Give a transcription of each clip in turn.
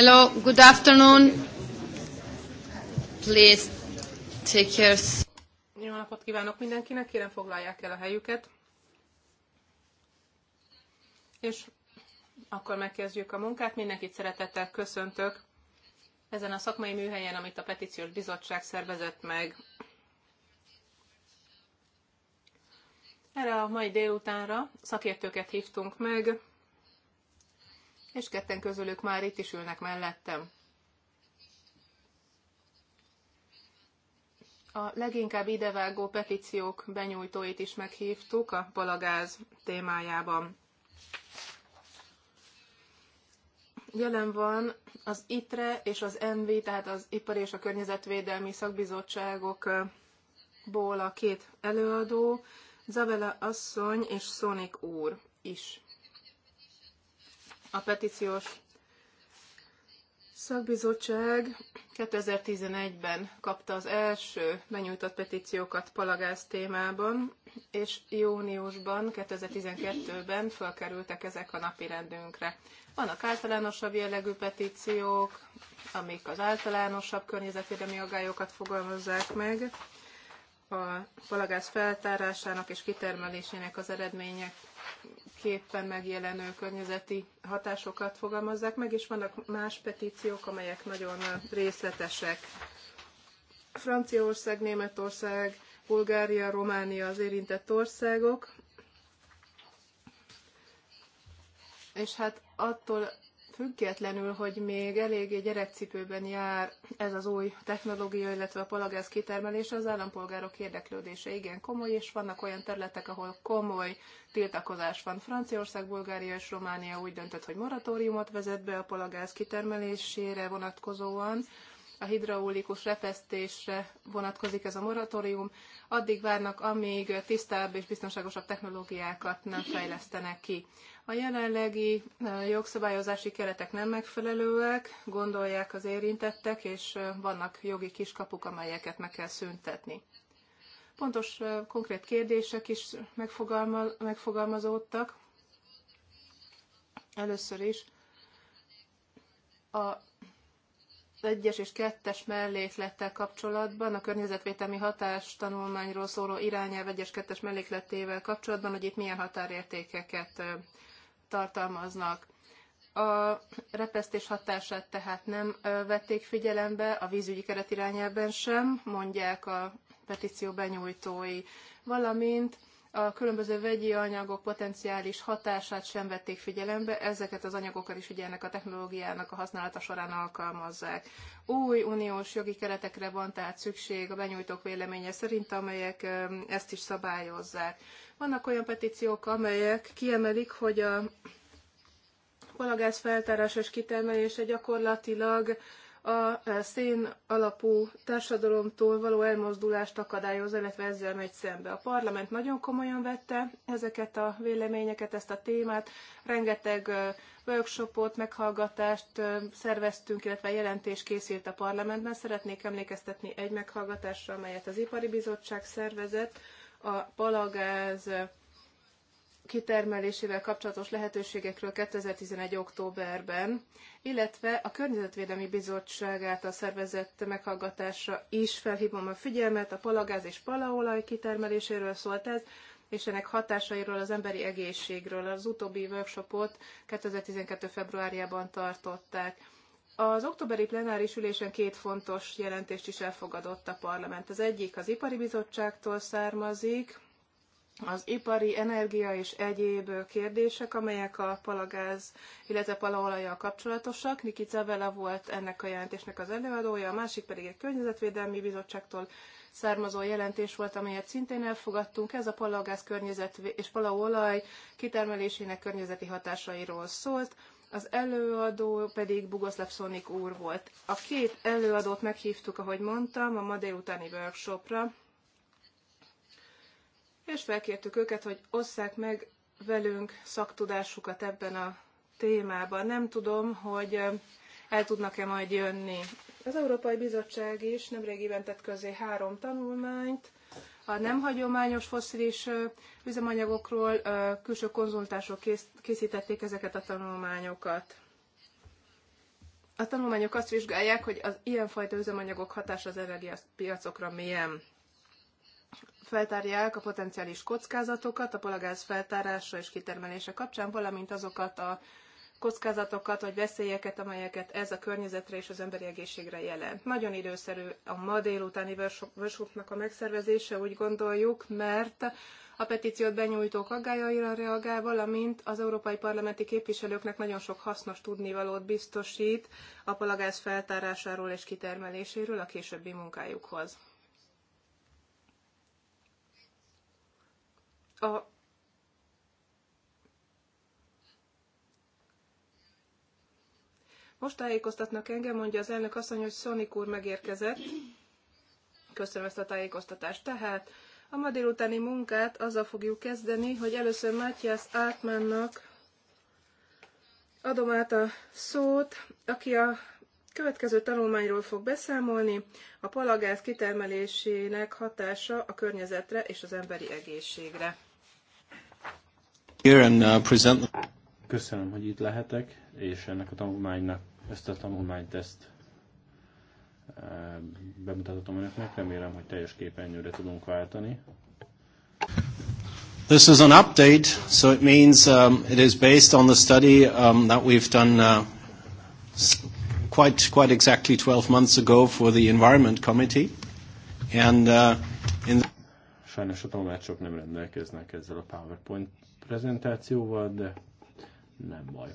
Hello, good afternoon. Please take your... Jó napot kívánok mindenkinek, kérem foglalják el a helyüket. És akkor megkezdjük a munkát. Mindenkit szeretettel köszöntök ezen a szakmai műhelyen, amit a Petíciós Bizottság szervezett meg. Erre a mai délutánra szakértőket hívtunk meg, és ketten közülük már itt is ülnek mellettem. A leginkább idevágó petíciók benyújtóit is meghívtuk a palagáz témájában. Jelen van az ITRE és az ENVI, tehát az ipar és a Környezetvédelmi Szakbizottságokból a két előadó, Zavela asszony és Szonik úr is a petíciós szakbizottság 2011-ben kapta az első benyújtott petíciókat palagáz témában, és júniusban, 2012-ben fölkerültek ezek a napi rendünkre. Vannak általánosabb jellegű petíciók, amik az általánosabb környezetvédelmi aggályokat fogalmazzák meg, a palagáz feltárásának és kitermelésének az eredmények képpen megjelenő környezeti hatásokat fogalmazzák meg, és vannak más petíciók, amelyek nagyon részletesek. Franciaország, Németország, Bulgária, Románia az érintett országok, és hát attól függetlenül, hogy még eléggé gyerekcipőben jár ez az új technológia, illetve a palagáz kitermelése, az állampolgárok érdeklődése igen komoly, és vannak olyan területek, ahol komoly tiltakozás van. Franciaország, Bulgária és Románia úgy döntött, hogy moratóriumot vezet be a palagáz kitermelésére vonatkozóan, a hidraulikus repesztésre vonatkozik ez a moratórium, addig várnak, amíg tisztább és biztonságosabb technológiákat nem fejlesztenek ki. A jelenlegi e, jogszabályozási keretek nem megfelelőek, gondolják az érintettek, és e, vannak jogi kiskapuk, amelyeket meg kell szüntetni. Pontos, e, konkrét kérdések is megfogalmazódtak. Először is a egyes és kettes melléklettel kapcsolatban, a környezetvételmi hatástanulmányról szóló irányelv egyes kettes mellékletével kapcsolatban, hogy itt milyen határértékeket tartalmaznak. A repesztés hatását tehát nem vették figyelembe, a vízügyi keretirányában sem, mondják a petíció benyújtói, valamint a különböző vegyi anyagok potenciális hatását sem vették figyelembe, ezeket az anyagokat is ugye ennek a technológiának a használata során alkalmazzák. Új uniós jogi keretekre van tehát szükség a benyújtók véleménye szerint, amelyek ezt is szabályozzák. Vannak olyan petíciók, amelyek kiemelik, hogy a palagáz feltárás és kitermelése gyakorlatilag a szén alapú társadalomtól való elmozdulást akadályoz, illetve ezzel megy szembe. A parlament nagyon komolyan vette ezeket a véleményeket, ezt a témát. Rengeteg workshopot, meghallgatást szerveztünk, illetve jelentés készült a parlamentben. Szeretnék emlékeztetni egy meghallgatásra, amelyet az Ipari Bizottság szervezett a palagáz kitermelésével kapcsolatos lehetőségekről 2011. októberben, illetve a Környezetvédelmi Bizottság által szervezett meghallgatásra is felhívom a figyelmet, a palagáz és palaolaj kitermeléséről szólt ez, és ennek hatásairól az emberi egészségről. Az utóbbi workshopot 2012. februárjában tartották. Az októberi plenáris ülésen két fontos jelentést is elfogadott a parlament. Az egyik az Ipari Bizottságtól származik, az ipari, energia és egyéb kérdések, amelyek a palagáz, illetve palaolajjal kapcsolatosak. Niki Vela volt ennek a jelentésnek az előadója, a másik pedig egy környezetvédelmi bizottságtól származó jelentés volt, amelyet szintén elfogadtunk. Ez a palagáz környezet és palaolaj kitermelésének környezeti hatásairól szólt az előadó pedig Bugoszláv Szónik úr volt. A két előadót meghívtuk, ahogy mondtam, a ma délutáni workshopra, és felkértük őket, hogy osszák meg velünk szaktudásukat ebben a témában. Nem tudom, hogy el tudnak-e majd jönni. Az Európai Bizottság is nemrégiben tett közé három tanulmányt, a nem hagyományos foszilis üzemanyagokról külső konzultások készítették ezeket a tanulmányokat. A tanulmányok azt vizsgálják, hogy az ilyenfajta üzemanyagok hatása az energiapiacokra milyen feltárják a potenciális kockázatokat a palagáz feltárása és kitermelése kapcsán, valamint azokat a kockázatokat vagy veszélyeket, amelyeket ez a környezetre és az emberi egészségre jelent. Nagyon időszerű a ma délutáni workshopnak a megszervezése, úgy gondoljuk, mert a petíciót benyújtók aggájaira reagál, valamint az európai parlamenti képviselőknek nagyon sok hasznos tudnivalót biztosít a palagáz feltárásáról és kitermeléséről a későbbi munkájukhoz. A Most tájékoztatnak engem, mondja az elnök asszony, hogy Szonik úr megérkezett. Köszönöm ezt a tájékoztatást. Tehát a ma délutáni munkát azzal fogjuk kezdeni, hogy először Matthias átmennak, adom át a szót, aki a következő tanulmányról fog beszámolni, a palagáz kitermelésének hatása a környezetre és az emberi egészségre. Uh, Köszönöm, hogy itt lehetek, és ennek a tanulmánynak, ezt a tanulmányt ezt uh, bemutatom önöknek. Remélem, hogy teljes képernyőre tudunk váltani. This is an update, so it means um, it is based on the study um, that we've done uh, quite, quite exactly 12 months ago for the Environment Committee. And, uh, in Sajnos a tanácsok nem rendelkeznek ezzel a PowerPoint prezentációval, de nem baj.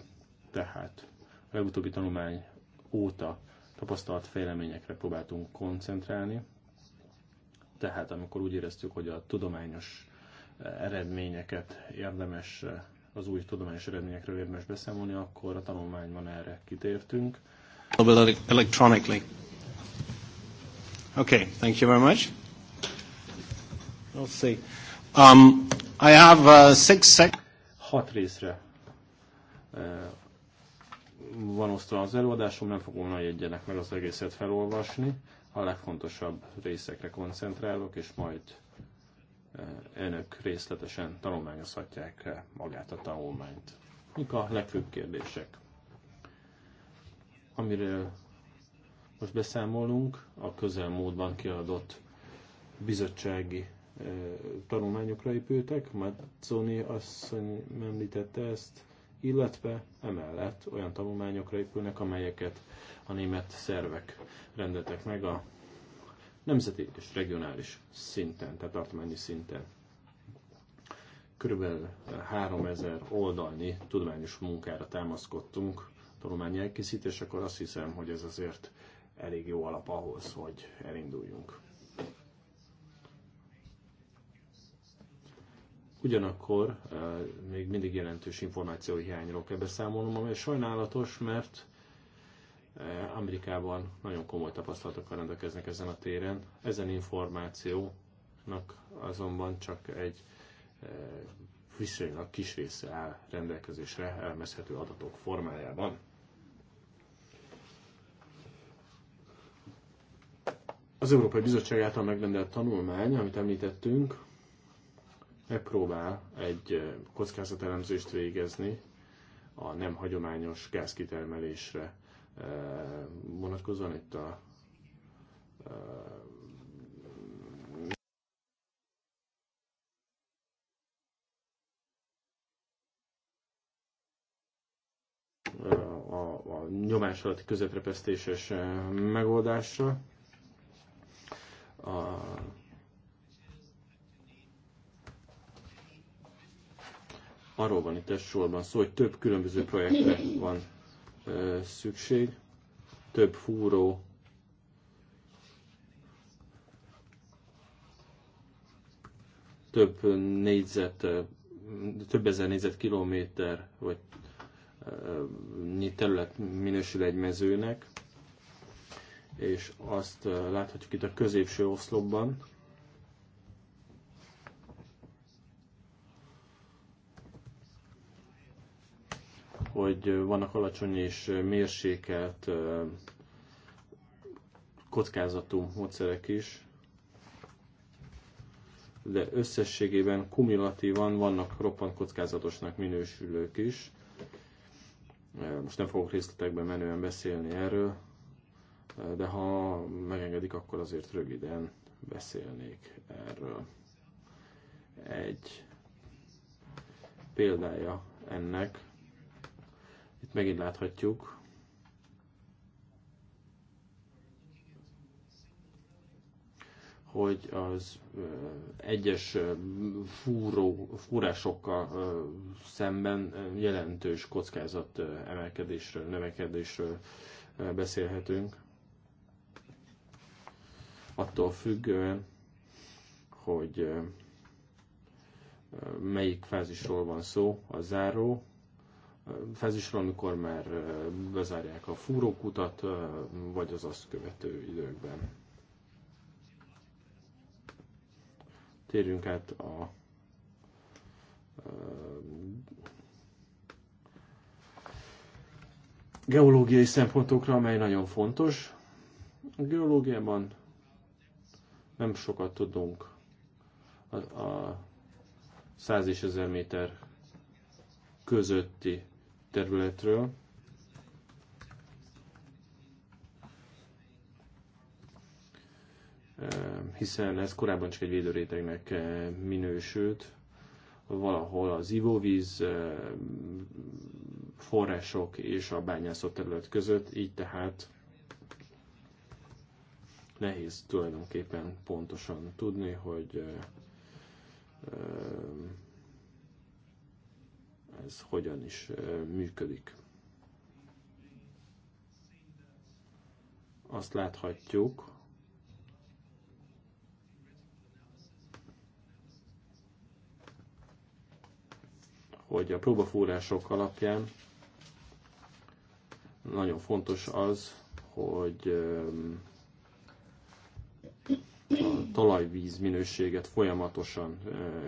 Tehát a legutóbbi tanulmány óta tapasztalt fejleményekre próbáltunk koncentrálni. Tehát amikor úgy éreztük, hogy a tudományos eh, eredményeket érdemes, eh, az új tudományos eredményekről érdemes beszámolni, akkor a tanulmányban erre kitértünk. Electronically. Okay, thank you very much. Let's see. Um, I have uh, six sec- Hat részre van osztva az előadásom, nem fogom nagy egyenek meg az egészet felolvasni. A legfontosabb részekre koncentrálok, és majd önök részletesen tanulmányozhatják magát a tanulmányt. Mik a legfőbb kérdések? Amiről most beszámolunk, a közelmódban kiadott bizottsági tanulmányokra épültek, Mazzoni asszony említette ezt, illetve emellett olyan tanulmányokra épülnek, amelyeket a német szervek rendetek meg a nemzeti és regionális szinten, tehát tartományi szinten. Körülbelül 3000 oldalnyi tudományos munkára támaszkodtunk tanulmányi elkészítésekor, azt hiszem, hogy ez azért elég jó alap ahhoz, hogy elinduljunk. Ugyanakkor eh, még mindig jelentős információhiányról kell beszámolnom, amely sajnálatos, mert eh, Amerikában nagyon komoly tapasztalatokkal rendelkeznek ezen a téren. Ezen információnak azonban csak egy eh, viszonylag kis része áll rendelkezésre elmezhető adatok formájában. Az Európai Bizottság által megrendelt tanulmány, amit említettünk, megpróbál egy kockázatelemzést végezni a nem hagyományos gázkitermelésre e, vonatkozóan itt a a, a nyomás alatti közvetrepesztéses megoldásra. A, arról van itt elsősorban szó, hogy több különböző projektre van szükség, több fúró, több négyzet, több ezer négyzetkilométer vagy nyi terület minősül egy mezőnek, és azt láthatjuk itt a középső oszlopban, hogy vannak alacsony és mérsékelt kockázatú módszerek is, de összességében kumulatívan vannak roppant kockázatosnak minősülők is. Most nem fogok részletekben menően beszélni erről, de ha megengedik, akkor azért röviden beszélnék erről. Egy példája ennek itt megint láthatjuk, hogy az egyes fúró, fúrásokkal szemben jelentős kockázat emelkedésről, növekedésről beszélhetünk. Attól függően, hogy melyik fázisról van szó, a záró, fázisról, amikor már bezárják a fúrókutat, vagy az azt követő időkben. Térjünk át a geológiai szempontokra, amely nagyon fontos. A geológiában nem sokat tudunk a, a 100 és 1000 méter közötti területről. hiszen ez korábban csak egy védőrétegnek minősült, valahol az ivóvíz források és a bányászat terület között, így tehát nehéz tulajdonképpen pontosan tudni, hogy ez hogyan is működik. Azt láthatjuk, hogy a próbafúrások alapján nagyon fontos az, hogy a talajvíz minőséget folyamatosan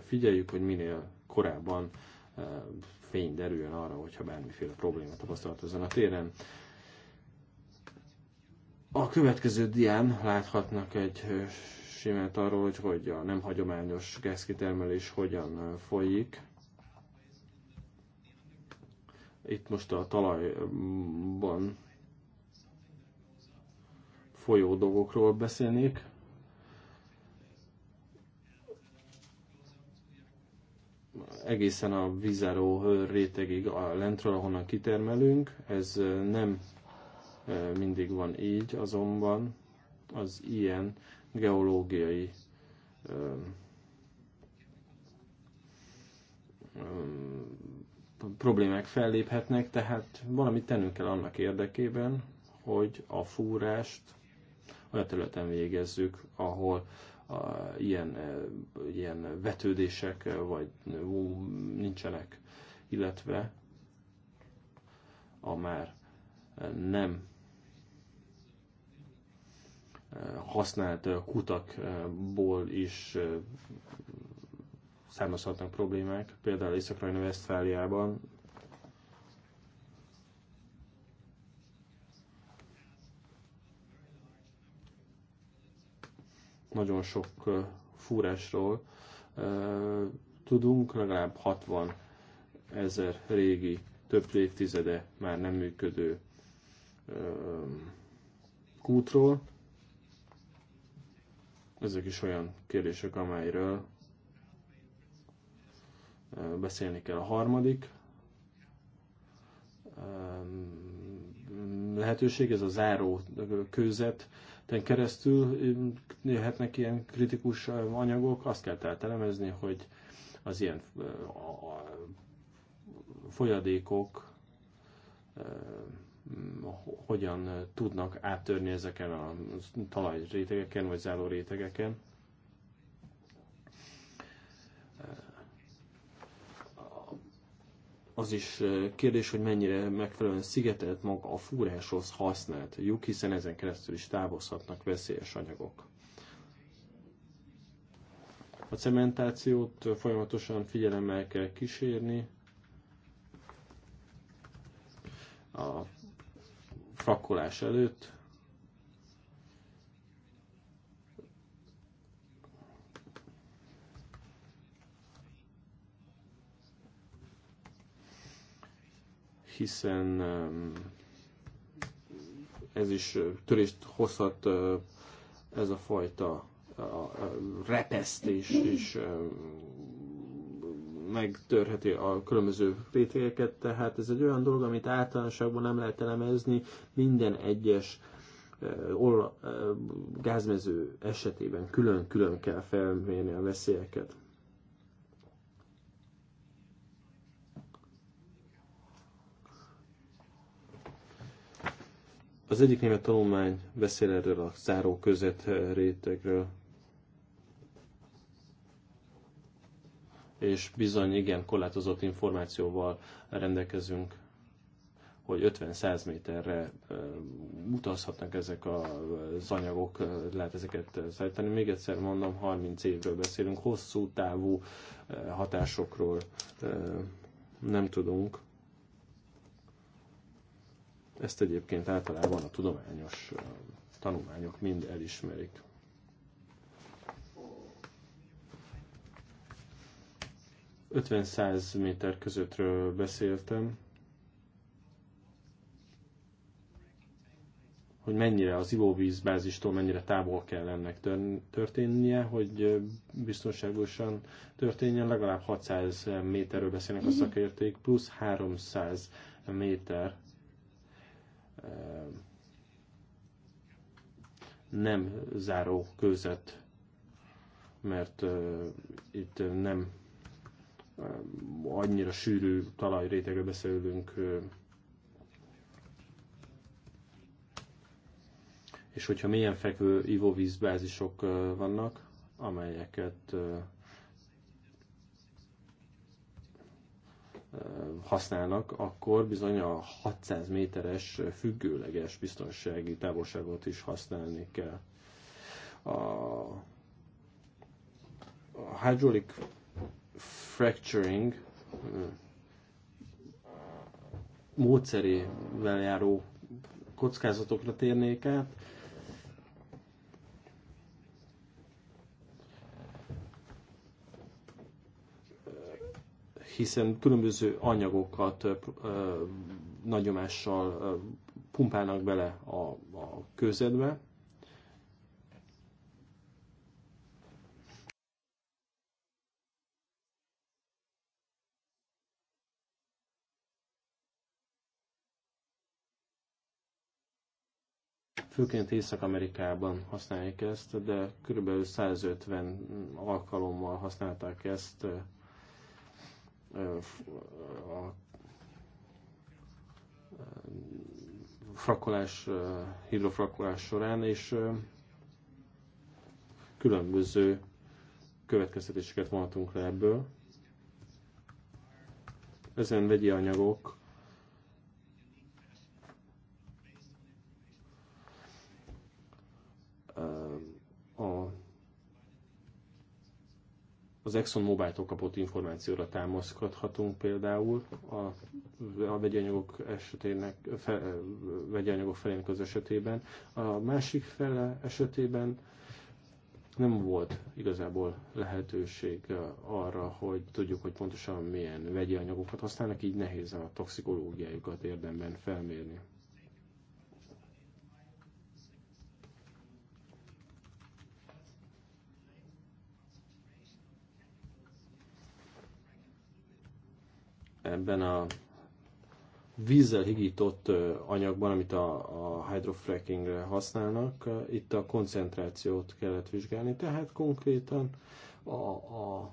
figyeljük, hogy minél korábban fény derüljön arra, hogyha bármiféle probléma tapasztalt ezen a téren. A következő dián láthatnak egy simát arról, hogy, hogy a nem hagyományos gázkitermelés hogyan folyik. Itt most a talajban folyó dolgokról beszélnék. egészen a vízáró rétegig a lentről, ahonnan kitermelünk. Ez nem mindig van így, azonban az ilyen geológiai problémák felléphetnek, tehát valamit tennünk kell annak érdekében, hogy a fúrást olyan területen végezzük, ahol a, ilyen, e, ilyen vetődések, e, vagy ú, nincsenek, illetve a már nem e, használt kutakból is származhatnak problémák. Például Észak-Rajna-Vesztfáliában nagyon sok fúrásról tudunk, legalább 60 ezer régi, több évtizede már nem működő kútról. Ezek is olyan kérdések, amelyről beszélni kell. A harmadik lehetőség, ez a záró kőzet, keresztül néhetnek ilyen kritikus anyagok, azt kell tehát hogy az ilyen folyadékok hogyan tudnak áttörni ezeken a talajrétegeken vagy záló rétegeken. az is kérdés, hogy mennyire megfelelően szigetelt maga a fúráshoz használt lyuk, hiszen ezen keresztül is távozhatnak veszélyes anyagok. A cementációt folyamatosan figyelemmel kell kísérni. A frakkolás előtt hiszen um, ez is uh, törést hozhat uh, ez a fajta a repesztés is um, megtörheti a különböző rétegeket, tehát ez egy olyan dolog, amit általánosságban nem lehet elemezni, minden egyes uh, gázmező esetében külön-külön kell felmérni a veszélyeket. Az egyik német tanulmány beszél erről a záró között eh, rétegről. És bizony, igen, korlátozott információval rendelkezünk, hogy 50-100 méterre eh, utazhatnak ezek az anyagok, eh, lehet ezeket szállítani. Még egyszer mondom, 30 évről beszélünk, hosszú távú hatásokról nem tudunk ezt egyébként általában a tudományos tanulmányok mind elismerik. ...50-100 méter közöttről beszéltem, hogy mennyire az ivóvízbázistól mennyire távol kell ennek történnie, hogy biztonságosan történjen, legalább 600 méterről beszélnek a szakérték, plusz 300 méter nem záró kőzet, mert itt nem annyira sűrű talajrétegre beszélünk, és hogyha mélyen fekvő ivóvízbázisok vannak, amelyeket használnak, akkor bizony a 600 méteres függőleges biztonsági távolságot is használni kell. A, a hydraulic fracturing módszerével járó kockázatokra térnék át. hiszen különböző anyagokat nagy nyomással pumpálnak bele a, a közedbe. Főként Észak-Amerikában használják ezt, de kb. 150 alkalommal használták ezt a frakolás, hidrofrakolás során, és különböző következtetéseket vonhatunk le ebből. Ezen vegyi anyagok a az Exxon Mobile-tól kapott információra támaszkodhatunk például a, a vegyanyagok esetének, fe, vegyanyagok felének az esetében. A másik fele esetében nem volt igazából lehetőség arra, hogy tudjuk, hogy pontosan milyen vegyi anyagokat használnak, így nehéz a toxikológiájukat érdemben felmérni. ebben a vízzel higított anyagban, amit a, a hydrofrackingre használnak, itt a koncentrációt kellett vizsgálni, tehát konkrétan a, a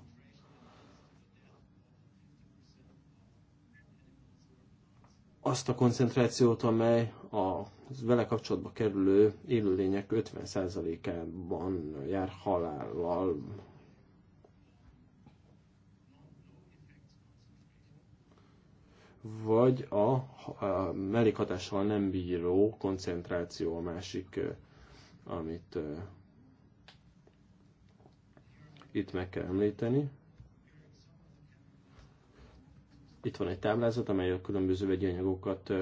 azt a koncentrációt, amely a vele kapcsolatba kerülő élőlények 50%-ában jár halállal, vagy a, a mellékhatással nem bíró koncentráció a másik, amit itt meg kell említeni. Itt van egy táblázat, amely a különböző vegyi anyagokat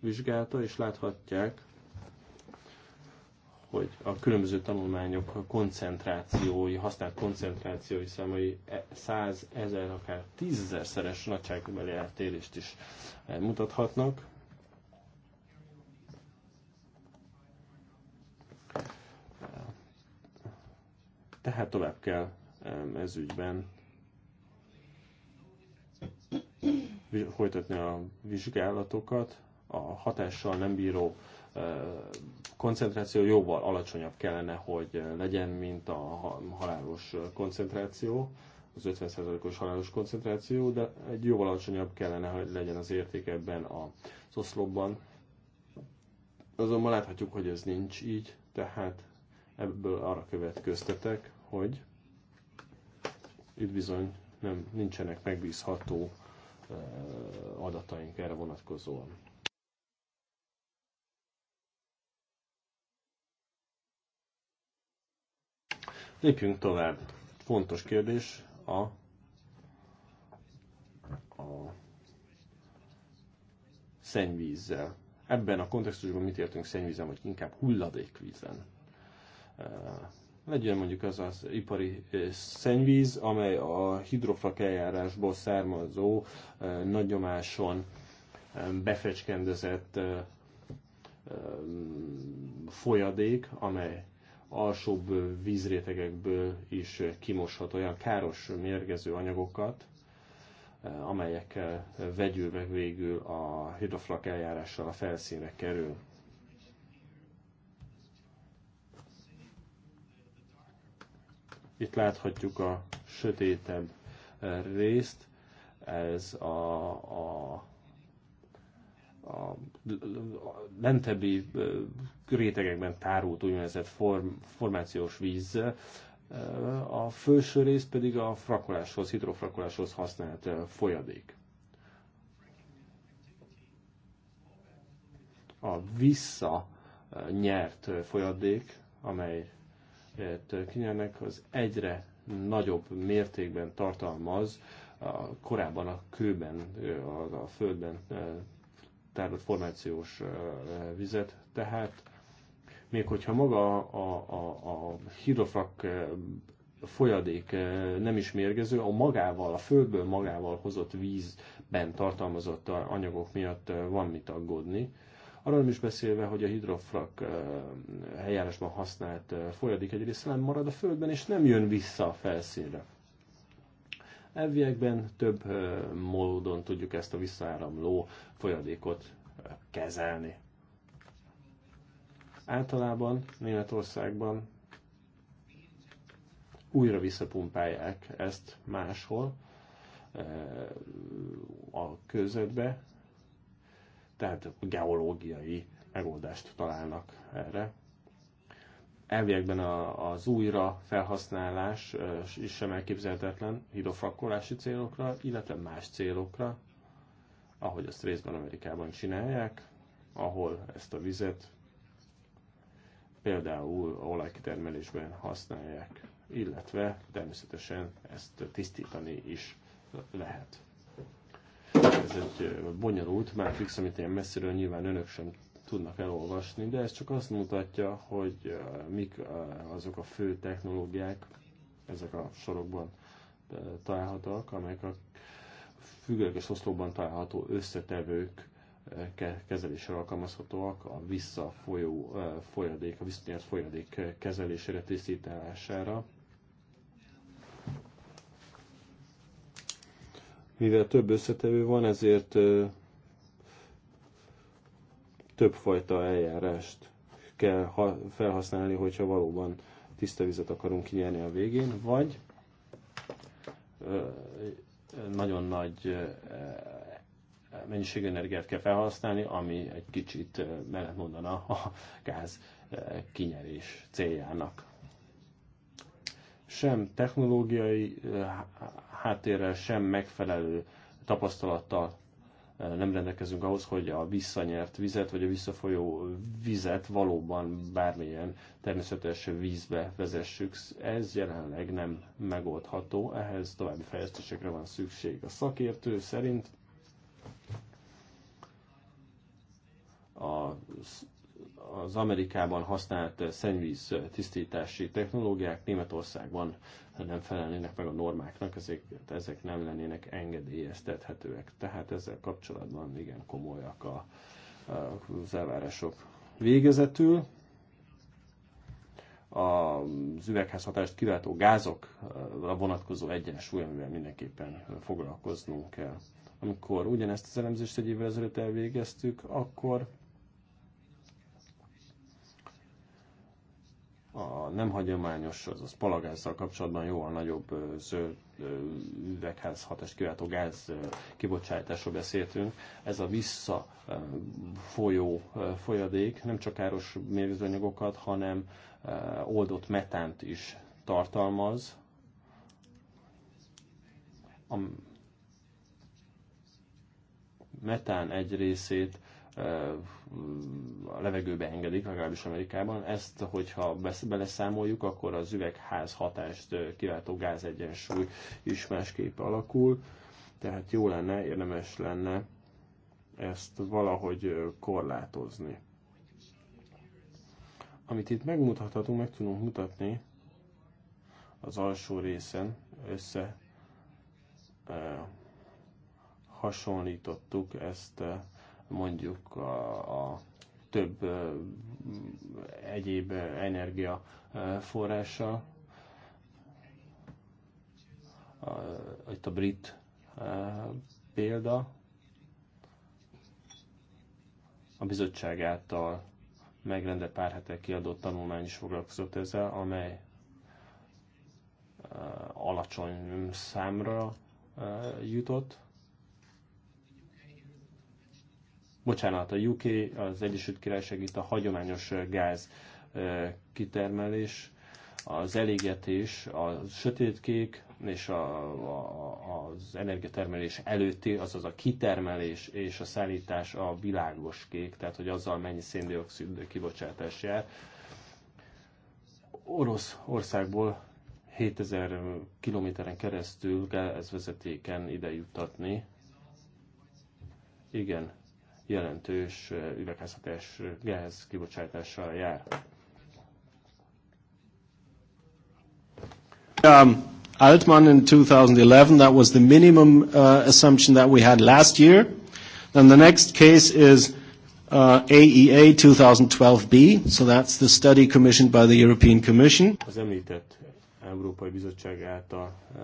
vizsgálta, és láthatják, hogy a különböző tanulmányok koncentrációi, használt koncentrációi számai e, száz, ezer, akár szeres nagyságbeli eltérést is mutathatnak. Tehát tovább kell ez ügyben folytatni a vizsgálatokat, a hatással nem bíró koncentráció jóval alacsonyabb kellene, hogy legyen, mint a halálos koncentráció, az 50%-os halálos koncentráció, de egy jóval alacsonyabb kellene, hogy legyen az érték ebben az oszlopban. Azonban láthatjuk, hogy ez nincs így, tehát ebből arra következtetek, hogy itt bizony nem, nincsenek megbízható adataink erre vonatkozóan. Lépjünk tovább. Fontos kérdés a, a szennyvízzel. Ebben a kontextusban mit értünk szennyvízen, vagy inkább hulladékvízen? Legyen mondjuk az az ipari szennyvíz, amely a hidrofak eljárásból származó nagyomáson befecskendezett folyadék, amely alsóbb vízrétegekből is kimoshat olyan káros mérgező anyagokat, eh, amelyekkel vegyőbe végül a hidroflak eljárással a felszínre kerül. Itt láthatjuk a sötétebb eh, részt, ez a, a a lentebbi rétegekben tárult úgynevezett form, formációs víz, a felső rész pedig a frakoláshoz, hidrofrakoláshoz használt folyadék. A vissza nyert folyadék, amelyet kinyernek, az egyre nagyobb mértékben tartalmaz a korábban a kőben, a földben tárlat formációs vizet, tehát még hogyha maga a, a, a hidrofrak folyadék nem is mérgező, a magával, a földből magával hozott vízben tartalmazott anyagok miatt van mit aggódni. Arról nem is beszélve, hogy a hidrofrak eljárásban használt folyadék egyrészt nem marad a földben, és nem jön vissza a felszínre. Elviekben több módon tudjuk ezt a visszaáramló folyadékot kezelni. Általában Németországban újra visszapumpálják ezt máshol a közöttbe, tehát geológiai megoldást találnak erre elviekben a, az újra felhasználás is sem elképzelhetetlen hidrofrakkolási célokra, illetve más célokra, ahogy azt részben Amerikában csinálják, ahol ezt a vizet például olajkitermelésben használják, illetve természetesen ezt tisztítani is lehet. Ez egy bonyolult fix, amit ilyen messziről nyilván önök sem tudnak elolvasni, de ez csak azt mutatja, hogy mik azok a fő technológiák, ezek a sorokban találhatóak, amelyek a függőleges oszlopban található összetevők kezelésre alkalmazhatóak, a visszafolyó folyadék, a visszanyert folyadék kezelésére, tisztítására. Mivel több összetevő van, ezért többfajta eljárást kell felhasználni, hogyha valóban tiszta vizet akarunk kinyerni a végén, vagy nagyon nagy mennyiségű energiát kell felhasználni, ami egy kicsit mondana a gáz kinyerés céljának. Sem technológiai háttérrel, sem megfelelő tapasztalattal nem rendelkezünk ahhoz, hogy a visszanyert vizet, vagy a visszafolyó vizet valóban bármilyen természetes vízbe vezessük. Ez jelenleg nem megoldható, ehhez további fejlesztésekre van szükség. A szakértő szerint a az Amerikában használt szennyvíz tisztítási technológiák Németországban nem felelnének meg a normáknak, ezek, ezek nem lennének engedélyeztethetőek. Tehát ezzel kapcsolatban igen komolyak a, a, az elvárások. Végezetül az hatást kiváltó gázokra vonatkozó egyensúly, amivel mindenképpen foglalkoznunk kell. Amikor ugyanezt az elemzést egy évvel ezelőtt elvégeztük, akkor a nem hagyományos, az a palagázzal kapcsolatban jóval nagyobb zöld üvegház hatást kiváltó gáz kibocsátásról beszéltünk. Ez a vissza folyó folyadék nem csak káros mérgezőanyagokat, hanem oldott metánt is tartalmaz, a metán egy részét a levegőbe engedik, legalábbis Amerikában. Ezt, hogyha beleszámoljuk, akkor az üvegház hatást kiváltó gázegyensúly is másképp alakul, tehát jó lenne, érdemes lenne ezt valahogy korlátozni. Amit itt megmutathatunk, meg tudunk mutatni az alsó részen össze hasonlítottuk ezt mondjuk a, a több egyéb energiaforrása Itt a brit példa a bizottság által megrendelt pár hete kiadott tanulmány is foglalkozott ezzel, amely alacsony számra jutott. bocsánat, a UK, az Egyesült Királyság itt a hagyományos gáz kitermelés, az elégetés, a sötétkék és a, a, az energiatermelés előtti, azaz a kitermelés és a szállítás a világos kék, tehát hogy azzal mennyi széndiokszid kibocsátás jár. Orosz országból 7000 kilométeren keresztül vezetéken ide juttatni. Igen, jelentős üvegházhatás gáz kibocsátással jár. Um, Altman in 2011, that was the minimum uh, assumption that we had last year. Then the next case is uh, AEA 2012B, e so that's the study commissioned by the European Commission. Az említett Európai Bizottság által uh,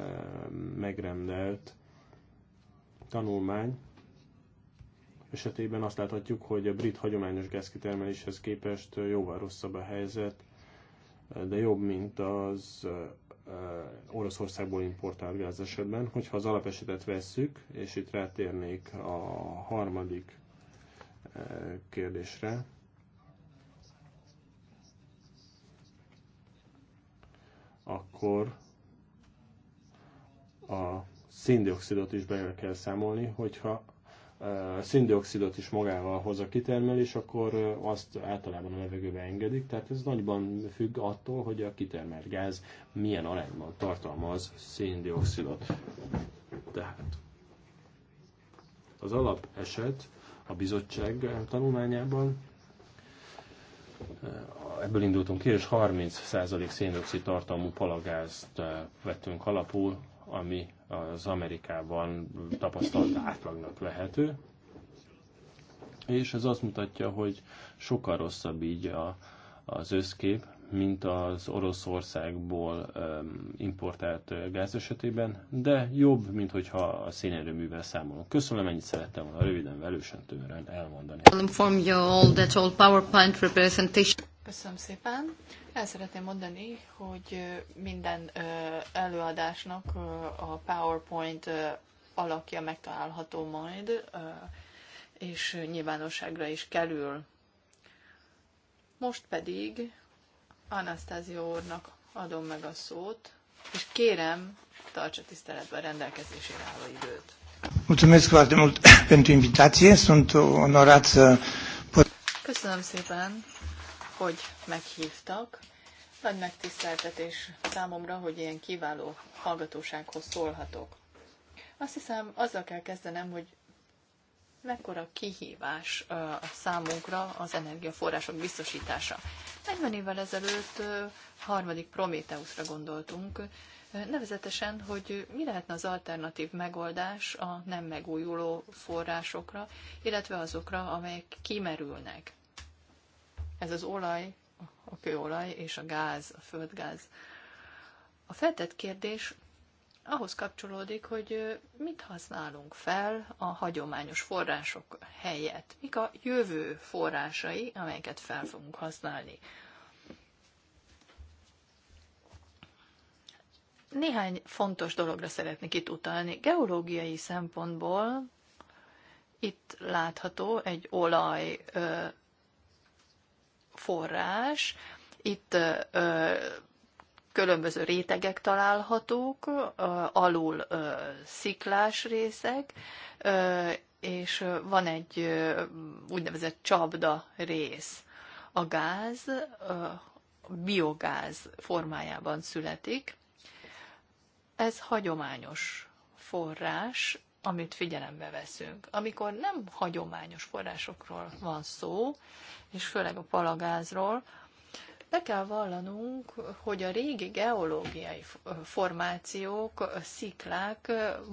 megrendelt tanulmány esetében azt láthatjuk, hogy a brit hagyományos gázkitermeléshez képest jóval rosszabb a helyzet, de jobb, mint az Oroszországból importált gáz esetben. Hogyha az alapesetet vesszük, és itt rátérnék a harmadik kérdésre, akkor a széndiokszidot is be kell számolni, hogyha szindioxidot is magával hoz a kitermelés, akkor azt általában a levegőbe engedik, tehát ez nagyban függ attól, hogy a kitermelt gáz milyen arányban tartalmaz széndiokszidot. Tehát az alap eset a bizottság tanulmányában ebből indultunk ki, és 30% széndiokszid tartalmú palagázt vettünk alapul, ami az Amerikában tapasztalt átlagnak lehető, és ez azt mutatja, hogy sokkal rosszabb így a, az összkép, mint az Oroszországból um, importált gáz esetében, de jobb, mint hogyha a szénerőművel számolunk. Köszönöm, ennyit szerettem volna röviden, velősen, tömören elmondani. Inform you all that all PowerPoint representation Köszönöm szépen. El szeretném mondani, hogy minden előadásnak a PowerPoint alakja megtalálható majd, és nyilvánosságra is kerül. Most pedig Anasztázia úrnak adom meg a szót, és kérem, tartsa tiszteletben rendelkezésére álló időt. Mulțumesc foarte mult pentru invitație, sunt onorat să Köszönöm szépen, hogy meghívtak. Nagy megtiszteltetés számomra, hogy ilyen kiváló hallgatósághoz szólhatok. Azt hiszem, azzal kell kezdenem, hogy mekkora kihívás a számunkra az energiaforrások biztosítása. 40 évvel ezelőtt harmadik Prométeuszra gondoltunk, nevezetesen, hogy mi lehetne az alternatív megoldás a nem megújuló forrásokra, illetve azokra, amelyek kimerülnek ez az olaj, a kőolaj és a gáz, a földgáz. A feltett kérdés ahhoz kapcsolódik, hogy mit használunk fel a hagyományos források helyett, mik a jövő forrásai, amelyeket fel fogunk használni. Néhány fontos dologra szeretnék itt utalni. Geológiai szempontból itt látható egy olaj forrás. Itt különböző rétegek találhatók, alul sziklás részek, és van egy úgynevezett csapda rész. A gáz biogáz formájában születik. Ez hagyományos forrás, amit figyelembe veszünk. Amikor nem hagyományos forrásokról van szó, és főleg a palagázról, be kell vallanunk, hogy a régi geológiai formációk, sziklák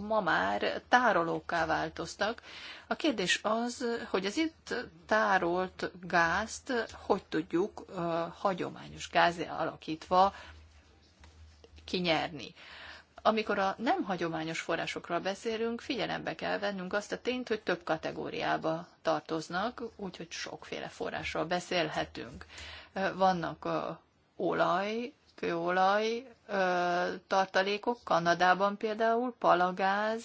ma már tárolókká változtak. A kérdés az, hogy az itt tárolt gázt hogy tudjuk hagyományos gázé alakítva kinyerni amikor a nem hagyományos forrásokról beszélünk, figyelembe kell vennünk azt a tényt, hogy több kategóriába tartoznak, úgyhogy sokféle forrásról beszélhetünk. Vannak olaj, kőolaj tartalékok, Kanadában például, palagáz,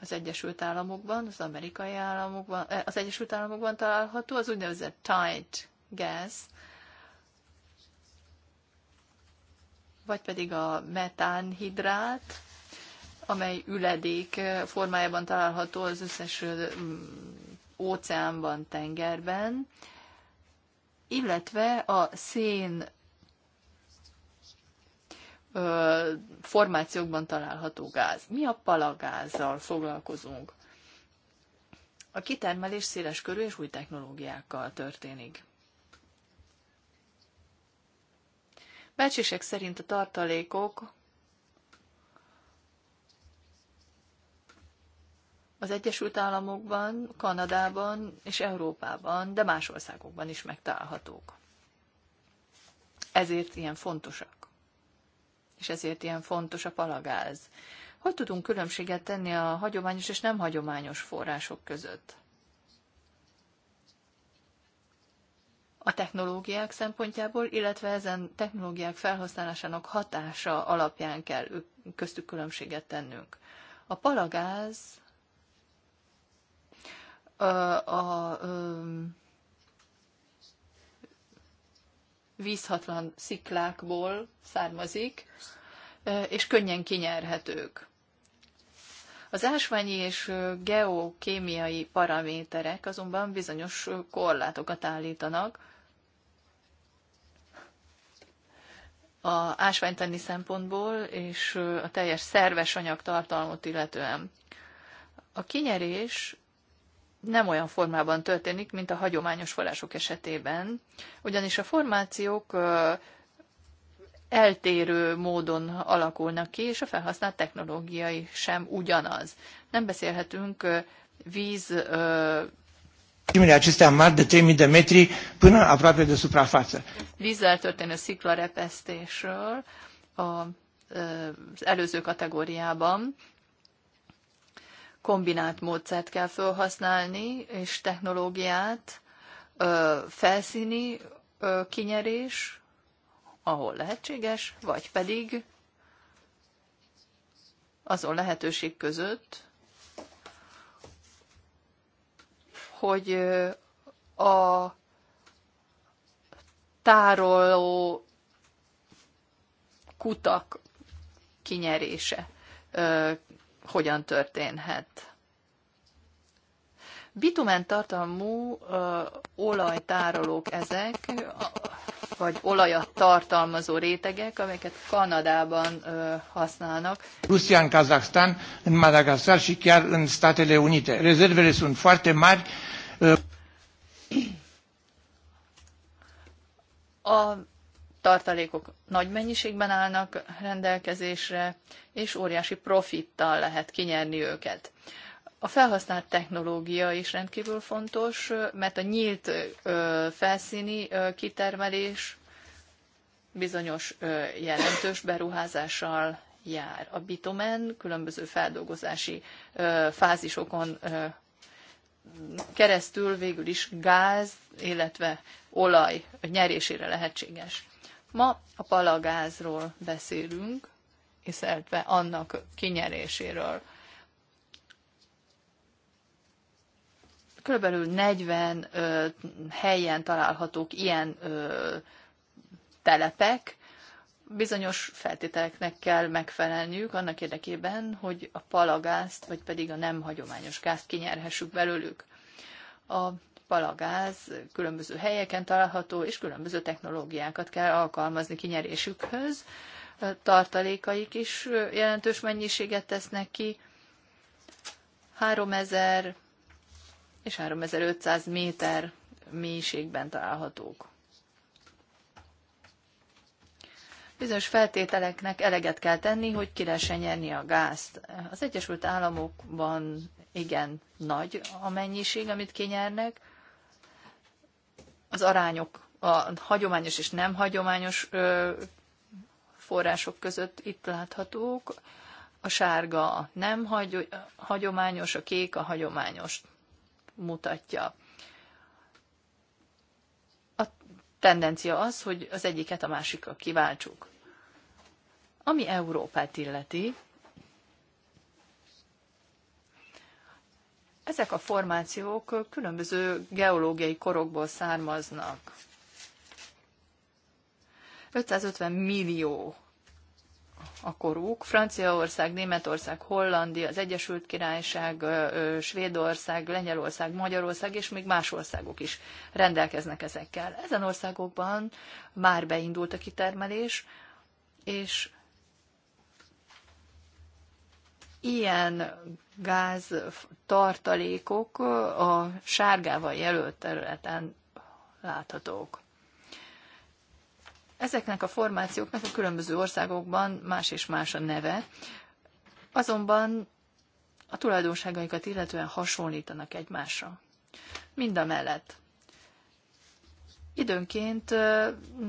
az Egyesült Államokban, az amerikai államokban, az Egyesült Államokban található, az úgynevezett tight gas, vagy pedig a metánhidrát, amely üledék formájában található az összes mm, óceánban, tengerben, illetve a szén formációkban található gáz. Mi a palagázzal foglalkozunk? A kitermelés széles körű és új technológiákkal történik. Becsések szerint a tartalékok az Egyesült Államokban, Kanadában és Európában, de más országokban is megtalálhatók. Ezért ilyen fontosak. És ezért ilyen fontos a palagáz. Hogy tudunk különbséget tenni a hagyományos és nem hagyományos források között? a technológiák szempontjából, illetve ezen technológiák felhasználásának hatása alapján kell köztük különbséget tennünk. A palagáz a, vízhatlan sziklákból származik, és könnyen kinyerhetők. Az ásványi és geokémiai paraméterek azonban bizonyos korlátokat állítanak, a ásványtani szempontból és a teljes szerves anyag tartalmot illetően. A kinyerés nem olyan formában történik, mint a hagyományos források esetében, ugyanis a formációk eltérő módon alakulnak ki, és a felhasznált technológiai sem ugyanaz. Nem beszélhetünk víz dimensiunile acestea mari de 3000 de metri până aproape de suprafață. Vízzel történő sziklarepesztésről az előző kategóriában kombinált módszert kell felhasználni, és technológiát, felszíni kinyerés, ahol lehetséges, vagy pedig azon lehetőség között, hogy a tároló kutak kinyerése hogyan történhet. Bitumen tartalmú ö, olajtárolók ezek, vagy olajat tartalmazó rétegek, amelyeket Kanadában ö, használnak. Rusia în Kazakhstan, în Madagascar și chiar în Statele Unite. Rezervele sunt foarte mari. A tartalékok nagy mennyiségben állnak rendelkezésre, és óriási profittal lehet kinyerni őket. A felhasznált technológia is rendkívül fontos, mert a nyílt felszíni kitermelés bizonyos jelentős beruházással jár. A bitumen különböző feldolgozási fázisokon keresztül végül is gáz, illetve olaj nyerésére lehetséges. Ma a palagázról beszélünk, illetve annak kinyeréséről. Körülbelül 40 ö, helyen találhatók ilyen ö, telepek, bizonyos feltételeknek kell megfelelniük annak érdekében, hogy a palagázt, vagy pedig a nem hagyományos gázt kinyerhessük belőlük. A palagáz különböző helyeken található, és különböző technológiákat kell alkalmazni kinyerésükhöz. Tartalékaik is jelentős mennyiséget tesznek ki. 3000 és 3500 méter mélységben találhatók. Bizonyos feltételeknek eleget kell tenni, hogy ki lehessen nyerni a gázt. Az Egyesült Államokban igen nagy a mennyiség, amit kinyernek. Az arányok a hagyományos és nem hagyományos források között itt láthatók. A sárga a nem hagy, hagyományos, a kék a hagyományos mutatja. A tendencia az, hogy az egyiket a másikra kiváltsuk. Ami Európát illeti, ezek a formációk különböző geológiai korokból származnak. 550 millió a koruk. Franciaország, Németország, Hollandia, az Egyesült Királyság, Svédország, Lengyelország, Magyarország és még más országok is rendelkeznek ezekkel. Ezen országokban már beindult a kitermelés, és ilyen gáz tartalékok a sárgával jelölt területen láthatók. Ezeknek a formációknak a különböző országokban más és más a neve, azonban a tulajdonságaikat illetően hasonlítanak egymásra. Mind a mellett. Időnként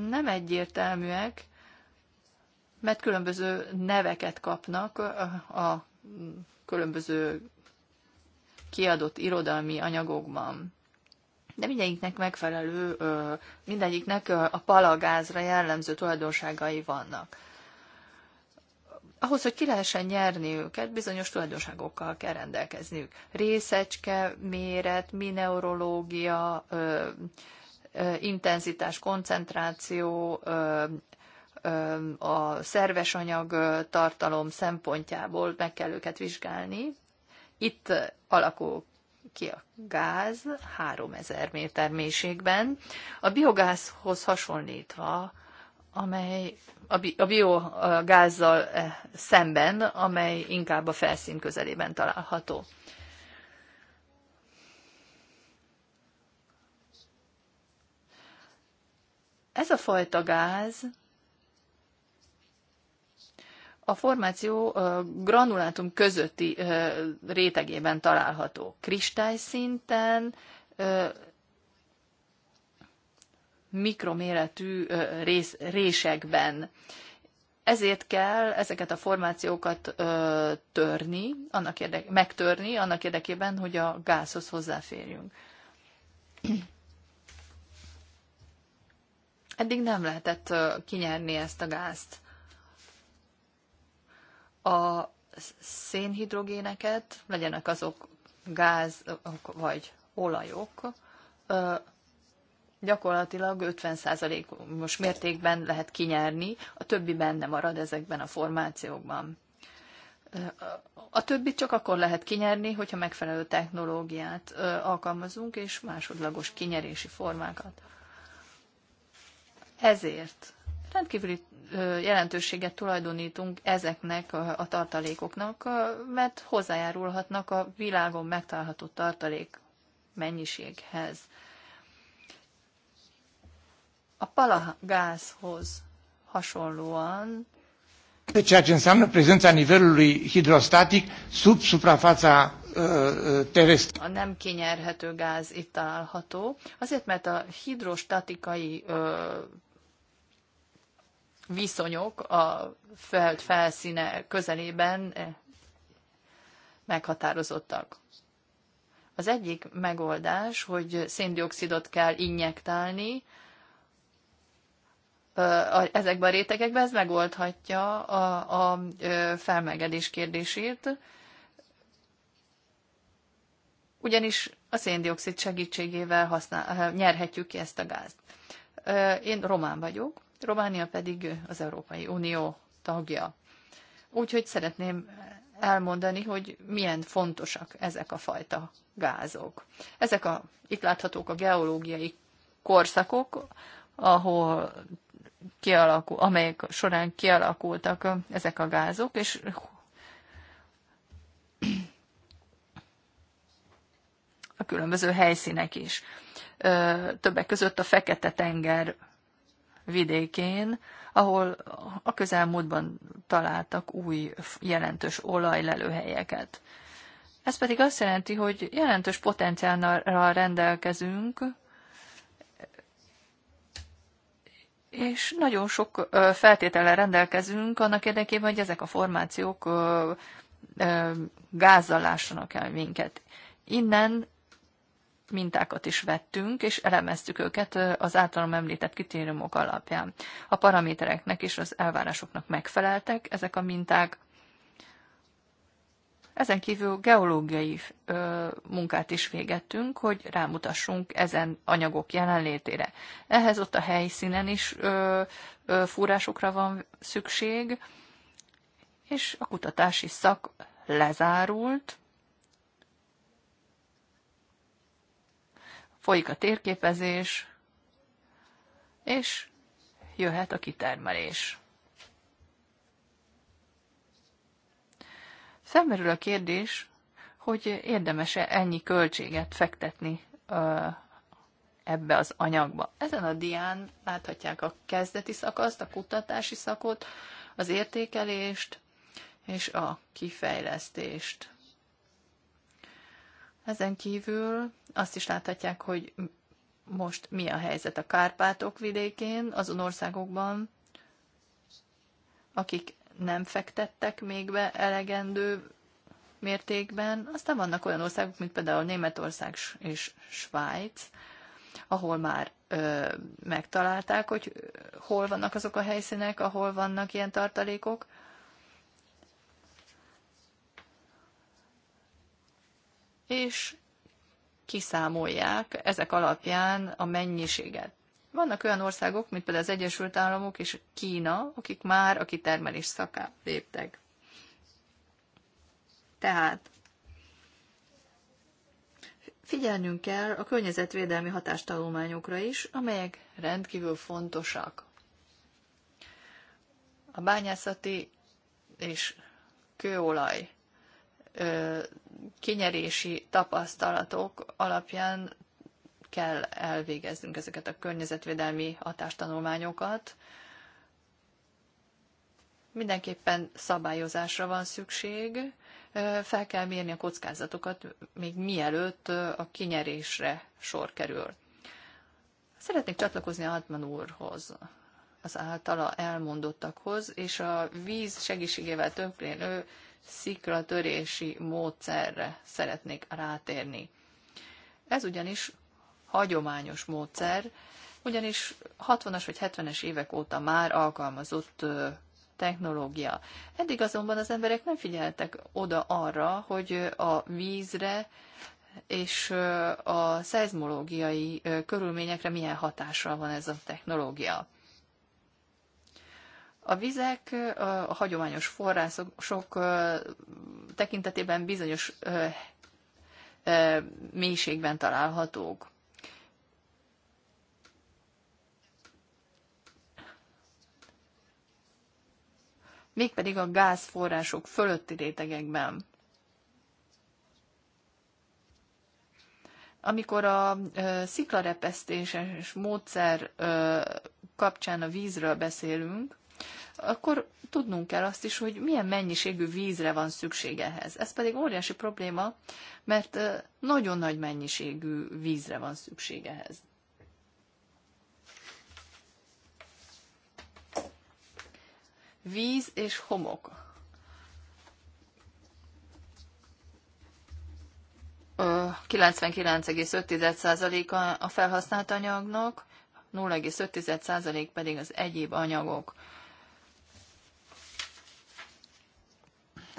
nem egyértelműek, mert különböző neveket kapnak a különböző kiadott irodalmi anyagokban de mindegyiknek megfelelő, mindegyiknek a palagázra jellemző tulajdonságai vannak. Ahhoz, hogy ki lehessen nyerni őket, bizonyos tulajdonságokkal kell rendelkezniük. Részecske, méret, mineurológia, intenzitás, koncentráció, a szerves anyag tartalom szempontjából meg kell őket vizsgálni. Itt alakul ki a gáz 3000 méter mélységben, a biogázhoz hasonlítva, amely a, bi- a biogázzal eh, szemben, amely inkább a felszín közelében található. Ez a fajta gáz a formáció granulátum közötti rétegében található. Kristályszinten mikroméretű rész, résekben. Ezért kell ezeket a formációkat törni, annak érdek, megtörni, annak érdekében, hogy a gázhoz hozzáférjünk. Eddig nem lehetett kinyerni ezt a gázt a szénhidrogéneket, legyenek azok gázok vagy olajok, gyakorlatilag 50%-os mértékben lehet kinyerni, a többi benne marad ezekben a formációkban. A többit csak akkor lehet kinyerni, hogyha megfelelő technológiát alkalmazunk, és másodlagos kinyerési formákat. Ezért rendkívüli jelentőséget tulajdonítunk ezeknek a tartalékoknak, mert hozzájárulhatnak a világon megtalálható tartalék mennyiséghez. A palagázhoz hasonlóan ceea ce înseamnă prezența nivelului hidrostatic sub suprafața terestră. A nem kinyerhető gáz itt található, azért mert a hidrostatikai viszonyok a föld felszíne közelében eh, meghatározottak. Az egyik megoldás, hogy széndiokszidot kell injektálni ezekbe a rétegekbe, ez megoldhatja a, a felmelegedés kérdését, ugyanis a széndiokszid segítségével használ, nyerhetjük ki ezt a gázt. Én román vagyok, Románia pedig az Európai Unió tagja. Úgyhogy szeretném elmondani, hogy milyen fontosak ezek a fajta gázok. Ezek a, itt láthatók a geológiai korszakok, ahol kialakul, amelyek során kialakultak ezek a gázok, és a különböző helyszínek is. Többek között a Fekete-tenger vidékén, ahol a közelmúltban találtak új jelentős olajlelőhelyeket. Ez pedig azt jelenti, hogy jelentős potenciállal rendelkezünk, és nagyon sok feltétellel rendelkezünk annak érdekében, hogy ezek a formációk gázzal lássanak el minket. Innen mintákat is vettünk, és elemeztük őket az általam említett kritériumok alapján. A paramétereknek és az elvárásoknak megfeleltek ezek a minták. Ezen kívül geológiai ö, munkát is végettünk, hogy rámutassunk ezen anyagok jelenlétére. Ehhez ott a helyszínen is ö, ö, fúrásokra van szükség, és a kutatási szak lezárult, folyik a térképezés, és jöhet a kitermelés. Felmerül a kérdés, hogy érdemese ennyi költséget fektetni ebbe az anyagba. Ezen a dián láthatják a kezdeti szakaszt, a kutatási szakot, az értékelést és a kifejlesztést. Ezen kívül azt is láthatják, hogy most mi a helyzet a Kárpátok vidékén, azon országokban, akik nem fektettek még be elegendő mértékben. Aztán vannak olyan országok, mint például Németország és Svájc, ahol már ö, megtalálták, hogy hol vannak azok a helyszínek, ahol vannak ilyen tartalékok. És kiszámolják ezek alapján a mennyiséget. Vannak olyan országok, mint például az Egyesült Államok és Kína, akik már a kitermelés szaká léptek. Tehát figyelnünk kell a környezetvédelmi hatástanulmányokra is, amelyek rendkívül fontosak. A bányászati és kőolaj kinyerési tapasztalatok alapján kell elvégeznünk ezeket a környezetvédelmi hatástanulmányokat. Mindenképpen szabályozásra van szükség, fel kell mérni a kockázatokat, még mielőtt a kinyerésre sor kerül. Szeretnék csatlakozni a Hatman úrhoz, az általa elmondottakhoz, és a víz segítségével történő sziklatörési módszerre szeretnék rátérni. Ez ugyanis hagyományos módszer, ugyanis 60-as vagy 70-es évek óta már alkalmazott technológia. Eddig azonban az emberek nem figyeltek oda arra, hogy a vízre és a szezmológiai körülményekre milyen hatással van ez a technológia. A vizek a hagyományos források sok tekintetében bizonyos mélységben találhatók. mégpedig a gázforrások fölötti rétegekben. Amikor a sziklarepesztéses módszer kapcsán a vízről beszélünk, akkor tudnunk kell azt is, hogy milyen mennyiségű vízre van szükség ehhez. Ez pedig óriási probléma, mert nagyon nagy mennyiségű vízre van szükség ehhez. Víz és homok. Ö, 99,5% a felhasznált anyagnak, 0,5% pedig az egyéb anyagok.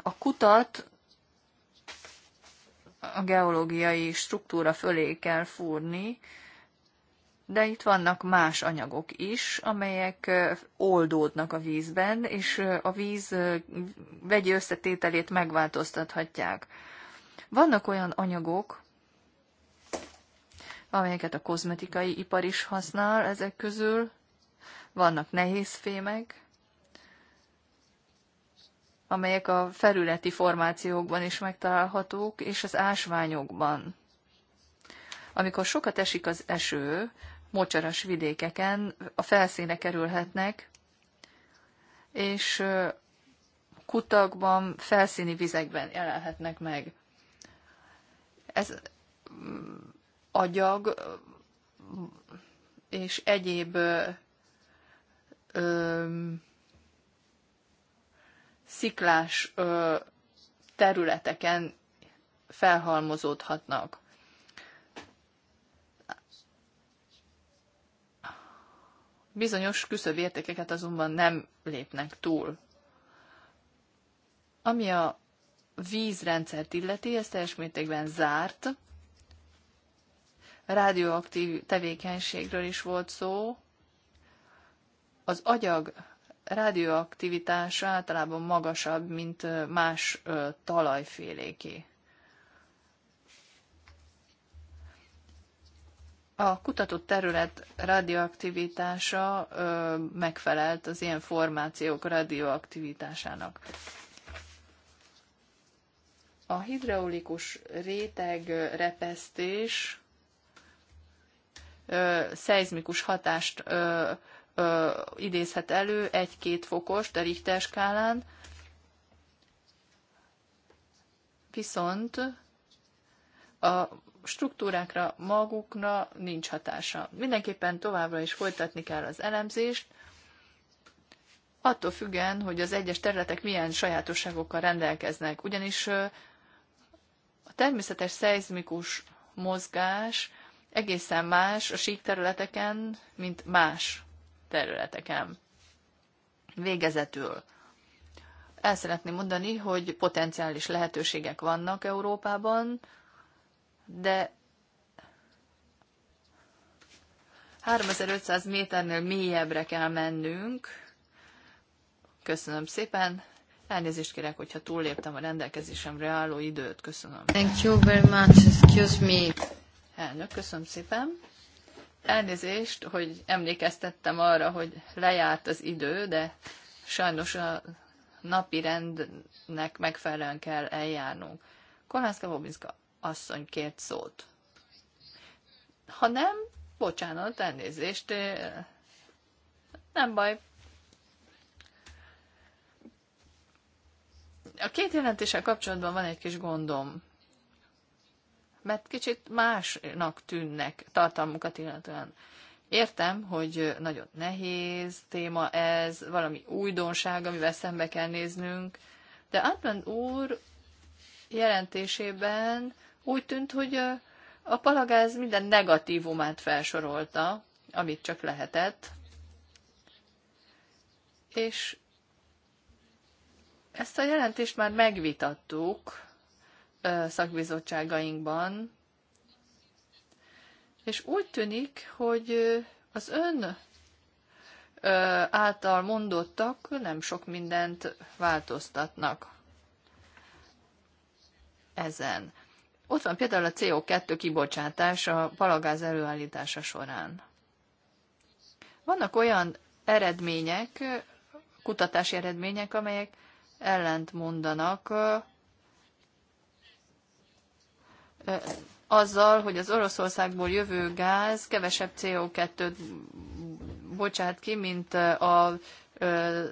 a kutat a geológiai struktúra fölé kell fúrni, de itt vannak más anyagok is, amelyek oldódnak a vízben, és a víz vegyi összetételét megváltoztathatják. Vannak olyan anyagok, amelyeket a kozmetikai ipar is használ ezek közül, vannak nehéz fémek, amelyek a felületi formációkban is megtalálhatók, és az ásványokban. Amikor sokat esik az eső, mocsaras vidékeken a felszíne kerülhetnek, és kutakban, felszíni vizekben jelenhetnek meg. Ez mm, agyag mm, és egyéb ö, sziklás területeken felhalmozódhatnak. Bizonyos küszöbértékeket azonban nem lépnek túl. Ami a vízrendszert illeti, ez teljes mértékben zárt. Rádióaktív tevékenységről is volt szó. Az agyag radioaktivitása általában magasabb, mint más talajféléké. A kutatott terület radioaktivitása megfelelt az ilyen formációk radioaktivitásának. A hidraulikus réteg repesztés szeizmikus hatást ö, ö, idézhet elő, egy-két fokos, de Richter skálán. Viszont a struktúrákra magukra nincs hatása. Mindenképpen továbbra is folytatni kell az elemzést, attól függően, hogy az egyes területek milyen sajátosságokkal rendelkeznek. Ugyanis a természetes szeizmikus mozgás egészen más a sík területeken, mint más területeken. Végezetül el szeretném mondani, hogy potenciális lehetőségek vannak Európában, de 3500 méternél mélyebbre kell mennünk. Köszönöm szépen. Elnézést kérek, hogyha túlléptem a rendelkezésemre álló időt. Köszönöm. Thank you very much. Excuse me. Elnök, köszönöm szépen. Elnézést, hogy emlékeztettem arra, hogy lejárt az idő, de sajnos a napi rendnek megfelelően kell eljárnunk. Kolászka Bobinska asszony kért szót. Ha nem, bocsánat, elnézést, nem baj. A két jelentéssel kapcsolatban van egy kis gondom mert kicsit másnak tűnnek tartalmukat illetően. Értem, hogy nagyon nehéz téma ez, valami újdonság, amivel szembe kell néznünk, de Atman úr jelentésében úgy tűnt, hogy a palagáz minden negatívumát felsorolta, amit csak lehetett, és ezt a jelentést már megvitattuk, szakbizottságainkban, és úgy tűnik, hogy az ön által mondottak nem sok mindent változtatnak ezen. Ott van például a CO2 kibocsátás a palagáz előállítása során. Vannak olyan eredmények, kutatási eredmények, amelyek ellent mondanak azzal, hogy az Oroszországból jövő gáz kevesebb CO2-t bocsát ki, mint a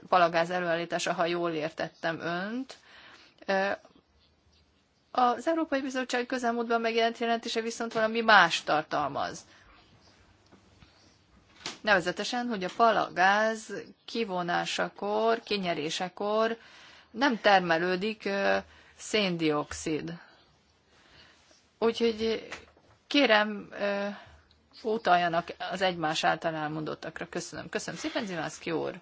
palagáz előállítása, ha jól értettem önt. Az Európai Bizottság közelmúltban megjelent jelentése viszont valami más tartalmaz. Nevezetesen, hogy a palagáz kivonásakor, kinyerésekor nem termelődik széndiokszid. Úgyhogy eh, kérem, eh, utaljanak az egymás által elmondottakra. Köszönöm. Köszönöm szépen, Zimászki úr.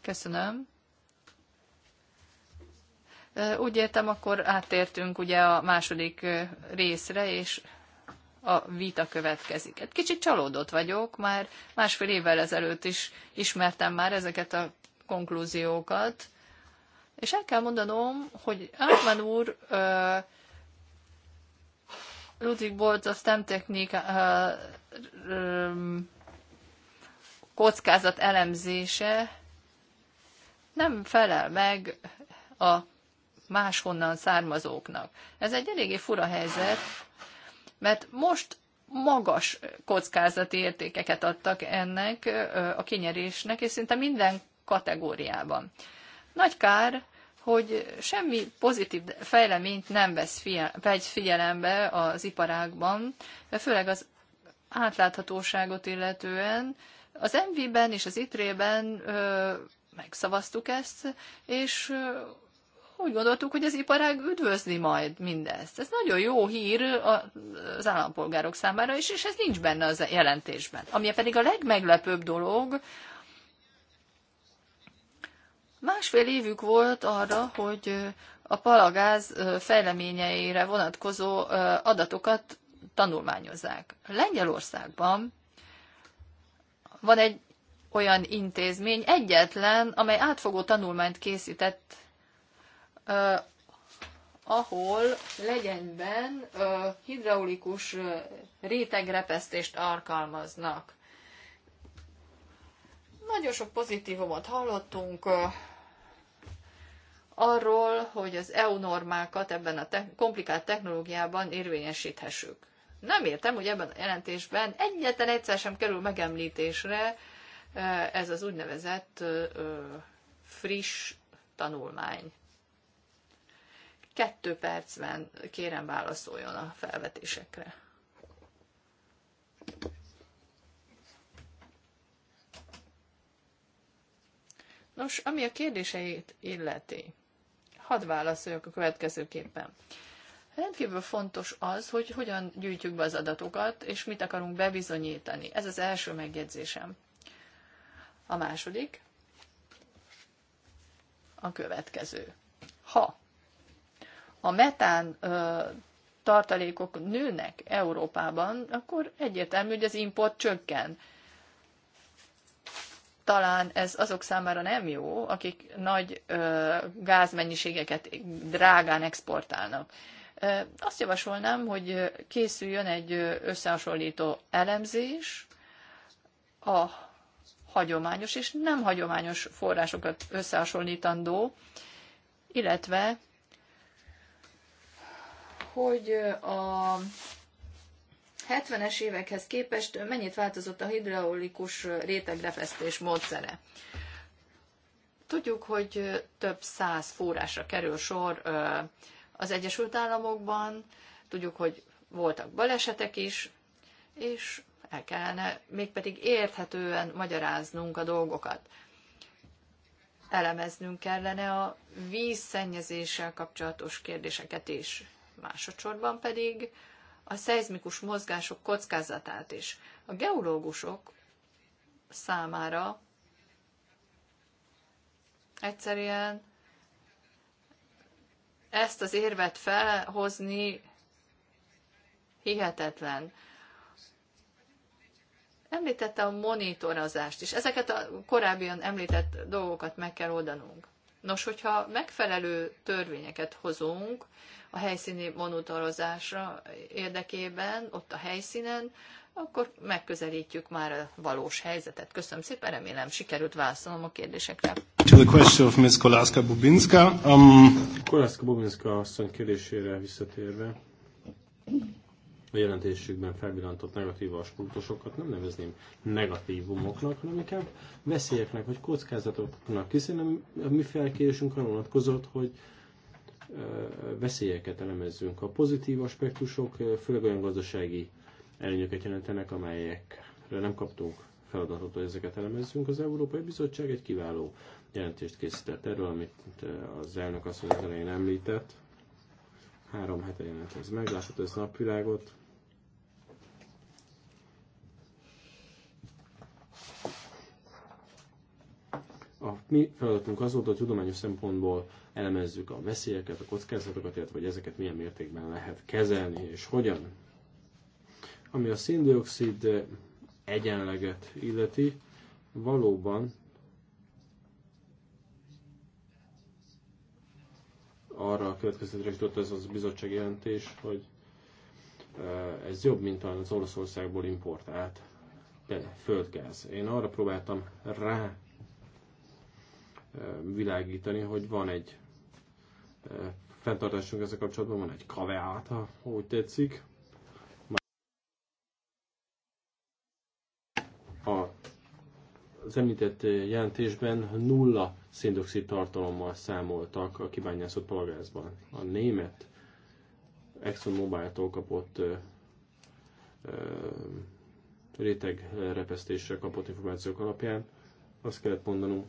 Köszönöm. Eh, úgy értem, akkor áttértünk ugye a második részre, és a vita következik. Egy hát kicsit csalódott vagyok, már másfél évvel ezelőtt is ismertem már ezeket a konklúziókat, és el kell mondanom, hogy Altman úr Ludwig Bolz a STEM technika kockázat elemzése nem felel meg a máshonnan származóknak. Ez egy eléggé fura helyzet, mert most magas kockázati értékeket adtak ennek a kinyerésnek, és szinte minden kategóriában. Nagy kár, hogy semmi pozitív fejleményt nem vesz figyelembe az iparágban, főleg az átláthatóságot illetően. Az MV-ben és az ITRE-ben megszavaztuk ezt, és úgy gondoltuk, hogy az iparág üdvözli majd mindezt. Ez nagyon jó hír az állampolgárok számára, is, és ez nincs benne az jelentésben. Ami pedig a legmeglepőbb dolog, Másfél évük volt arra, hogy a palagáz fejleményeire vonatkozó adatokat tanulmányozzák. Lengyelországban van egy olyan intézmény, egyetlen, amely átfogó tanulmányt készített, ahol legyenben hidraulikus rétegrepesztést alkalmaznak. Nagyon sok pozitívumot hallottunk, arról, hogy az EU normákat ebben a te- komplikált technológiában érvényesíthessük. Nem értem, hogy ebben a jelentésben egyetlen egyszer sem kerül megemlítésre ez az úgynevezett friss tanulmány. Kettő percben kérem válaszoljon a felvetésekre. Nos, ami a kérdéseit illeti, hadd válaszoljak a következőképpen. Rendkívül fontos az, hogy hogyan gyűjtjük be az adatokat, és mit akarunk bebizonyítani. Ez az első megjegyzésem. A második, a következő. Ha a metán ö, tartalékok nőnek Európában, akkor egyértelmű, hogy az import csökken talán ez azok számára nem jó, akik nagy ö, gázmennyiségeket drágán exportálnak. Azt javasolnám, hogy készüljön egy összehasonlító elemzés a hagyományos és nem hagyományos forrásokat összehasonlítandó, illetve hogy a 70-es évekhez képest mennyit változott a hidraulikus réteglefesztés módszere? Tudjuk, hogy több száz forrásra kerül sor az Egyesült Államokban, tudjuk, hogy voltak balesetek is, és el kellene mégpedig érthetően magyaráznunk a dolgokat. Elemeznünk kellene a vízszennyezéssel kapcsolatos kérdéseket is. Másodszorban pedig a szeizmikus mozgások kockázatát is. A geológusok számára egyszerűen ezt az érvet felhozni hihetetlen. Említette a monitorozást is. Ezeket a korábbian említett dolgokat meg kell oldanunk. Nos, hogyha megfelelő törvényeket hozunk a helyszíni monitorozásra érdekében, ott a helyszínen, akkor megközelítjük már a valós helyzetet. Köszönöm szépen, remélem sikerült válaszolnom a kérdésekre. To the question of Ms. Kolaska Bubinska. Um... Kolaska Bubinska asszony kérdésére visszatérve a jelentésükben felvillantott negatív aspektusokat nem nevezném negatívumoknak, hanem inkább veszélyeknek vagy kockázatoknak, hiszen a mi felkérésünk arra vonatkozott, hogy veszélyeket elemezzünk. A pozitív aspektusok főleg olyan gazdasági előnyöket jelentenek, amelyekre nem kaptunk feladatot, hogy ezeket elemezzünk. Az Európai Bizottság egy kiváló jelentést készített erről, amit az elnök azt az elején említett, Három hete jelent ez meg, ezt a napvilágot. A mi feladatunk az volt, hogy tudományos szempontból elemezzük a veszélyeket, a kockázatokat, illetve hogy ezeket milyen mértékben lehet kezelni, és hogyan. Ami a széndiokszid egyenleget illeti, valóban arra a következtetre jutott ez az bizottság jelentés, hogy ez jobb, mint az Oroszországból importált földgáz. Én arra próbáltam rá világítani, hogy van egy fenntartásunk ezzel kapcsolatban, van egy kaveáta, ha úgy tetszik, az említett jelentésben nulla széndiokszid tartalommal számoltak a kibányászott palagázban. A német Exxon Mobil-tól kapott ö, ö, réteg repesztésre kapott információk alapján azt kellett mondanunk,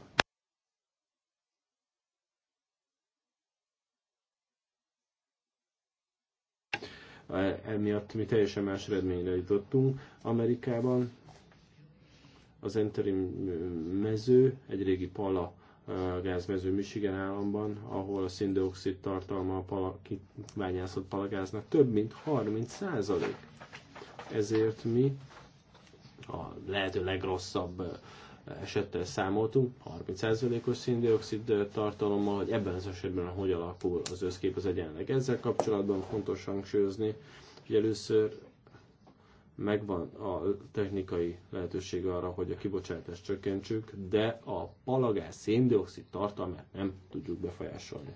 e, emiatt mi teljesen más eredményre jutottunk Amerikában, az Enteri mező, egy régi pala gázmező Michigan államban, ahol a szindioxid tartalma a pala, kibányászott palagáznak több mint 30 százalék. Ezért mi a lehető legrosszabb esettel számoltunk, 30%-os szindioxid tartalommal, hogy ebben az esetben hogy alakul az összkép az egyenleg. Ezzel kapcsolatban fontos hangsúlyozni, hogy először megvan a technikai lehetőség arra, hogy a kibocsátást csökkentsük, de a palagás széndiokszid tartalmát nem tudjuk befolyásolni.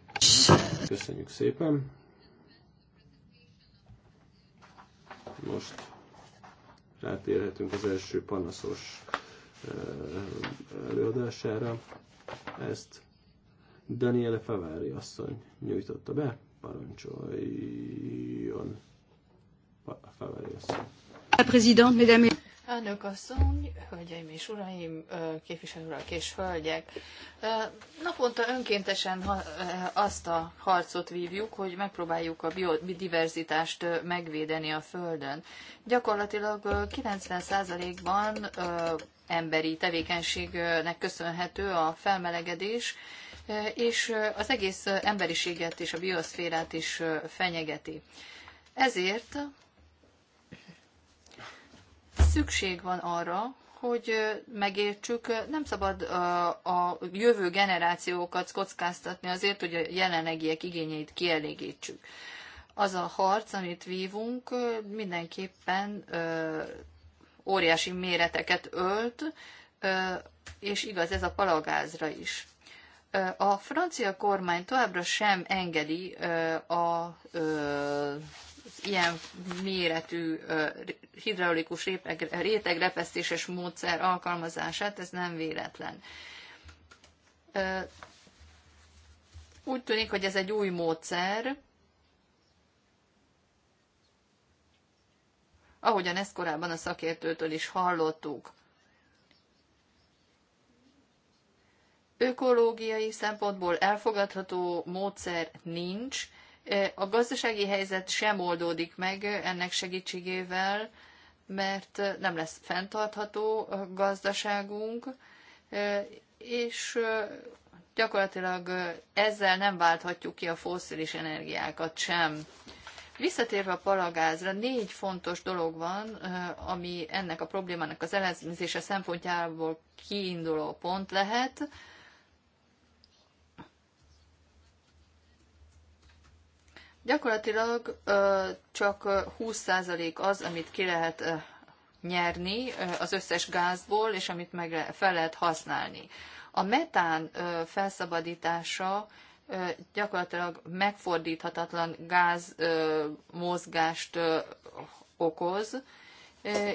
Köszönjük szépen! Most rátérhetünk az első panaszos eh, előadására. Ezt Daniele Favári asszony nyújtotta be, parancsoljon Favári asszony. A Elnök asszony, hölgyeim és uraim, képviselő urak és hölgyek! Naponta önkéntesen azt a harcot vívjuk, hogy megpróbáljuk a biodiverzitást megvédeni a Földön. Gyakorlatilag 90%-ban emberi tevékenységnek köszönhető a felmelegedés, és az egész emberiséget és a bioszférát is fenyegeti. Ezért szükség van arra, hogy megértsük, nem szabad a jövő generációkat kockáztatni azért, hogy a jelenlegiek igényeit kielégítsük. Az a harc, amit vívunk, mindenképpen óriási méreteket ölt, és igaz ez a palagázra is. A francia kormány továbbra sem engedi a ilyen méretű hidraulikus réteg, rétegrepesztéses módszer alkalmazását, ez nem véletlen. Úgy tűnik, hogy ez egy új módszer, ahogyan ezt korábban a szakértőtől is hallottuk. Ökológiai szempontból elfogadható módszer nincs, a gazdasági helyzet sem oldódik meg ennek segítségével, mert nem lesz fenntartható a gazdaságunk, és gyakorlatilag ezzel nem válthatjuk ki a fosszilis energiákat sem. Visszatérve a palagázra, négy fontos dolog van, ami ennek a problémának az elemzése szempontjából kiinduló pont lehet. Gyakorlatilag csak 20% az, amit ki lehet nyerni az összes gázból, és amit meg fel lehet használni. A metán felszabadítása gyakorlatilag megfordíthatatlan gázmozgást okoz,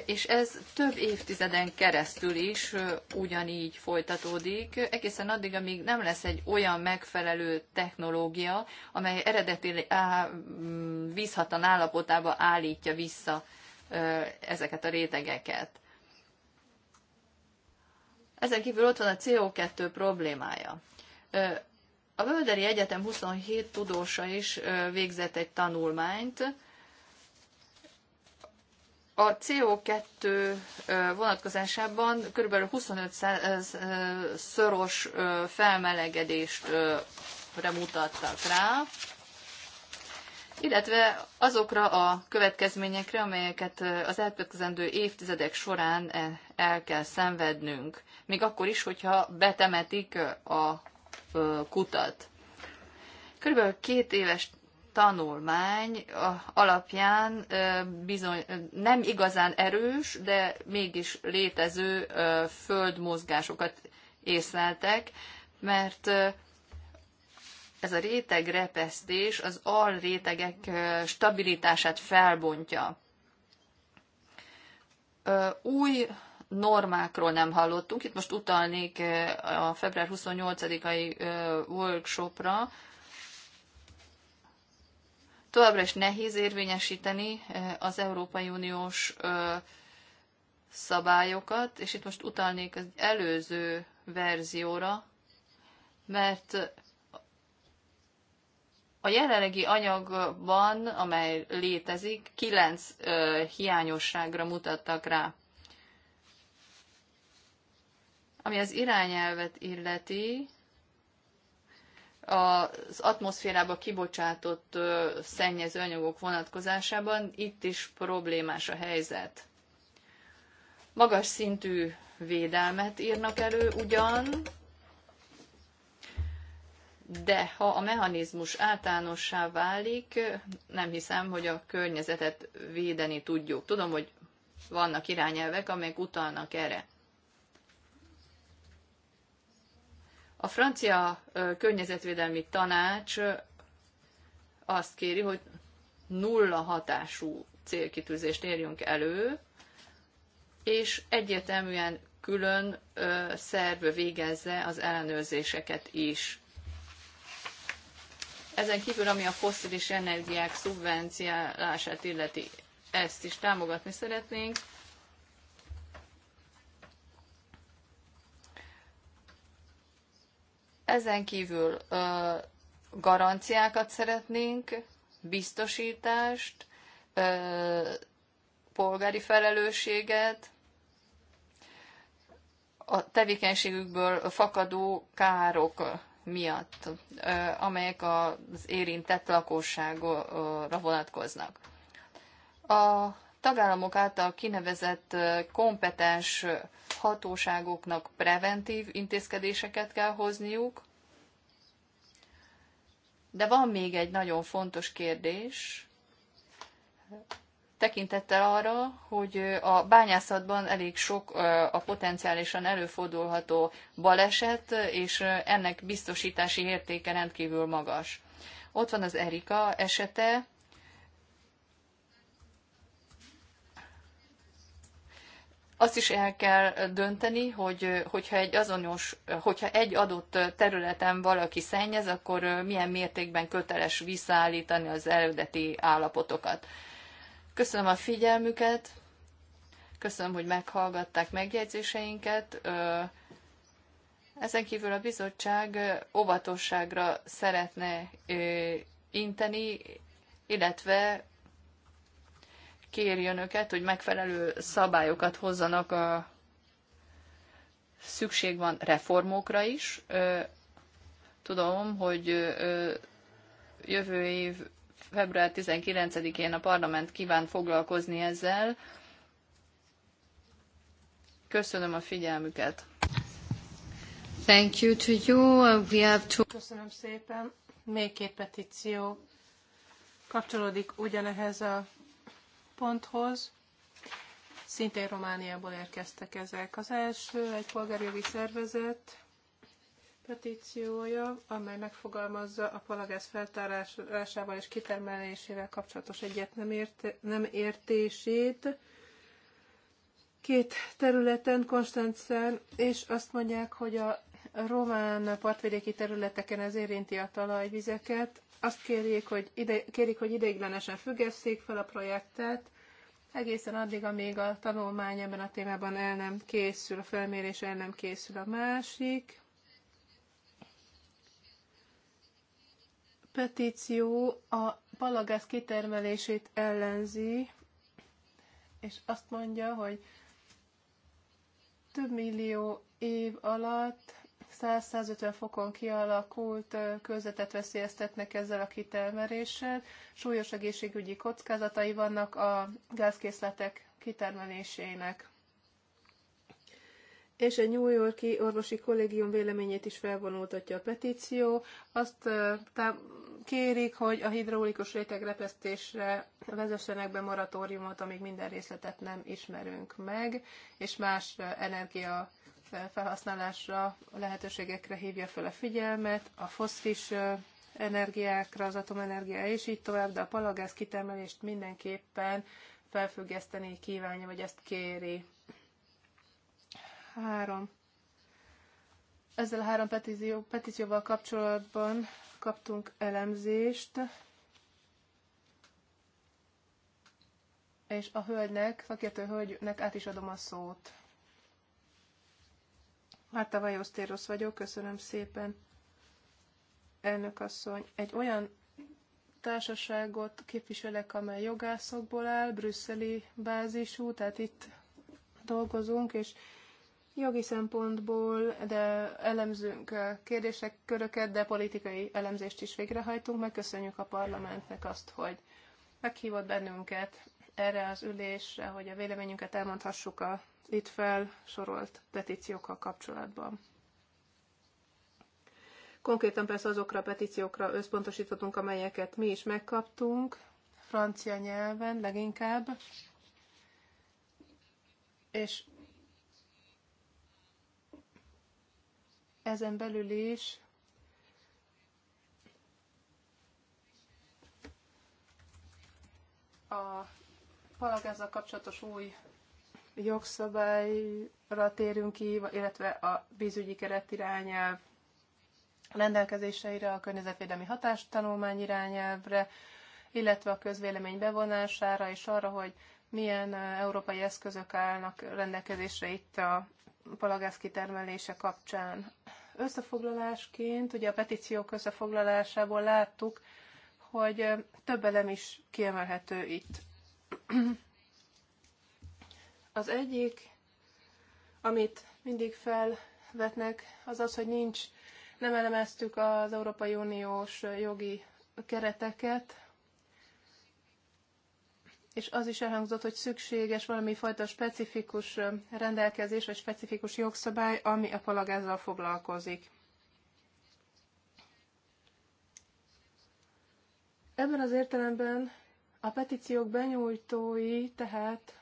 és ez több évtizeden keresztül is ugyanígy folytatódik, egészen addig, amíg nem lesz egy olyan megfelelő technológia, amely eredeti mm, vízhatan állapotába állítja vissza ezeket a rétegeket. Ezen kívül ott van a CO2 problémája. A Völderi Egyetem 27 tudósa is végzett egy tanulmányt, a CO2 vonatkozásában kb. 25 szoros felmelegedést mutattak rá, illetve azokra a következményekre, amelyeket az elkövetkezendő évtizedek során e, el kell szenvednünk, még akkor is, hogyha betemetik a kutat. Körülbelül két éves tanulmány alapján bizony nem igazán erős, de mégis létező földmozgásokat észleltek, mert ez a rétegrepesztés az alrétegek stabilitását felbontja. Új normákról nem hallottunk. Itt most utalnék a február 28-ai workshopra, továbbra is nehéz érvényesíteni eh, az Európai Uniós eh, szabályokat, és itt most utalnék az előző verzióra, mert a jelenlegi anyagban, amely létezik, kilenc eh, hiányosságra mutattak rá. Ami az irányelvet illeti, az atmoszférába kibocsátott szennyező anyagok vonatkozásában itt is problémás a helyzet. Magas szintű védelmet írnak elő ugyan, de ha a mechanizmus általánossá válik, nem hiszem, hogy a környezetet védeni tudjuk. Tudom, hogy vannak irányelvek, amelyek utalnak erre. A francia környezetvédelmi tanács azt kéri, hogy nulla hatású célkitűzést érjünk elő, és egyértelműen külön szerv végezze az ellenőrzéseket is. Ezen kívül, ami a fosszilis energiák szubvencionálását illeti, ezt is támogatni szeretnénk, Ezen kívül garanciákat szeretnénk, biztosítást, polgári felelősséget, a tevékenységükből fakadó károk miatt, amelyek az érintett lakosságra vonatkoznak. A tagállamok által kinevezett kompetens hatóságoknak preventív intézkedéseket kell hozniuk, de van még egy nagyon fontos kérdés, tekintettel arra, hogy a bányászatban elég sok a potenciálisan előfordulható baleset, és ennek biztosítási értéke rendkívül magas. Ott van az Erika esete, azt is el kell dönteni, hogy hogyha egy azonos, hogyha egy adott területen valaki szennyez, akkor milyen mértékben köteles visszaállítani az eredeti állapotokat. Köszönöm a figyelmüket, köszönöm, hogy meghallgatták megjegyzéseinket. Ezen kívül a bizottság óvatosságra szeretne inteni, illetve kéri önöket, hogy megfelelő szabályokat hozzanak a szükség van reformokra is. Tudom, hogy jövő év február 19-én a parlament kíván foglalkozni ezzel. Köszönöm a figyelmüket. Thank you to you. Uh, we have to... Köszönöm szépen. Még két petíció kapcsolódik ugyanehez a ponthoz. Szintén Romániából érkeztek ezek. Az első egy polgárjogi szervezet petíciója, amely megfogalmazza a palagáz feltárásával és kitermelésével kapcsolatos egyet nem, ért, nem értését két területen, Konstancán, és azt mondják, hogy a román partvidéki területeken ez érinti a talajvizeket, azt kérjék, hogy ide, kérik, hogy ideiglenesen függesszék fel a projektet, egészen addig, amíg a tanulmány ebben a témában el nem készül, a felmérés el nem készül a másik. Petíció a palagáz kitermelését ellenzi, és azt mondja, hogy több millió év alatt 100-150 fokon kialakult körzetet veszélyeztetnek ezzel a kitermeléssel. Súlyos egészségügyi kockázatai vannak a gázkészletek kitermelésének. És a New Yorki Orvosi Kollégium véleményét is felvonultatja a petíció. Azt kérik, hogy a hidraulikus réteg repesztésre vezessenek be moratóriumot, amíg minden részletet nem ismerünk meg, és más energia felhasználásra, a lehetőségekre hívja fel a figyelmet, a foszfis energiákra, az atomenergia és így tovább, de a palagáz kitermelést mindenképpen felfüggeszteni kívánja, vagy ezt kéri. Három. Ezzel a három petízió, petícióval kapcsolatban kaptunk elemzést, és a hölgynek, szakértő hölgynek át is adom a szót. Hát tavaly Osztérosz vagyok, köszönöm szépen. Elnök asszony, egy olyan társaságot képviselek, amely jogászokból áll, brüsszeli bázisú, tehát itt dolgozunk, és jogi szempontból, de elemzünk kérdések, köröket, de politikai elemzést is végrehajtunk. Megköszönjük a parlamentnek azt, hogy meghívott bennünket erre az ülésre, hogy a véleményünket elmondhassuk a itt felsorolt petíciókkal kapcsolatban. Konkrétan persze azokra a petíciókra összpontosítottunk, amelyeket mi is megkaptunk, francia nyelven leginkább, és ezen belül is a palagázzal kapcsolatos új jogszabályra térünk ki, illetve a vízügyi irányelv rendelkezéseire, a környezetvédelmi hatástanulmány irányelvre, illetve a közvélemény bevonására, és arra, hogy milyen európai eszközök állnak rendelkezésre itt a palagász kitermelése kapcsán. Összefoglalásként, ugye a petíciók összefoglalásából láttuk, hogy több elem is kiemelhető itt. Az egyik, amit mindig felvetnek, az az, hogy nincs, nem elemeztük az Európai Uniós jogi kereteket, és az is elhangzott, hogy szükséges valami fajta specifikus rendelkezés, vagy specifikus jogszabály, ami a palagázzal foglalkozik. Ebben az értelemben a petíciók benyújtói tehát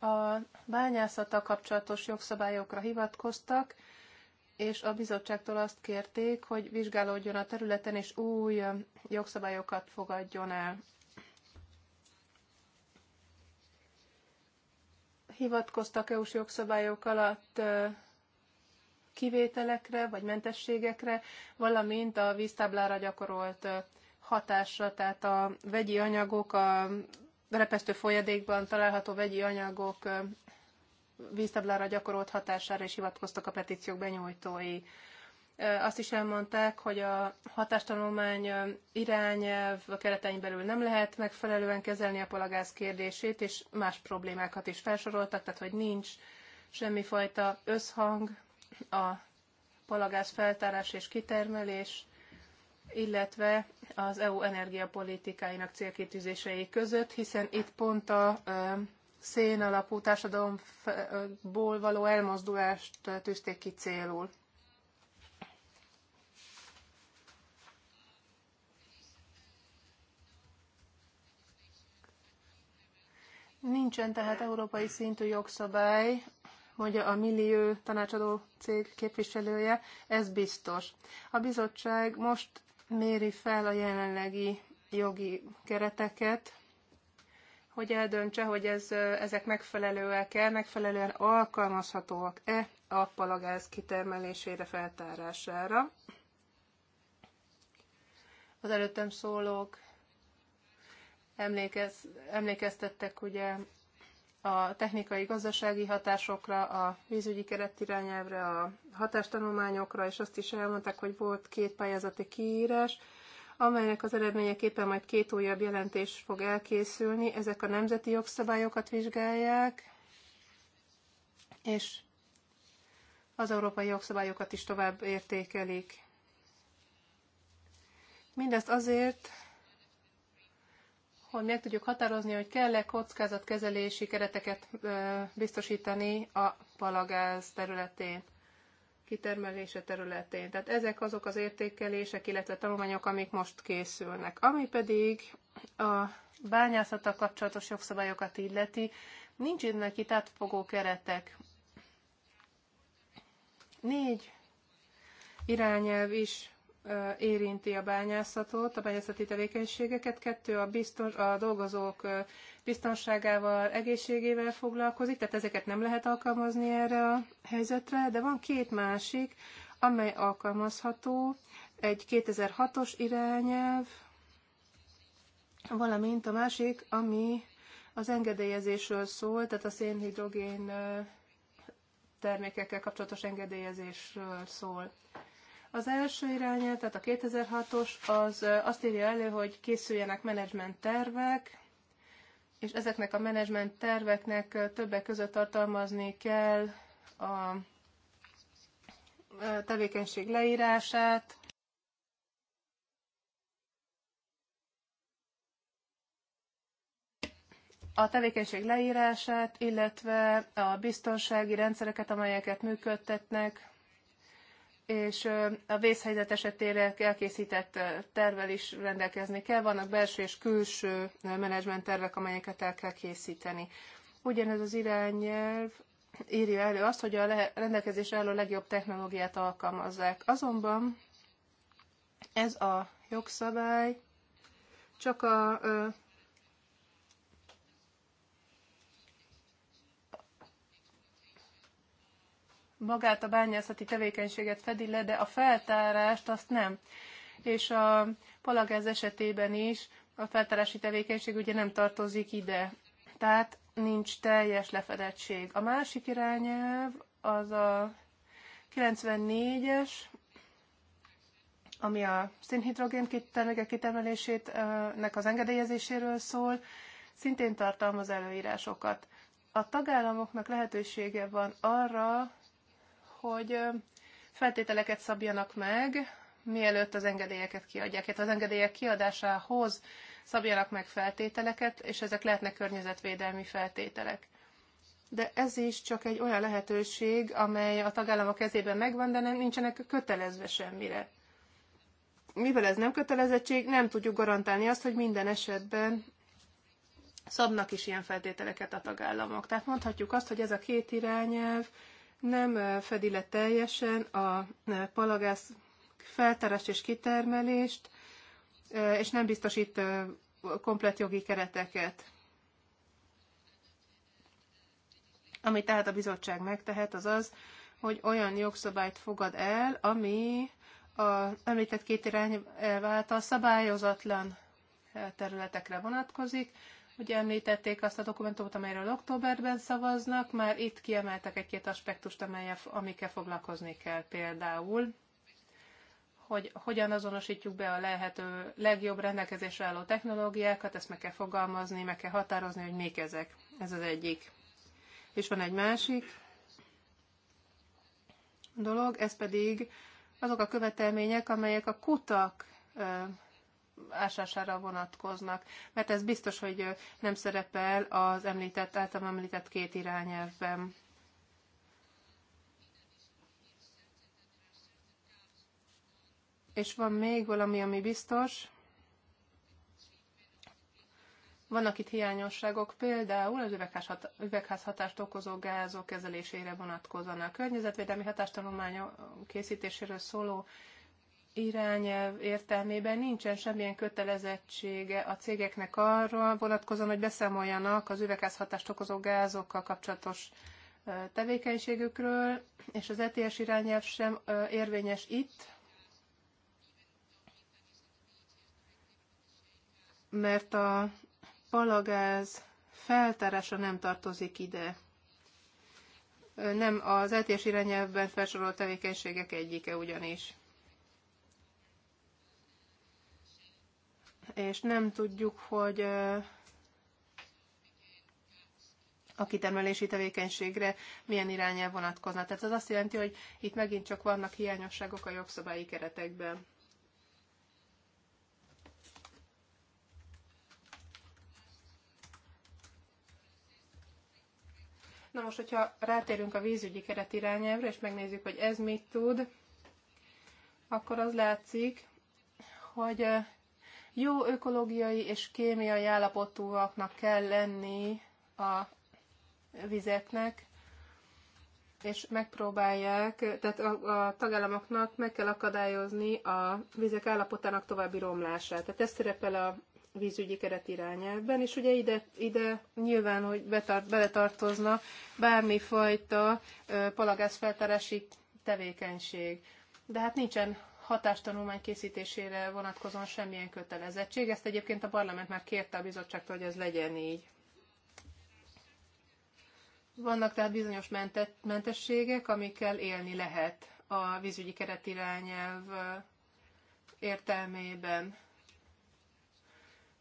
a bányászata kapcsolatos jogszabályokra hivatkoztak, és a bizottságtól azt kérték, hogy vizsgálódjon a területen, és új jogszabályokat fogadjon el. Hivatkoztak EU-s jogszabályok alatt kivételekre vagy mentességekre, valamint a víztáblára gyakorolt hatásra, tehát a vegyi anyagok, a repesztő folyadékban található vegyi anyagok víztablára gyakorolt hatására is hivatkoztak a petíciók benyújtói. Azt is elmondták, hogy a hatástanulmány irányelv a keretein belül nem lehet megfelelően kezelni a palagáz kérdését, és más problémákat is felsoroltak, tehát hogy nincs semmifajta összhang a palagáz feltárás és kitermelés illetve az EU energiapolitikáinak célkitűzései között, hiszen itt pont a szén alapú társadalomból való elmozdulást tűzték ki célul. Nincsen tehát európai szintű jogszabály, mondja a millió tanácsadó cég képviselője, ez biztos. A bizottság most méri fel a jelenlegi jogi kereteket, hogy eldöntse, hogy ez, ezek megfelelőek-e, megfelelően alkalmazhatóak-e a palagáz kitermelésére, feltárására. Az előttem szólók emlékez, emlékeztettek ugye a technikai gazdasági hatásokra, a vízügyi keretirányelvre, a hatástanulmányokra, és azt is elmondták, hogy volt két pályázati kiírás, amelynek az eredményeképpen majd két újabb jelentés fog elkészülni. Ezek a nemzeti jogszabályokat vizsgálják, és az európai jogszabályokat is tovább értékelik. Mindezt azért, hogy meg tudjuk határozni, hogy kell-e kockázatkezelési kereteket biztosítani a palagáz területén, kitermelése területén. Tehát ezek azok az értékelések, illetve tanulmányok, amik most készülnek. Ami pedig a bányászata kapcsolatos jogszabályokat illeti, nincs ennek itt átfogó keretek. Négy irányelv is érinti a bányászatot, a bányászati tevékenységeket, kettő a, biztos, a dolgozók biztonságával, egészségével foglalkozik, tehát ezeket nem lehet alkalmazni erre a helyzetre, de van két másik, amely alkalmazható, egy 2006-os irányelv, valamint a másik, ami az engedélyezésről szól, tehát a szénhidrogén termékekkel kapcsolatos engedélyezésről szól. Az első irányel, tehát a 2006-os, az azt írja elő, hogy készüljenek menedzsment tervek, és ezeknek a menedzsment terveknek többek között tartalmazni kell a tevékenység leírását, a tevékenység leírását, illetve a biztonsági rendszereket, amelyeket működtetnek, és a vészhelyzet esetére elkészített tervel is rendelkezni kell. Vannak belső és külső menedzsment tervek, amelyeket el kell készíteni. Ugyanez az irányelv írja elő azt, hogy a rendelkezésre álló legjobb technológiát alkalmazzák. Azonban ez a jogszabály csak a magát a bányászati tevékenységet fedi le, de a feltárást azt nem. És a palagáz esetében is a feltárási tevékenység ugye nem tartozik ide. Tehát nincs teljes lefedettség. A másik irányelv az a 94-es, ami a szénhidrogén kitermelését nek az engedélyezéséről szól, szintén tartalmaz előírásokat. A tagállamoknak lehetősége van arra, hogy feltételeket szabjanak meg, mielőtt az engedélyeket kiadják. Hát az engedélyek kiadásához szabjanak meg feltételeket, és ezek lehetnek környezetvédelmi feltételek. De ez is csak egy olyan lehetőség, amely a tagállamok kezében megvan, de nem, nincsenek kötelezve semmire. Mivel ez nem kötelezettség, nem tudjuk garantálni azt, hogy minden esetben szabnak is ilyen feltételeket a tagállamok. Tehát mondhatjuk azt, hogy ez a két irányelv nem fedi le teljesen a palagász feltárást és kitermelést, és nem biztosít komplet jogi kereteket. Ami tehát a bizottság megtehet, az az, hogy olyan jogszabályt fogad el, ami a említett két irány által szabályozatlan területekre vonatkozik, Ugye említették azt a dokumentumot, amelyről októberben szavaznak, már itt kiemeltek egy-két aspektust, amelyel, amikkel foglalkozni kell például hogy hogyan azonosítjuk be a lehető legjobb rendelkezésre álló technológiákat, ezt meg kell fogalmazni, meg kell határozni, hogy mik ezek. Ez az egyik. És van egy másik dolog, ez pedig azok a követelmények, amelyek a kutak ásására vonatkoznak, mert ez biztos, hogy nem szerepel az említett, általam említett két irányelvben. És van még valami, ami biztos. Vannak itt hiányosságok, például az üvegházhatást okozó gázok kezelésére vonatkozóan a környezetvédelmi hatástanulmányok készítéséről szóló irányelv értelmében nincsen semmilyen kötelezettsége a cégeknek arra vonatkozóan, hogy beszámoljanak az üvegházhatást okozó gázokkal kapcsolatos tevékenységükről, és az ETS irányelv sem érvényes itt, mert a palagáz feltárása nem tartozik ide. Nem az ETS irányelvben felsorolt tevékenységek egyike ugyanis. és nem tudjuk, hogy a kitermelési tevékenységre milyen irányel vonatkozna. Tehát ez azt jelenti, hogy itt megint csak vannak hiányosságok a jogszabályi keretekben. Na most, hogyha rátérünk a vízügyi keret irányelvre, és megnézzük, hogy ez mit tud, akkor az látszik, hogy jó ökológiai és kémiai állapotúaknak kell lenni a vizeknek, és megpróbálják, tehát a, a tagállamoknak meg kell akadályozni a vizek állapotának további romlását. Tehát ez szerepel a vízügyi irányelvben, és ugye ide, ide nyilván, hogy betart, beletartozna bármifajta palagászfeltárási tevékenység. De hát nincsen hatástanulmány készítésére vonatkozóan semmilyen kötelezettség. Ezt egyébként a parlament már kérte a bizottságtól, hogy ez legyen így. Vannak tehát bizonyos mentet, mentességek, amikkel élni lehet a vízügyi keretirányelv értelmében.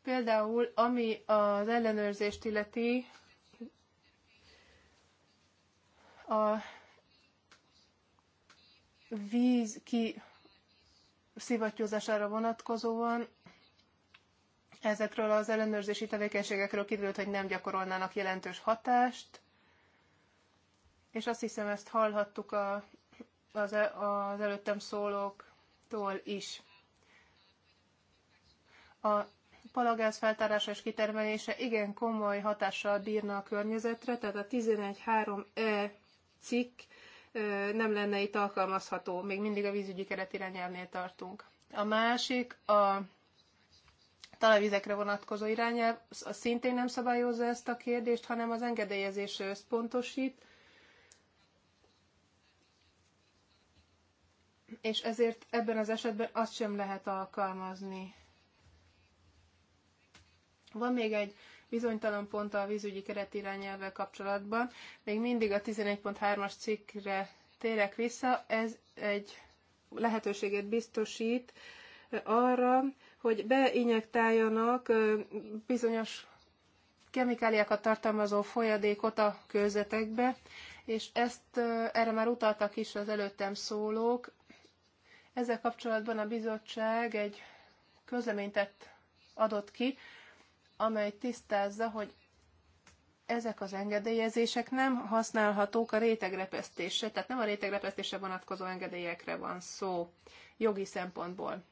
Például, ami az ellenőrzést illeti, a víz ki szivattyúzására vonatkozóan ezekről az ellenőrzési tevékenységekről kiderült, hogy nem gyakorolnának jelentős hatást, és azt hiszem ezt hallhattuk a, az, e, az előttem szólóktól is. A palagáz feltárása és kitermelése igen komoly hatással bírna a környezetre, tehát a 11.3e cikk nem lenne itt alkalmazható. Még mindig a vízügyi keretirányelvnél tartunk. A másik a talajvizekre vonatkozó irányelv szintén nem szabályozza ezt a kérdést, hanem az engedélyezés összpontosít, és ezért ebben az esetben azt sem lehet alkalmazni. Van még egy bizonytalan pont a vízügyi keretirányelvvel kapcsolatban. Még mindig a 11.3-as cikkre térek vissza, ez egy lehetőséget biztosít arra, hogy beinjektáljanak bizonyos kemikáliákat tartalmazó folyadékot a kőzetekbe, és ezt erre már utaltak is az előttem szólók. Ezzel kapcsolatban a bizottság egy közleményt adott ki, amely tisztázza, hogy ezek az engedélyezések nem használhatók a rétegrepesztésre, tehát nem a rétegrepesztésre vonatkozó engedélyekre van szó jogi szempontból.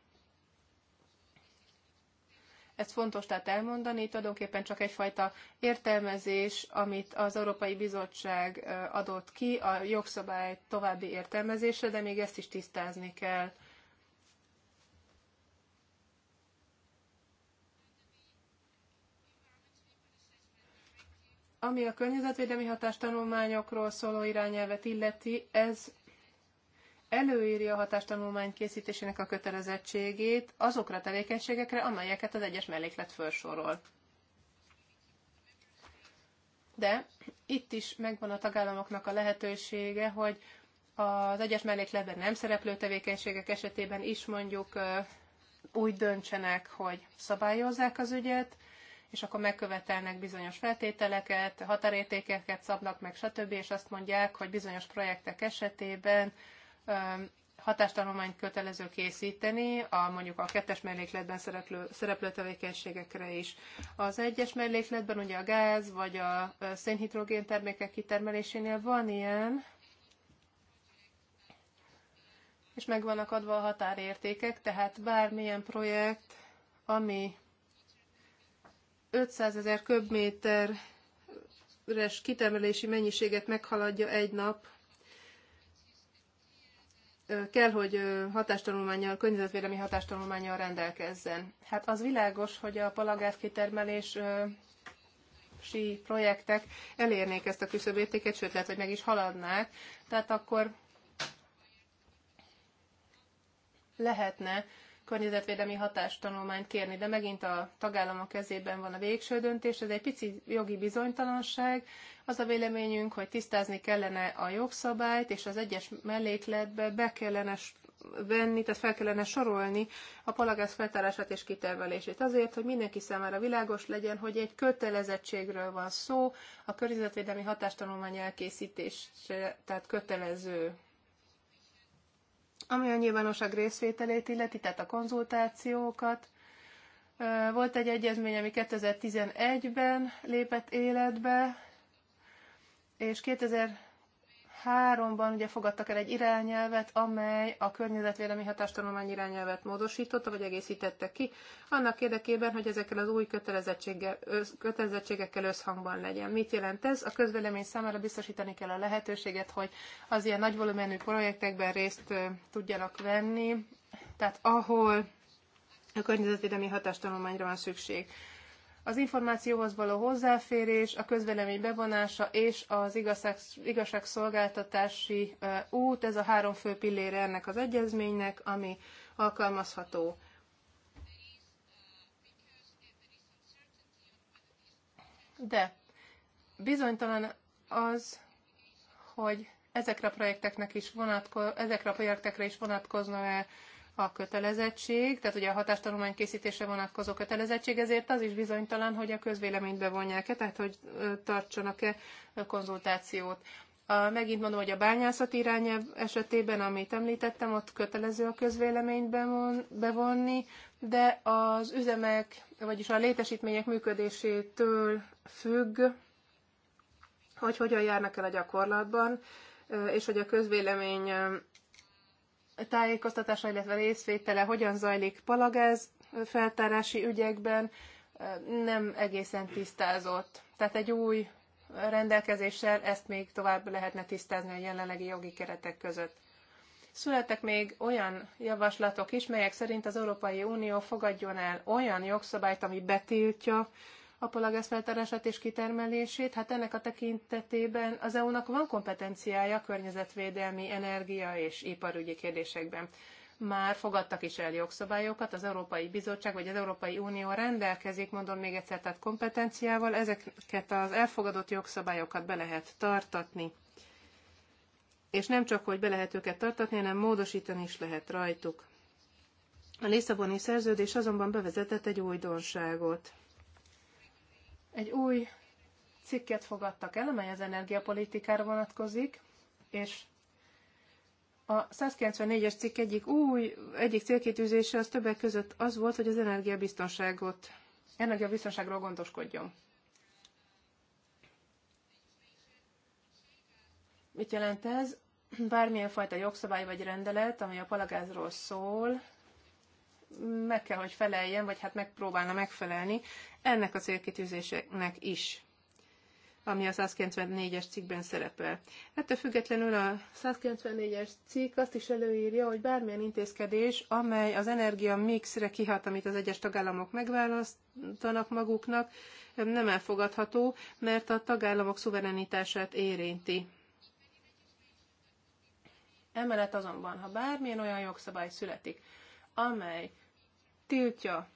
Ez fontos tehát elmondani, tulajdonképpen csak egyfajta értelmezés, amit az Európai Bizottság adott ki a jogszabály további értelmezésre, de még ezt is tisztázni kell. Ami a környezetvédelmi hatástanulmányokról szóló irányelvet illeti, ez előírja a hatástanulmány készítésének a kötelezettségét azokra a tevékenységekre, amelyeket az egyes melléklet felsorol. De itt is megvan a tagállamoknak a lehetősége, hogy az egyes mellékletben nem szereplő tevékenységek esetében is mondjuk úgy döntsenek, hogy szabályozzák az ügyet, és akkor megkövetelnek bizonyos feltételeket, határértékeket szabnak meg, stb., és azt mondják, hogy bizonyos projektek esetében hatástanulmányt kötelező készíteni, a, mondjuk a kettes mellékletben szereplő, szereplő tevékenységekre is. Az egyes mellékletben ugye a gáz vagy a szénhidrogén termékek kitermelésénél van ilyen, és meg vannak adva a határértékek, tehát bármilyen projekt, ami 500 ezer köbméteres kitermelési mennyiséget meghaladja egy nap, kell, hogy hatástanulmányjal, környezetvédelmi hatástanulmányjal rendelkezzen. Hát az világos, hogy a palagáz kitermelés projektek elérnék ezt a küszöbértéket, sőt lehet, hogy meg is haladnák. Tehát akkor lehetne környezetvédelmi hatástanulmányt kérni, de megint a tagállamok kezében van a végső döntés, ez egy pici jogi bizonytalanság. Az a véleményünk, hogy tisztázni kellene a jogszabályt, és az egyes mellékletbe be kellene venni, tehát fel kellene sorolni a palagáz feltárását és kitervelését Azért, hogy mindenki számára világos legyen, hogy egy kötelezettségről van szó, a környezetvédelmi hatástanulmány elkészítés, tehát kötelező ami a nyilvánosság részvételét illeti, tehát a konzultációkat, volt egy egyezmény, ami 2011-ben lépett életbe, és 2000 2003-ban ugye fogadtak el egy irányelvet, amely a környezetvédelmi hatástanulmány irányelvet módosította, vagy egészítette ki, annak érdekében, hogy ezekkel az új kötelezettségekkel összhangban legyen. Mit jelent ez? A közvélemény számára biztosítani kell a lehetőséget, hogy az ilyen nagy volumenű projektekben részt tudjanak venni, tehát ahol a környezetvédelmi hatástanulmányra van szükség az információhoz való hozzáférés, a közvélemény bevonása és az igazság, igazságszolgáltatási út, ez a három fő pillére ennek az egyezménynek, ami alkalmazható. De bizonytalan az, hogy ezekre a projekteknek is vonatko- ezekre a projektekre is vonatkozna-e a kötelezettség, tehát ugye a hatástanulmány készítése vonatkozó kötelezettség, ezért az is bizonytalan, hogy a közvéleményt bevonják-e, tehát hogy tartsanak-e konzultációt. A, megint mondom, hogy a bányászat irányelv esetében, amit említettem, ott kötelező a közvéleményt bevon, bevonni, de az üzemek, vagyis a létesítmények működésétől függ, hogy hogyan járnak el a gyakorlatban, és hogy a közvélemény tájékoztatása, illetve részvétele hogyan zajlik palagáz feltárási ügyekben, nem egészen tisztázott. Tehát egy új rendelkezéssel ezt még tovább lehetne tisztázni a jelenlegi jogi keretek között. Születtek még olyan javaslatok is, melyek szerint az Európai Unió fogadjon el olyan jogszabályt, ami betiltja a polagászfeltárását és kitermelését. Hát ennek a tekintetében az EU-nak van kompetenciája környezetvédelmi, energia és iparügyi kérdésekben. Már fogadtak is el jogszabályokat, az Európai Bizottság vagy az Európai Unió rendelkezik, mondom még egyszer, tehát kompetenciával, ezeket az elfogadott jogszabályokat be lehet tartatni és nem csak, hogy be lehet őket tartatni, hanem módosítani is lehet rajtuk. A Lisszaboni szerződés azonban bevezetett egy újdonságot. Egy új cikket fogadtak el, amely az energiapolitikára vonatkozik, és a 194-es cikk egyik új, egyik célkitűzése az többek között az volt, hogy az energiabiztonságot, energiabiztonságról gondoskodjon. Mit jelent ez? Bármilyen fajta jogszabály vagy rendelet, ami a palagázról szól, meg kell, hogy feleljen, vagy hát megpróbálna megfelelni ennek a célkitűzéseknek is ami a 194-es cikkben szerepel. Ettől függetlenül a 194-es cikk azt is előírja, hogy bármilyen intézkedés, amely az energia mixre kihat, amit az egyes tagállamok megválasztanak maguknak, nem elfogadható, mert a tagállamok szuverenitását érinti. Emellett azonban, ha bármilyen olyan jogszabály születik, amely tiltja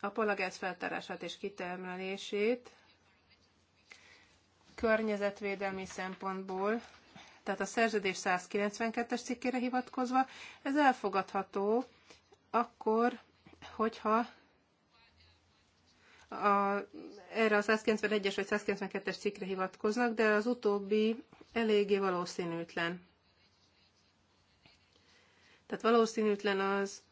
a palagáz feltárását és kitermelését környezetvédelmi szempontból, tehát a szerződés 192-es cikkére hivatkozva, ez elfogadható akkor, hogyha a, erre a 191-es vagy 192-es cikkre hivatkoznak, de az utóbbi eléggé valószínűtlen. Tehát valószínűtlen az,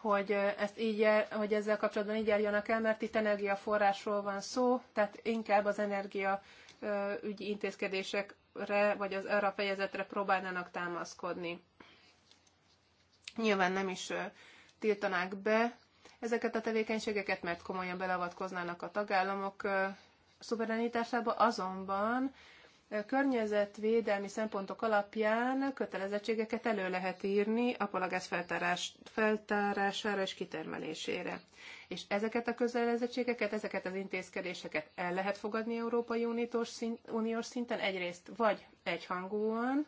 hogy, ezt így, hogy ezzel kapcsolatban így járjanak el, mert itt energiaforrásról van szó, tehát inkább az energia ügyi intézkedésekre, vagy az arra fejezetre próbálnának támaszkodni. Nyilván nem is tiltanák be ezeket a tevékenységeket, mert komolyan beleavatkoznának a tagállamok szuverenitásába, azonban környezetvédelmi szempontok alapján kötelezettségeket elő lehet írni a palagáz feltárás, feltárására és kitermelésére. És ezeket a kötelezettségeket, ezeket az intézkedéseket el lehet fogadni Európai Uniós, szint, uniós szinten, egyrészt vagy egyhangúan,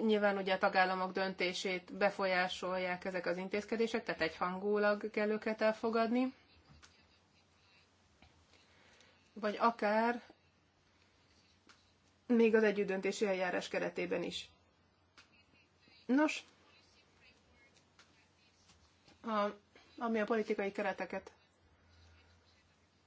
nyilván ugye a tagállamok döntését befolyásolják ezek az intézkedések, tehát egyhangulag kell őket elfogadni, vagy akár még az együttdöntési eljárás keretében is. Nos, a, ami a politikai kereteket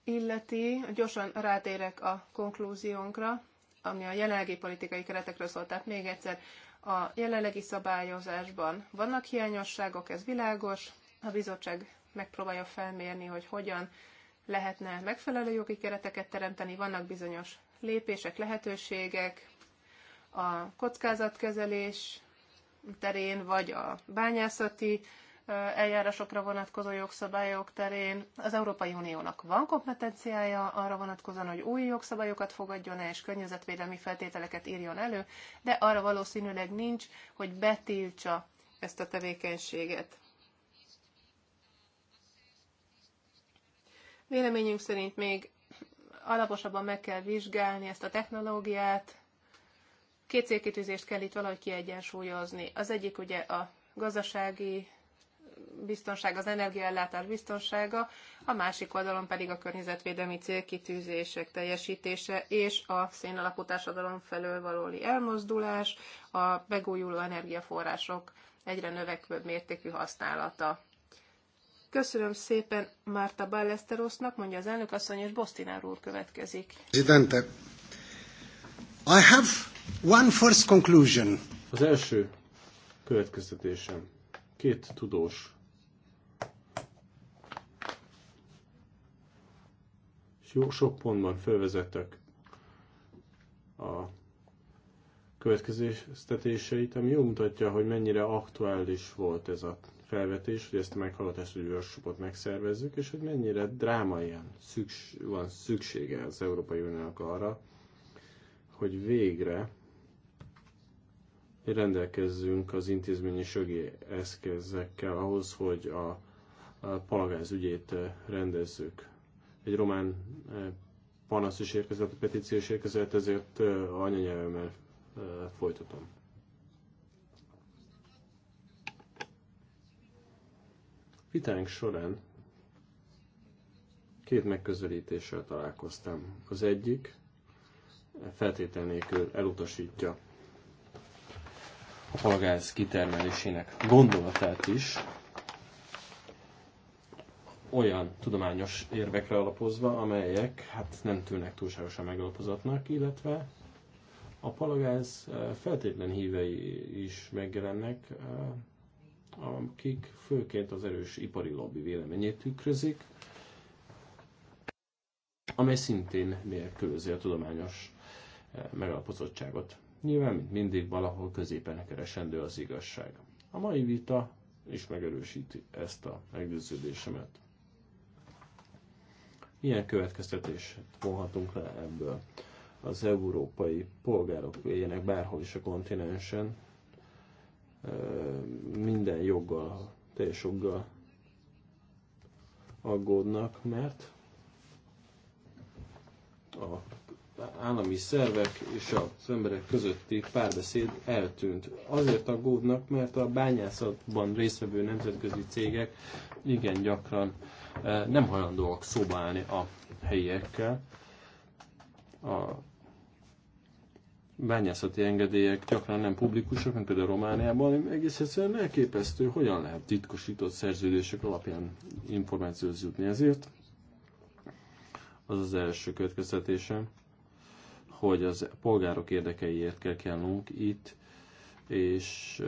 illeti, gyorsan rátérek a konklúziónkra, ami a jelenlegi politikai keretekről szól. Tehát még egyszer, a jelenlegi szabályozásban vannak hiányosságok, ez világos, a bizottság megpróbálja felmérni, hogy hogyan lehetne megfelelő jogi kereteket teremteni, vannak bizonyos lépések, lehetőségek a kockázatkezelés terén, vagy a bányászati eljárásokra vonatkozó jogszabályok terén. Az Európai Uniónak van kompetenciája arra vonatkozóan, hogy új jogszabályokat fogadjon el, és környezetvédelmi feltételeket írjon elő, de arra valószínűleg nincs, hogy betiltsa ezt a tevékenységet. Véleményünk szerint még alaposabban meg kell vizsgálni ezt a technológiát. Két célkitűzést kell itt valahogy kiegyensúlyozni. Az egyik ugye a gazdasági biztonság, az energiaellátás biztonsága, a másik oldalon pedig a környezetvédelmi célkitűzések teljesítése és a szénalapú társadalom felől valóli elmozdulás, a megújuló energiaforrások egyre növekvő mértékű használata. Köszönöm szépen Márta Ballesterosnak, mondja az elnök asszony, és Bostinár úr következik. Presidente, I have one first conclusion. Az első következtetésem. Két tudós. És jó sok pontban felvezettek a következtetéseit, ami jól mutatja, hogy mennyire aktuális volt ez a felvetés, hogy ezt a meghallgatást egy workshopot megszervezzük, és hogy mennyire drámaian szüks, van szüksége az Európai Uniónak arra, hogy végre rendelkezzünk az intézményi jogi eszközekkel ahhoz, hogy a, a palagáz ügyét rendezzük. Egy román panasz is érkezett, a petíció is érkezett, ezért anyanyelvemmel folytatom. Vitánk során két megközelítéssel találkoztam. Az egyik feltétel nélkül elutasítja a palgáz kitermelésének gondolatát is, olyan tudományos érvekre alapozva, amelyek hát nem tűnnek túlságosan megalapozatnak, illetve a palagáz eh, feltétlen hívei is megjelennek eh, akik főként az erős ipari lobby véleményét tükrözik, amely szintén nélkülözi a tudományos eh, megalapozottságot. Nyilván, mint mindig, valahol középen keresendő az igazság. A mai vita is megerősíti ezt a meggyőződésemet. Milyen következtetést vonhatunk le ebből? Az európai polgárok éljenek bárhol is a kontinensen, minden joggal, teljes joggal aggódnak, mert a állami szervek és az emberek közötti párbeszéd eltűnt. Azért aggódnak, mert a bányászatban résztvevő nemzetközi cégek igen gyakran eh, nem hajlandóak szóba állni a helyiekkel. A bányászati engedélyek gyakran nem publikusak, mint például Romániában, egész egyszerűen elképesztő, hogyan lehet titkosított szerződések alapján információhoz jutni. Ezért az az első következtetése, hogy az polgárok érdekeiért kell kelnünk itt, és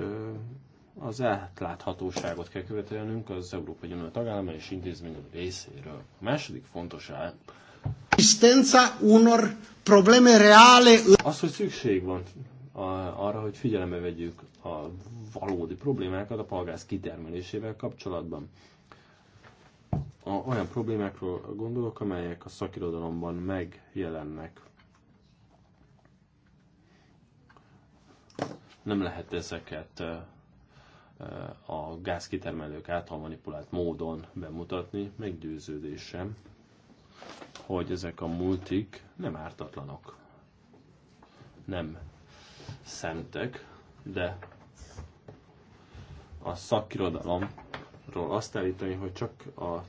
az átláthatóságot kell követelnünk az Európai Unió tagállamai és intézmények részéről. A második fontos existența unor probleme reale. Az, hogy szükség van arra, hogy figyelembe vegyük a valódi problémákat a palgáz kitermelésével kapcsolatban. A, olyan problémákról gondolok, amelyek a szakirodalomban megjelennek. Nem lehet ezeket a gázkitermelők által manipulált módon bemutatni, meggyőződésem, hogy ezek a multik nem ártatlanok, nem szentek, de a szakirodalomról azt állítani, hogy csak a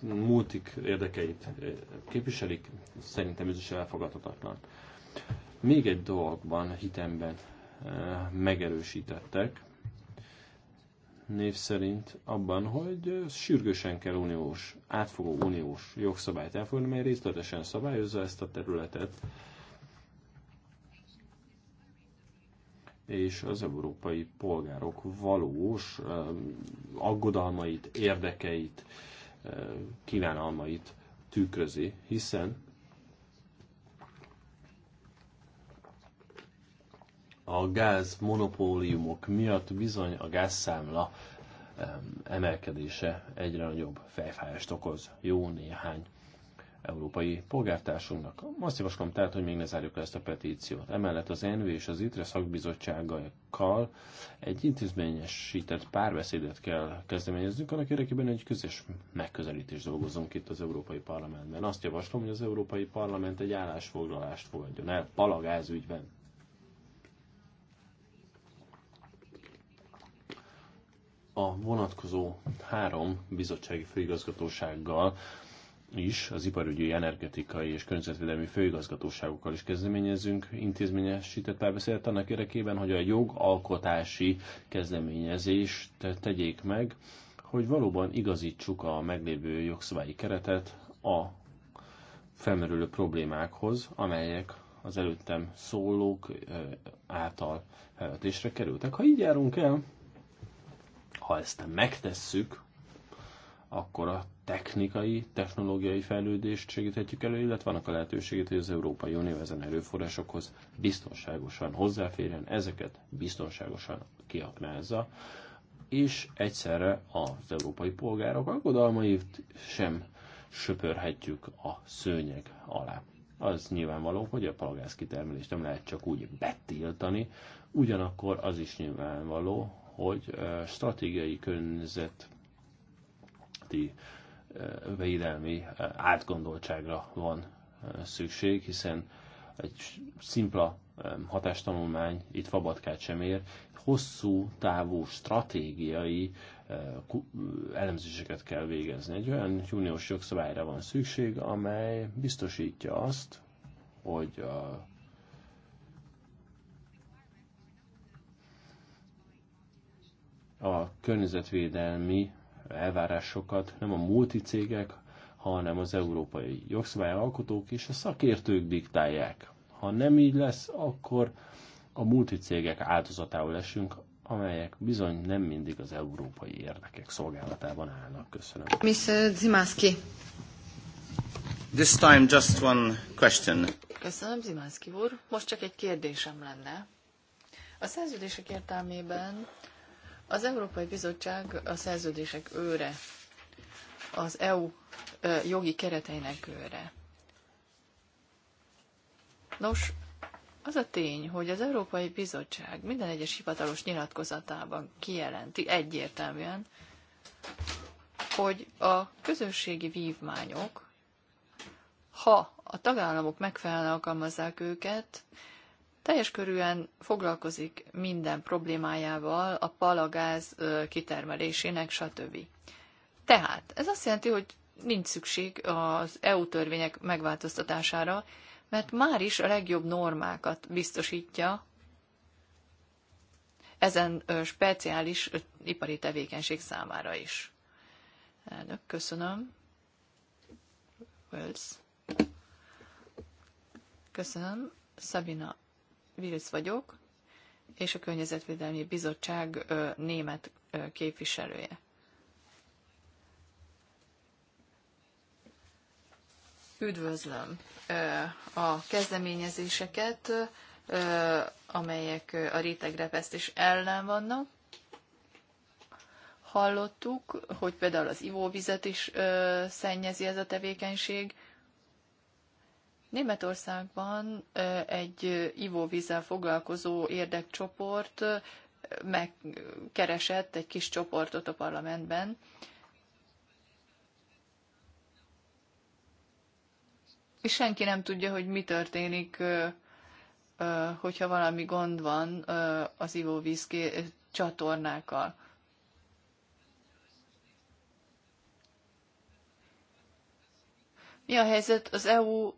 multik érdekeit eh, képviselik, szerintem ez is elfogadhatatlan. Még egy dolgban hitemben eh, megerősítettek, név szerint abban, hogy sürgősen kell uniós, átfogó uniós jogszabályt elfogadni, mely részletesen szabályozza ezt a területet, és az európai polgárok valós um, aggodalmait, érdekeit, um, kívánalmait tükrözi, hiszen a gáz monopóliumok miatt bizony a gázszámla emelkedése egyre nagyobb fejfájást okoz jó néhány európai polgártársunknak. Azt javaslom tehát, hogy még ne zárjuk le ezt a petíciót. Emellett az ENV és az ITRE szakbizottságokkal egy intézményesített párbeszédet kell kezdeményeznünk, annak érdekében egy közös megközelítést dolgozunk itt az Európai Parlamentben. Azt javaslom, hogy az Európai Parlament egy állásfoglalást fogadjon el palagázügyben. a vonatkozó három bizottsági főigazgatósággal is, az iparügyi, energetikai és környezetvédelmi főigazgatóságokkal is kezdeményezünk intézményesített párbeszédet annak érdekében, hogy a jogalkotási kezdeményezést tegyék meg, hogy valóban igazítsuk a meglévő jogszabályi keretet a felmerülő problémákhoz, amelyek az előttem szólók által felvetésre kerültek. Ha így járunk el, ha ezt megtesszük, akkor a technikai, technológiai fejlődést segíthetjük elő, illetve vannak a lehetőségét, hogy az Európai Unió ezen erőforrásokhoz biztonságosan hozzáférjen, ezeket biztonságosan kiaknázza, és egyszerre az európai polgárok aggodalmait sem söpörhetjük a szőnyeg alá. Az nyilvánvaló, hogy a palgáz kitermelést nem lehet csak úgy betiltani, ugyanakkor az is nyilvánvaló, hogy stratégiai környezeti védelmi átgondoltságra van szükség, hiszen egy szimpla hatástanulmány itt fabatkát sem ér, hosszú távú stratégiai elemzéseket kell végezni. Egy olyan uniós jogszabályra van szükség, amely biztosítja azt, hogy a a környezetvédelmi elvárásokat nem a cégek, hanem az európai jogszabályalkotók és a szakértők diktálják. Ha nem így lesz, akkor a cégek áldozatául esünk, amelyek bizony nem mindig az európai érdekek szolgálatában állnak. Köszönöm. Mr. Uh, Zimanski. This time just one question. Köszönöm, Zimanski úr. Most csak egy kérdésem lenne. A szerződések értelmében az Európai Bizottság a szerződések őre, az EU jogi kereteinek őre. Nos, az a tény, hogy az Európai Bizottság minden egyes hivatalos nyilatkozatában kijelenti egyértelműen, hogy a közösségi vívmányok, ha a tagállamok megfelelően alkalmazzák őket, teljes körűen foglalkozik minden problémájával, a palagáz kitermelésének, stb. Tehát ez azt jelenti, hogy nincs szükség az EU törvények megváltoztatására, mert már is a legjobb normákat biztosítja ezen speciális ipari tevékenység számára is. Elnök, köszönöm. Wells. Köszönöm. Sabina Willis vagyok, és a Környezetvédelmi Bizottság német képviselője. Üdvözlöm a kezdeményezéseket, amelyek a rétegrepesztés ellen vannak. Hallottuk, hogy például az ivóvizet is szennyezi ez a tevékenység, Németországban egy ivóvízzel foglalkozó érdekcsoport megkeresett egy kis csoportot a parlamentben, és senki nem tudja, hogy mi történik, hogyha valami gond van az ivóvíz csatornákkal. Mi a helyzet az EU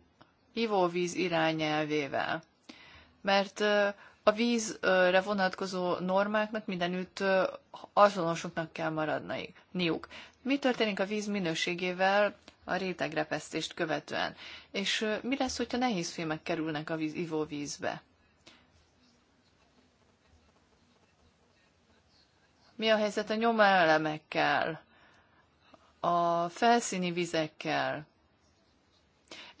ivóvíz irányelvével. Mert a vízre vonatkozó normáknak mindenütt azonosoknak kell maradniuk. Mi történik a víz minőségével a rétegrepesztést követően? És mi lesz, hogyha nehéz fémek kerülnek a víz, ivóvízbe? Mi a helyzet a nyomelemekkel, a felszíni vizekkel?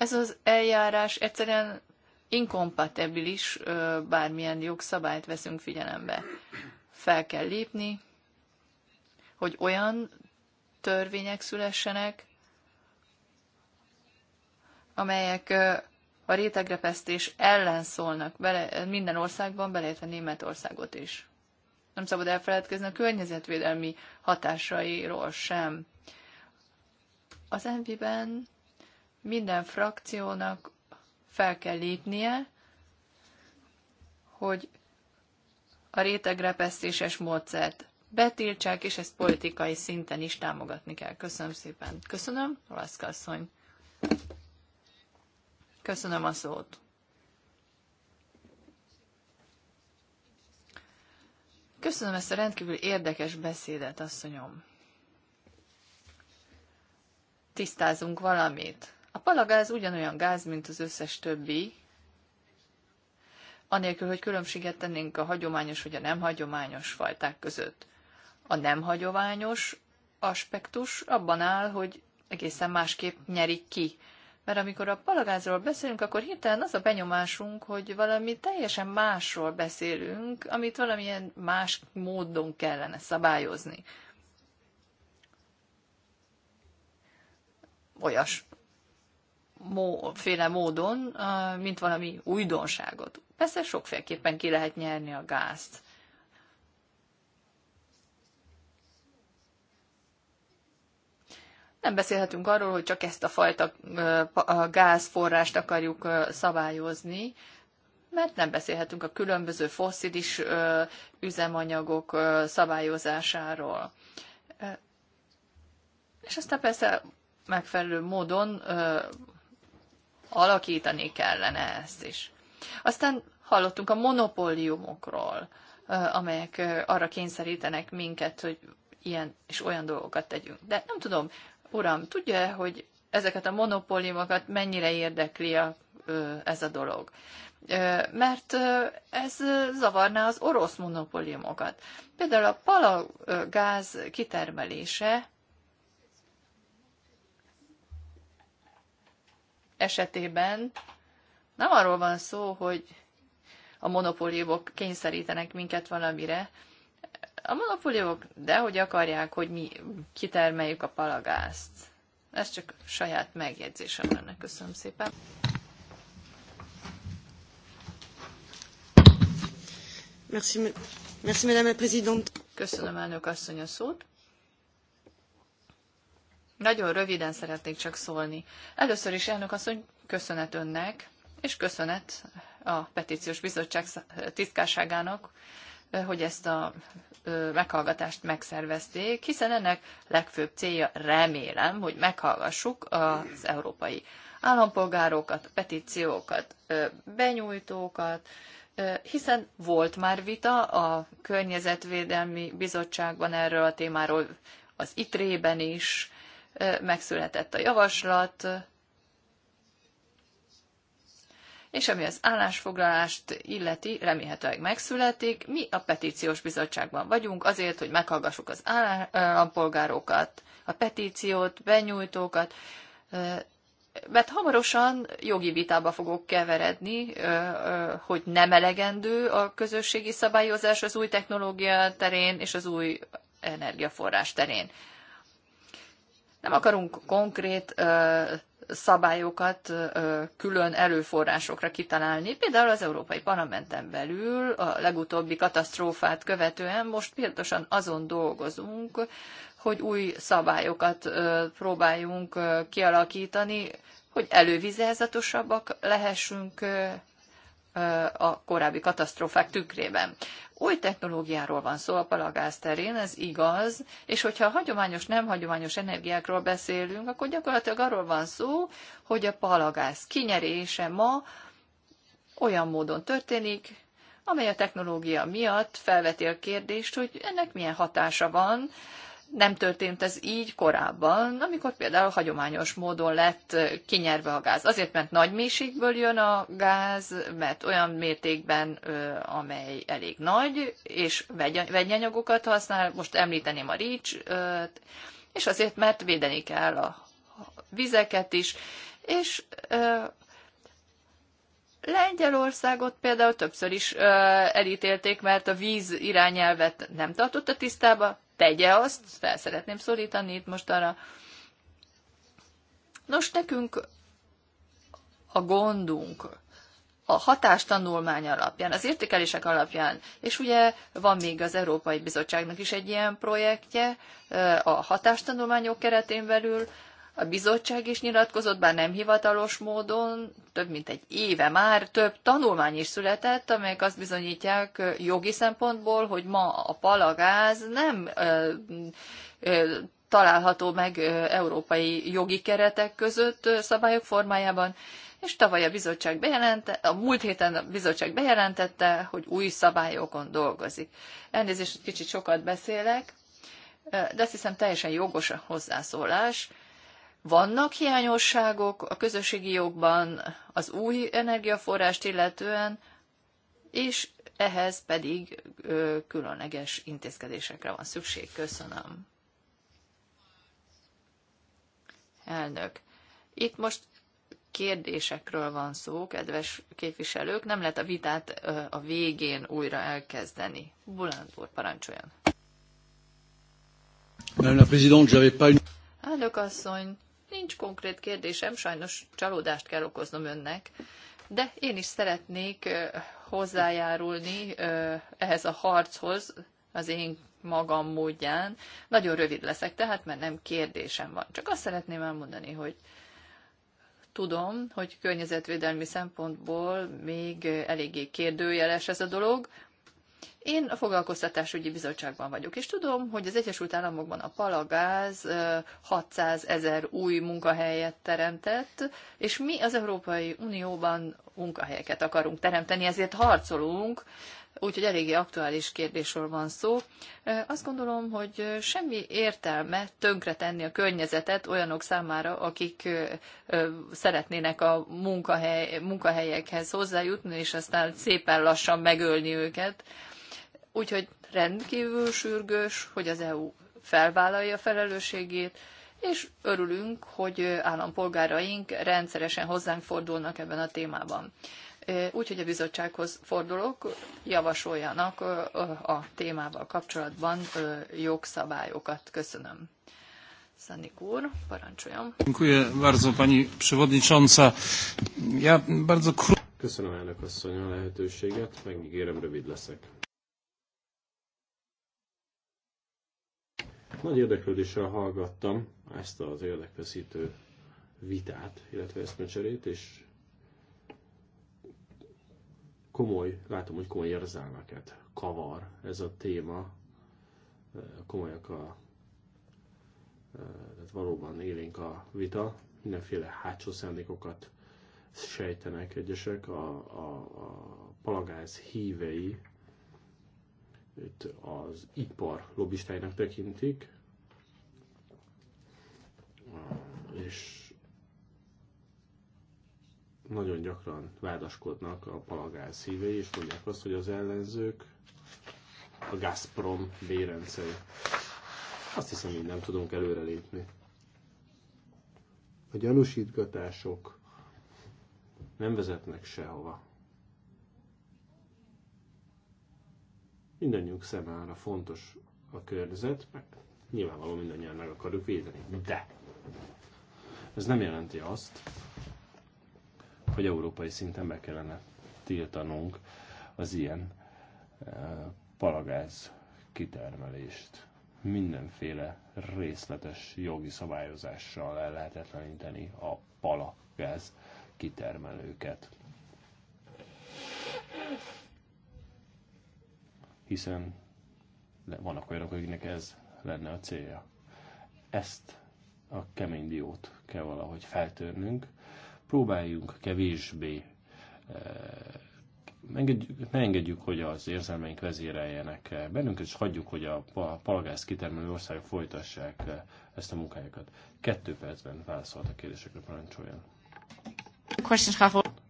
Ez az eljárás egyszerűen inkompatibilis, bármilyen jogszabályt veszünk figyelembe. Fel kell lépni, hogy olyan törvények szülessenek, amelyek a rétegrepesztés ellen szólnak bele, minden országban, beleértve Németországot is. Nem szabad elfeledkezni a környezetvédelmi hatásairól sem. Az envi minden frakciónak fel kell lépnie, hogy a rétegrepesztéses módszert betiltsák, és ezt politikai szinten is támogatni kell. Köszönöm szépen. Köszönöm, Olaszka asszony. Köszönöm a szót. Köszönöm ezt a rendkívül érdekes beszédet, asszonyom. Tisztázunk valamit. A palagáz ugyanolyan gáz, mint az összes többi, anélkül, hogy különbséget tennénk a hagyományos vagy a nem hagyományos fajták között. A nem hagyományos aspektus abban áll, hogy egészen másképp nyerik ki. Mert amikor a palagázról beszélünk, akkor hirtelen az a benyomásunk, hogy valami teljesen másról beszélünk, amit valamilyen más módon kellene szabályozni. Olyas féle módon, mint valami újdonságot. Persze sokféleképpen ki lehet nyerni a gázt. Nem beszélhetünk arról, hogy csak ezt a fajta gázforrást akarjuk szabályozni, mert nem beszélhetünk a különböző fosszilis üzemanyagok szabályozásáról. És aztán persze megfelelő módon alakítani kellene ezt is. Aztán hallottunk a monopóliumokról, amelyek arra kényszerítenek minket, hogy ilyen és olyan dolgokat tegyünk. De nem tudom, uram, tudja hogy ezeket a monopóliumokat mennyire érdekli a, ez a dolog? Mert ez zavarná az orosz monopóliumokat. Például a palagáz kitermelése esetében nem arról van szó, hogy a monopóliumok kényszerítenek minket valamire. A monopóliumok dehogy akarják, hogy mi kitermeljük a palagázt. Ez csak saját megjegyzésem lenne. Köszönöm szépen. Merci, merci, Madame la Présidente. Köszönöm elnök asszony a szót. Nagyon röviden szeretnék csak szólni. Először is elnök hogy köszönet önnek, és köszönet a petíciós bizottság tisztkárságának, hogy ezt a meghallgatást megszervezték, hiszen ennek legfőbb célja remélem, hogy meghallgassuk az európai állampolgárokat, petíciókat, benyújtókat, hiszen volt már vita a Környezetvédelmi Bizottságban erről a témáról, az ITRE-ben is, megszületett a javaslat, és ami az állásfoglalást illeti, remélhetőleg megszületik. Mi a petíciós bizottságban vagyunk azért, hogy meghallgassuk az állampolgárokat, a petíciót, benyújtókat, mert hamarosan jogi vitába fogok keveredni, hogy nem elegendő a közösségi szabályozás az új technológia terén és az új energiaforrás terén. Nem akarunk konkrét szabályokat külön előforrásokra kitalálni. Például az Európai Parlamenten belül a legutóbbi katasztrófát követően most pontosan azon dolgozunk, hogy új szabályokat próbáljunk kialakítani, hogy elővizezatosabbak lehessünk a korábbi katasztrófák tükrében. Új technológiáról van szó a palagáz terén, ez igaz, és hogyha hagyományos, nem hagyományos energiákról beszélünk, akkor gyakorlatilag arról van szó, hogy a palagáz kinyerése ma olyan módon történik, amely a technológia miatt felveti a kérdést, hogy ennek milyen hatása van nem történt ez így korábban, amikor például hagyományos módon lett kinyerve a gáz. Azért, mert nagy mélységből jön a gáz, mert olyan mértékben, amely elég nagy, és vegyanyagokat használ, most említeném a rics, és azért, mert védeni kell a vizeket is, és Lengyelországot például többször is elítélték, mert a víz irányelvet nem tartotta tisztába, tegye azt, fel szeretném szólítani itt most arra. Nos, nekünk a gondunk a hatástanulmány alapján, az értékelések alapján, és ugye van még az Európai Bizottságnak is egy ilyen projektje a hatástanulmányok keretén belül, a bizottság is nyilatkozott, bár nem hivatalos módon, több mint egy éve már, több tanulmány is született, amelyek azt bizonyítják jogi szempontból, hogy ma a palagáz nem ö, ö, található meg európai jogi keretek között szabályok formájában, és tavaly a bizottság bejelentette, a múlt héten a bizottság bejelentette, hogy új szabályokon dolgozik. Elnézést, kicsit sokat beszélek, de azt hiszem teljesen jogos a hozzászólás vannak hiányosságok a közösségi jogban az új energiaforrást illetően, és ehhez pedig különleges intézkedésekre van szükség. Köszönöm. Elnök. Itt most kérdésekről van szó, kedves képviselők. Nem lehet a vitát a végén újra elkezdeni. Bulánt úr, parancsoljon. Elnök asszony, Nincs konkrét kérdésem, sajnos csalódást kell okoznom önnek, de én is szeretnék hozzájárulni ehhez a harchoz az én magam módján. Nagyon rövid leszek, tehát mert nem kérdésem van. Csak azt szeretném elmondani, hogy tudom, hogy környezetvédelmi szempontból még eléggé kérdőjeles ez a dolog, én a foglalkoztatásügyi bizottságban vagyok, és tudom, hogy az Egyesült Államokban a palagáz 600 ezer új munkahelyet teremtett, és mi az Európai Unióban munkahelyeket akarunk teremteni, ezért harcolunk, úgyhogy eléggé aktuális kérdésről van szó. Azt gondolom, hogy semmi értelme tönkretenni a környezetet olyanok számára, akik szeretnének a munkahely, munkahelyekhez hozzájutni, és aztán szépen lassan megölni őket. Úgyhogy rendkívül sürgős, hogy az EU felvállalja felelősségét, és örülünk, hogy állampolgáraink rendszeresen hozzánk fordulnak ebben a témában. Úgyhogy a bizottsághoz fordulok, javasoljanak a témával kapcsolatban jogszabályokat. Köszönöm. Sanikur, úr, Dziękuję bardzo pani przewodnicząca. Ja bardzo Köszönöm elnök asszony a lehetőséget, megígérem rövid leszek. Hát nagy érdeklődéssel hallgattam ezt az érdekfeszítő vitát, illetve eszmecserét, és komoly, látom, hogy komoly érzelmeket kavar ez a téma, komolyak a eh, tehát valóban élénk a vita, mindenféle hátsó szándékokat sejtenek egyesek, a, a, a palagáz hívei őt az ipar lobbistáinak tekintik, és nagyon gyakran vádaskodnak a palagál szívei, és mondják azt, hogy az ellenzők a Gazprom bérencei. Azt hiszem, hogy nem tudunk előrelépni. A gyanúsítgatások nem vezetnek sehova. Mindannyiunk számára fontos a környezet, mert nyilvánvalóan mindannyian meg akarjuk védeni. De ez nem jelenti azt, hogy európai szinten be kellene tiltanunk az ilyen eh, palagáz kitermelést. Mindenféle részletes jogi szabályozással el lehetetleníteni a palagáz kitermelőket hiszen vannak olyanok, akiknek ez lenne a célja. Ezt a kemény diót kell valahogy feltörnünk. Próbáljunk kevésbé, eh, ne engedjük, hogy az érzelmeink vezéreljenek bennünket, és hagyjuk, hogy a palgáz kitermelő országok folytassák eh, ezt a munkájukat. Kettő percben válaszolt a kérdésekre, parancsoljon.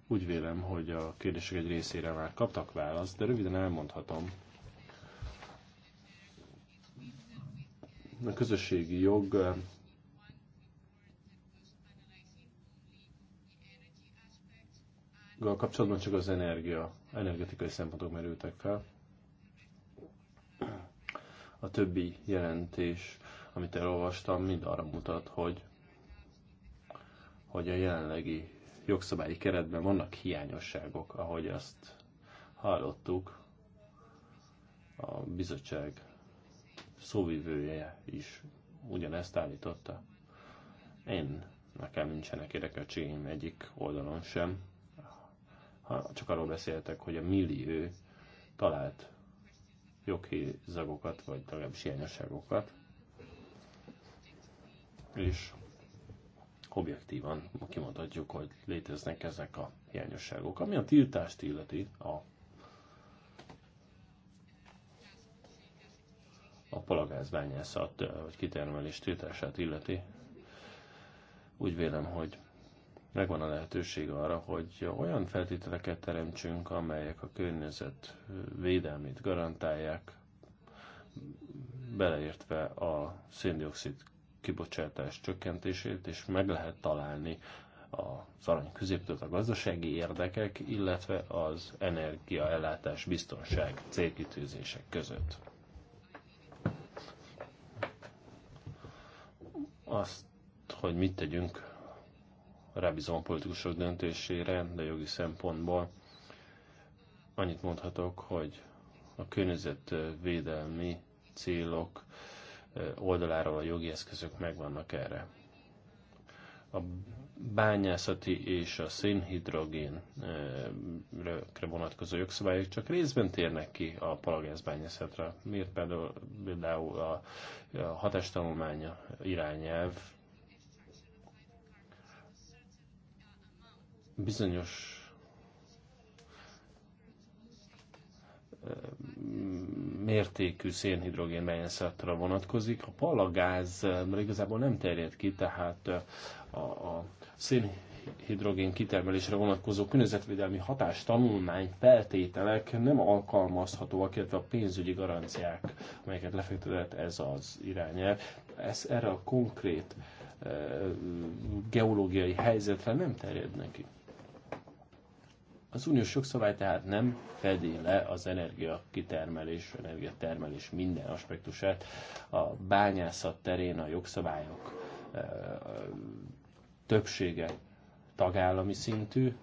Úgy vélem, hogy a kérdések egy részére már kaptak választ, de röviden elmondhatom, a közösségi jog kapcsolatban csak az energia, energetikai szempontok merültek fel. A többi jelentés, amit elolvastam, mind arra mutat, hogy, hogy a jelenlegi jogszabályi keretben vannak hiányosságok, ahogy azt hallottuk a bizottság szóvivője is ugyanezt állította. Én, nekem nincsenek érdekeltségeim egyik oldalon sem. Ha csak arról beszéltek, hogy a millió talált joghézagokat, vagy legalábbis hiányosságokat, és objektívan kimondhatjuk, hogy léteznek ezek a hiányosságok. Ami a tiltást illeti, a a palagázbányászat vagy kitermelés tiltását illeti, úgy vélem, hogy megvan a lehetőség arra, hogy olyan feltételeket teremtsünk, amelyek a környezet védelmét garantálják, beleértve a széndiokszid kibocsátás csökkentését, és meg lehet találni az arany középtől a gazdasági érdekek, illetve az energiaellátás biztonság célkitűzések között. Azt, hogy mit tegyünk, rábízom a politikusok döntésére, de jogi szempontból annyit mondhatok, hogy a környezetvédelmi célok oldaláról a jogi eszközök megvannak erre. A bányászati és a szénhidrogénre eh, vonatkozó jogszabályok csak részben térnek ki a palagázbányászatra. Miért például, például a hatástanulmánya irányelv bizonyos eh, mértékű szénhidrogén bányászatra vonatkozik. A palagáz eh, igazából nem terjed ki, tehát a, a szénhidrogén kitermelésre vonatkozó környezetvédelmi hatástanulmány feltételek nem alkalmazhatóak, illetve a pénzügyi garanciák, amelyeket lefektetett ez az irányel. Ez erre a konkrét e, geológiai helyzetre nem terjed neki. Az uniós jogszabály tehát nem fedi le az energia kitermelés, energiatermelés minden aspektusát. A bányászat terén a jogszabályok e, többsége tagállami szintű,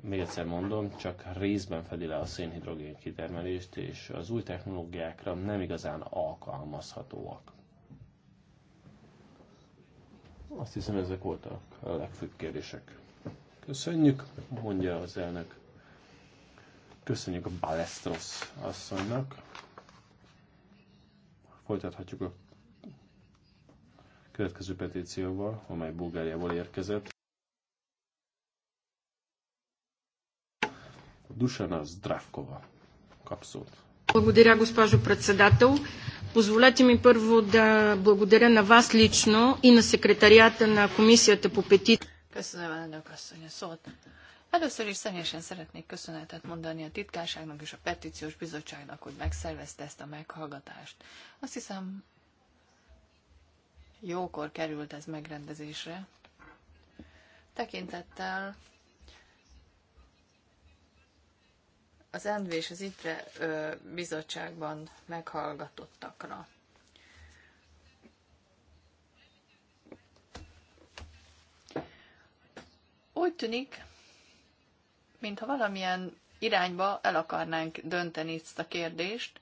még egyszer mondom, csak részben fedi le a szénhidrogén kitermelést, és az új technológiákra nem igazán alkalmazhatóak. Azt hiszem, ezek voltak a legfőbb kérdések. Köszönjük, mondja az elnök. Köszönjük a Balestros asszonynak. Folytathatjuk a következő petícióval, amely Bulgáriából érkezett. Душана Здравкова. Капсулт. Благодаря, госпожо председател. Позволете ми първо да благодаря на вас лично и на секретарията на Комисията по пети. Köszönöm, elnök asszony, a szót. Először is személyesen szeretnék köszönetet mondani a titkárságnak és a petíciós bizottságnak, hogy megszervezte ezt a meghallgatást. Azt hiszem, jókor került ez megrendezésre, tekintettel az NV és az ITRE bizottságban meghallgatottakra. Úgy tűnik, mintha valamilyen irányba el akarnánk dönteni ezt a kérdést,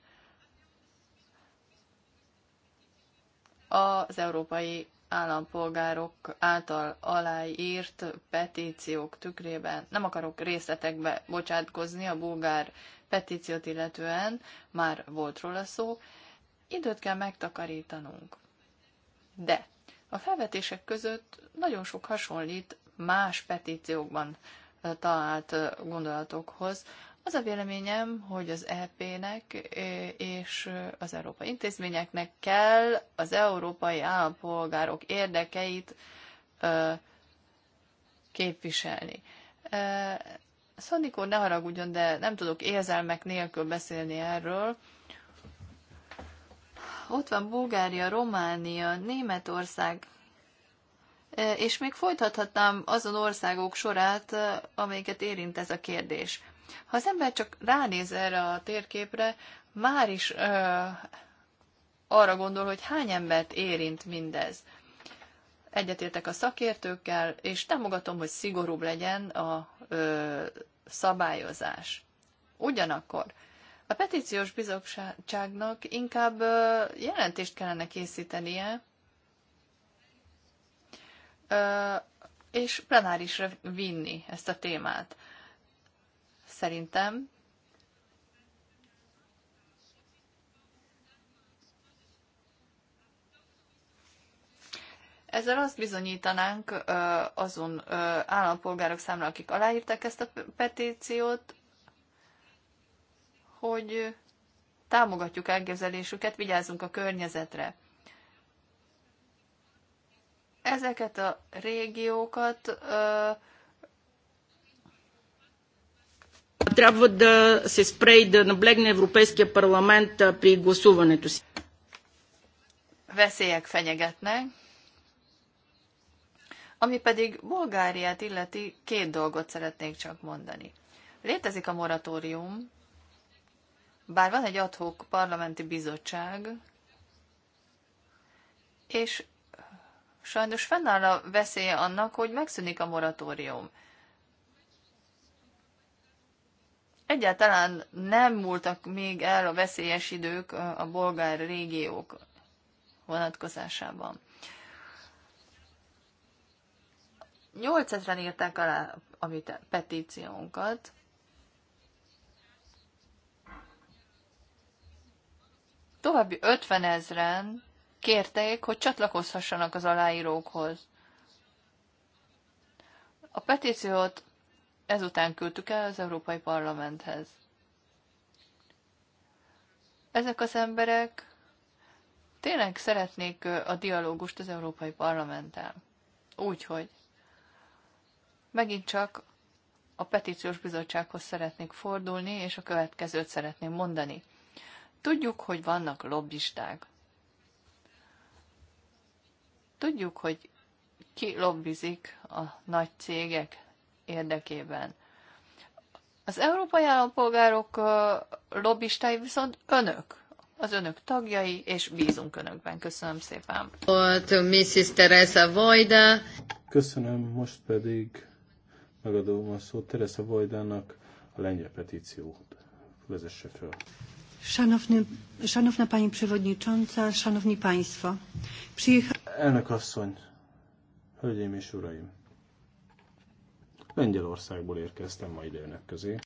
az európai állampolgárok által aláírt petíciók tükrében. Nem akarok részletekbe bocsátkozni a bulgár petíciót illetően, már volt róla szó, időt kell megtakarítanunk. De a felvetések között nagyon sok hasonlít más petíciókban talált gondolatokhoz, az a véleményem, hogy az EP-nek és az európai intézményeknek kell az európai állampolgárok érdekeit képviselni. Szadik ne haragudjon, de nem tudok érzelmek nélkül beszélni erről. Ott van Bulgária, Románia, Németország, és még folytathatnám azon országok sorát, amelyeket érint ez a kérdés. Ha az ember csak ránéz erre a térképre, már is ö, arra gondol, hogy hány embert érint mindez. Egyetértek a szakértőkkel, és támogatom, hogy szigorúbb legyen a ö, szabályozás. Ugyanakkor a petíciós bizottságnak inkább ö, jelentést kellene készítenie, ö, és plenárisra vinni ezt a témát szerintem. Ezzel azt bizonyítanánk azon állampolgárok számára, akik aláírták ezt a petíciót, hogy támogatjuk elképzelésüket, vigyázzunk a környezetre. Ezeket a régiókat Трябва да се спре и да наблегне Европейския парламент при гласуването си. Veszélyek fenyegetnek. Ami pedig Bulgáriát illeti, két dolgot szeretnék csak mondani. Létezik a moratórium, bár van egy adhok parlamenti bizottság, és sajnos fennáll a veszélye annak, hogy megszűnik a moratórium. egyáltalán nem múltak még el a veszélyes idők a bolgár régiók vonatkozásában. 8000 írták alá a petíciónkat, további 50 ezren kérték, hogy csatlakozhassanak az aláírókhoz. A petíciót ezután küldtük el az Európai Parlamenthez. Ezek az emberek tényleg szeretnék a dialógust az Európai Parlamenttel. Úgyhogy megint csak a petíciós bizottsághoz szeretnék fordulni, és a következőt szeretném mondani. Tudjuk, hogy vannak lobbisták. Tudjuk, hogy ki lobbizik a nagy cégek érdekében. Az európai állampolgárok lobbistái viszont önök, az önök tagjai, és bízunk önökben. Köszönöm szépen. Mrs. Teresa Vajda. Köszönöm, most pedig megadom a szót Teresa Vajdának a lengyel petíciót. Vezesse fel. Szanowny, szanowna Pani Przewodnicząca, Szanowni Państwo. Przyjecha... Elnök asszony, Hölgyeim és Uraim! Lengyelországból érkeztem ma időnek közé.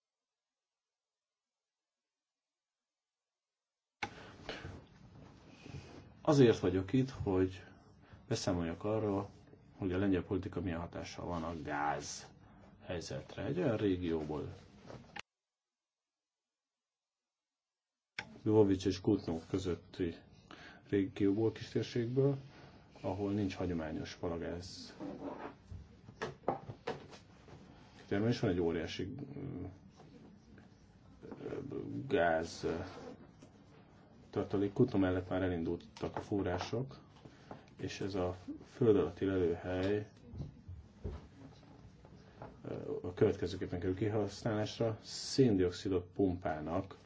Azért vagyok itt, hogy beszámoljak arról, hogy a lengyel politika milyen hatással van a gáz helyzetre. Egy olyan régióból. Jovovics és Kutnó közötti régióból, térségből, ahol nincs hagyományos palagáz kereskedelmen is van egy óriási gáz tartalék. kutom mellett már elindultak a források, és ez a föld alatti lelőhely a következőképpen kerül kihasználásra, széndiokszidot pumpálnak,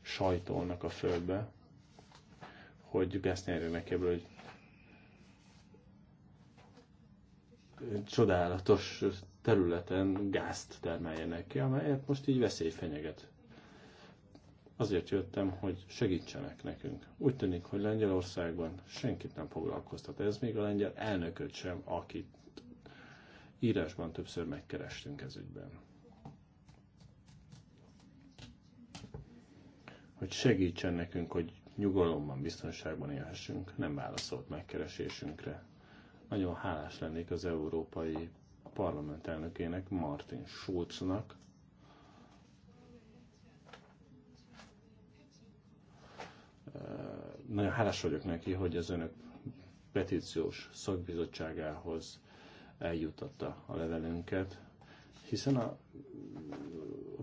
sajtolnak a földbe, hogy gázt nyerjenek ebből, hogy csodálatos területen gázt termeljenek ki, amelyet most így veszély fenyeget. Azért jöttem, hogy segítsenek nekünk. Úgy tűnik, hogy Lengyelországban senkit nem foglalkoztat. Ez még a lengyel elnököt sem, akit írásban többször megkerestünk ez ügyben. Hogy segítsen nekünk, hogy nyugalomban, biztonságban élhessünk, nem válaszolt megkeresésünkre. Nagyon hálás lennék az Európai parlament elnökének, Martin Schulznak, nagyon hálás vagyok neki, hogy az önök petíciós szakbizottságához eljutatta a levelünket, hiszen a,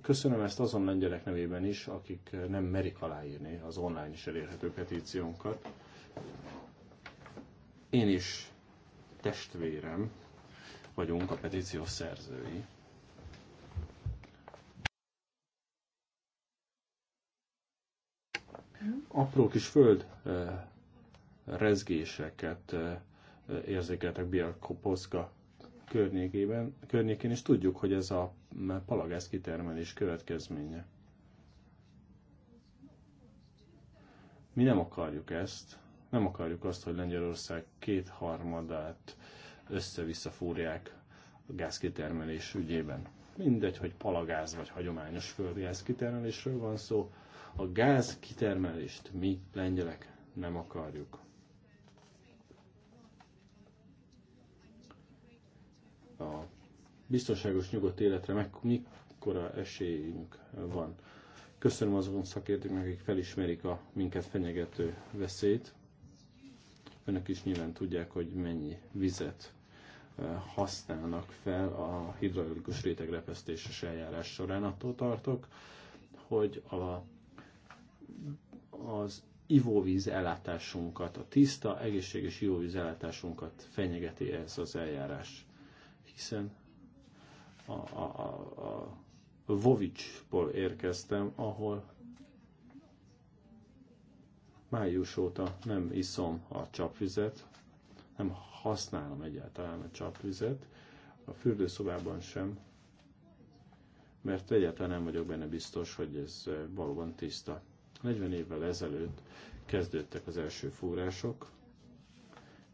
köszönöm ezt azon lengyelek nevében is, akik nem merik aláírni az online is elérhető petíciónkat. Én is testvérem vagyunk a petíció szerzői. Apró kis föld rezgéseket érzékeltek Bielkopozka környékében, környékén, és tudjuk, hogy ez a palagász kitermelés következménye. Mi nem akarjuk ezt, nem akarjuk azt, hogy Lengyelország kétharmadát össze-vissza fúrják a gázkitermelés ügyében. Mindegy, hogy palagáz vagy hagyományos földgáz kitermelésről van szó, a gáz kitermelést mi lengyelek nem akarjuk. A biztonságos nyugodt életre meg, mikora esélyünk van. Köszönöm azon szakértőknek, akik felismerik a minket fenyegető veszélyt. Önök is nyilván tudják, hogy mennyi vizet eh, használnak fel a hidraulikus rétegrepesztéses eljárás során. Attól tartok, hogy a, az ivóvíz ellátásunkat, a tiszta, egészséges ivóvíz ellátásunkat fenyegeti ez az eljárás. Hiszen a, a, a, a Vovicsból érkeztem, ahol Május óta nem iszom a csapvizet, nem használom egyáltalán a csapvizet, a fürdőszobában sem, mert egyáltalán nem vagyok benne biztos, hogy ez eh, valóban tiszta. 40 évvel ezelőtt kezdődtek az első fúrások,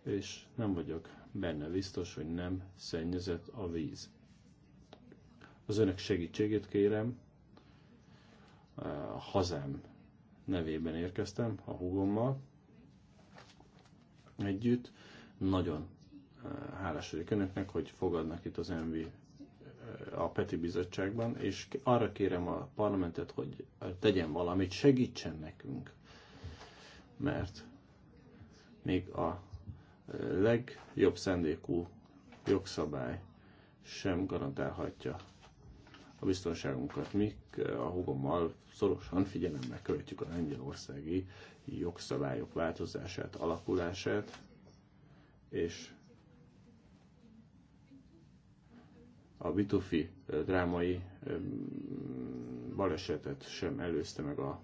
és nem vagyok benne biztos, hogy nem szennyezett a víz. Az önök segítségét kérem, eh, a hazám nevében érkeztem, a húgommal együtt. Nagyon eh, hálás vagyok önöknek, hogy fogadnak itt az MV eh, a Peti Bizottságban, és arra kérem a parlamentet, hogy eh, tegyen valamit, segítsen nekünk, mert még a legjobb szendékú jogszabály sem garantálhatja a biztonságunkat, mik eh, a hugommal szorosan figyelemmel követjük a lengyelországi jogszabályok változását, alakulását, és a Vitufi eh, drámai balesetet sem előzte meg a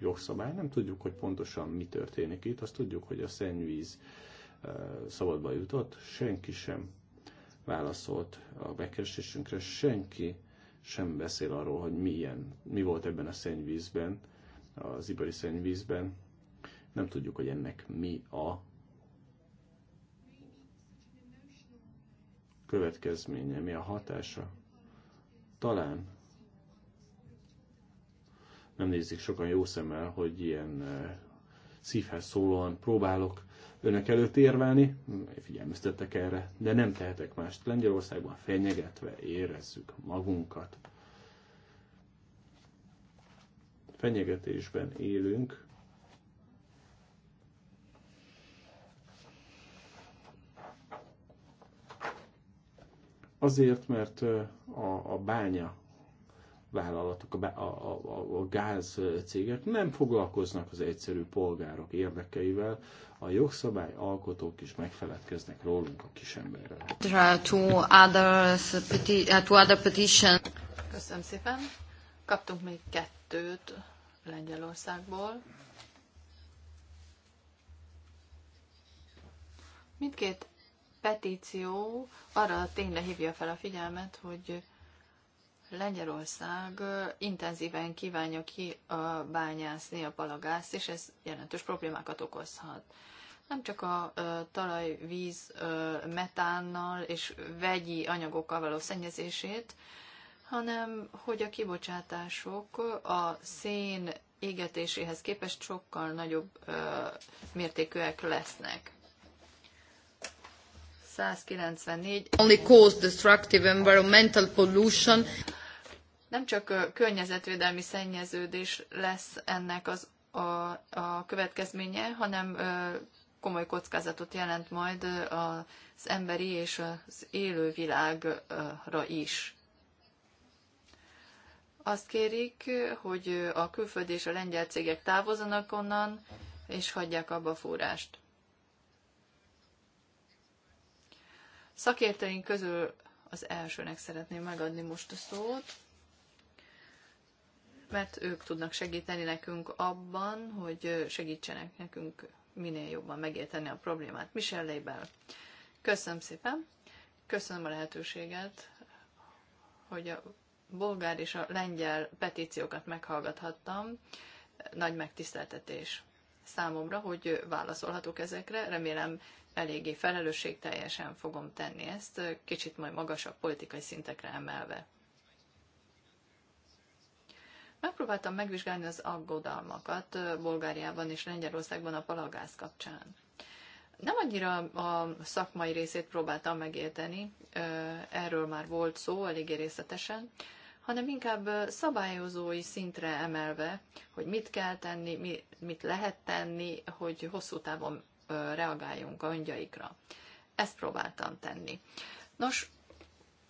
jogszabály. Nem tudjuk, hogy pontosan mi történik itt. Azt tudjuk, hogy a szennyvíz eh, szabadba jutott. Senki sem válaszolt a bekeresésünkre. Senki sem beszél arról, hogy milyen, mi volt ebben a szennyvízben, az ipari szennyvízben. Nem tudjuk, hogy ennek mi a következménye, mi a hatása. Talán nem nézik sokan jó szemmel, hogy ilyen eh, szívhez szólóan próbálok önök előtt érvelni, figyelmeztettek erre, de nem tehetek mást. Lengyelországban fenyegetve érezzük magunkat. Fenyegetésben élünk, Azért, mert a, a bánya vállalatok, a, a, a, a cégek nem foglalkoznak az egyszerű polgárok érdekeivel, a jogszabály alkotók is megfeledkeznek rólunk a kisemberrel. Uh, Köszönöm szépen. Kaptunk még kettőt Lengyelországból. Mindkét petíció arra tényleg hívja fel a figyelmet, hogy Lengyelország intenzíven kívánja ki a bányászni a palagászt, és ez jelentős problémákat okozhat. Nem csak a talajvíz metánnal és vegyi anyagokkal való szennyezését, hanem hogy a kibocsátások a szén égetéséhez képest sokkal nagyobb mértékűek lesznek. 194. Only cause destructive environmental pollution nem csak környezetvédelmi szennyeződés lesz ennek az a, a következménye, hanem komoly kockázatot jelent majd az emberi és az élővilágra is. Azt kérik, hogy a külföldi és a lengyel cégek távozanak onnan, és hagyják abba a fúrást. Szakértőink közül az elsőnek szeretném megadni most a szót mert ők tudnak segíteni nekünk abban, hogy segítsenek nekünk minél jobban megérteni a problémát. Michel Leibel. Köszönöm szépen, köszönöm a lehetőséget, hogy a bolgár és a lengyel petíciókat meghallgathattam. Nagy megtiszteltetés számomra, hogy válaszolhatok ezekre. Remélem eléggé felelősségteljesen fogom tenni ezt, kicsit majd magasabb politikai szintekre emelve. Megpróbáltam megvizsgálni az aggodalmakat Bulgáriában és Lengyelországban a palagáz kapcsán. Nem annyira a szakmai részét próbáltam megérteni, erről már volt szó eléggé részletesen, hanem inkább szabályozói szintre emelve, hogy mit kell tenni, mit lehet tenni, hogy hosszú távon reagáljunk a öngyaikra. Ezt próbáltam tenni. Nos,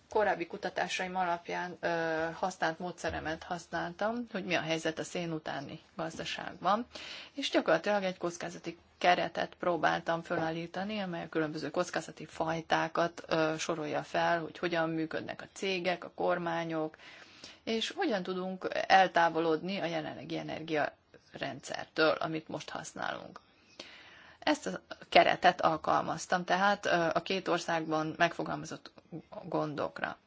korábbi kutatásaim alapján ö, használt módszeremet használtam, hogy mi a helyzet a szén utáni gazdaságban, és gyakorlatilag egy kockázati keretet próbáltam fölállítani, amely a különböző kockázati fajtákat ö, sorolja fel, hogy hogyan működnek a cégek, a kormányok, és hogyan tudunk eltávolodni a jelenlegi energiarendszertől, amit most használunk. Ezt a keretet alkalmaztam, tehát a két országban megfogalmazott gondokra.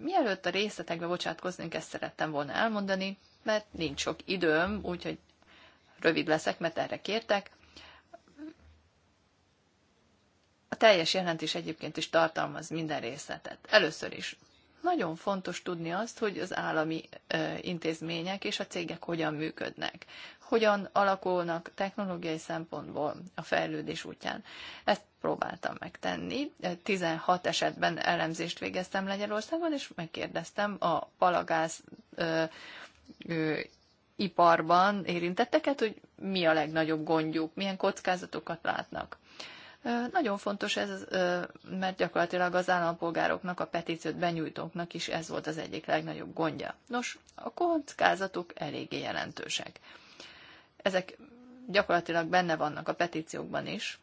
Mielőtt a részletekbe bocsátkoznénk, ezt szerettem volna elmondani, mert nincs sok időm, úgyhogy rövid leszek, mert erre kértek. A teljes jelentés egyébként is tartalmaz minden részletet. Először is nagyon fontos tudni azt, hogy az állami intézmények és a cégek hogyan működnek hogyan alakulnak technológiai szempontból a fejlődés útján. Ezt próbáltam megtenni. 16 esetben elemzést végeztem Lengyelországban, és megkérdeztem a palagáz ö, ö, iparban érintetteket, hogy mi a legnagyobb gondjuk, milyen kockázatokat látnak. Nagyon fontos ez, mert gyakorlatilag az állampolgároknak, a petíciót benyújtóknak is ez volt az egyik legnagyobb gondja. Nos, a kockázatok eléggé jelentősek. Ezek gyakorlatilag benne vannak a petíciókban is.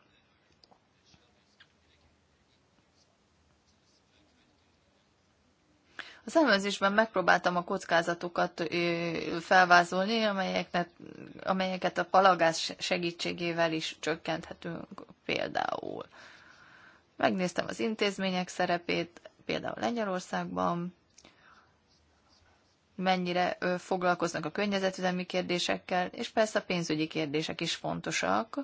Az elemzésben megpróbáltam a kockázatokat felvázolni, amelyeknek, amelyeket a palagás segítségével is csökkenthetünk például. Megnéztem az intézmények szerepét, például Lengyelországban, mennyire foglalkoznak a környezetüzemi kérdésekkel, és persze a pénzügyi kérdések is fontosak,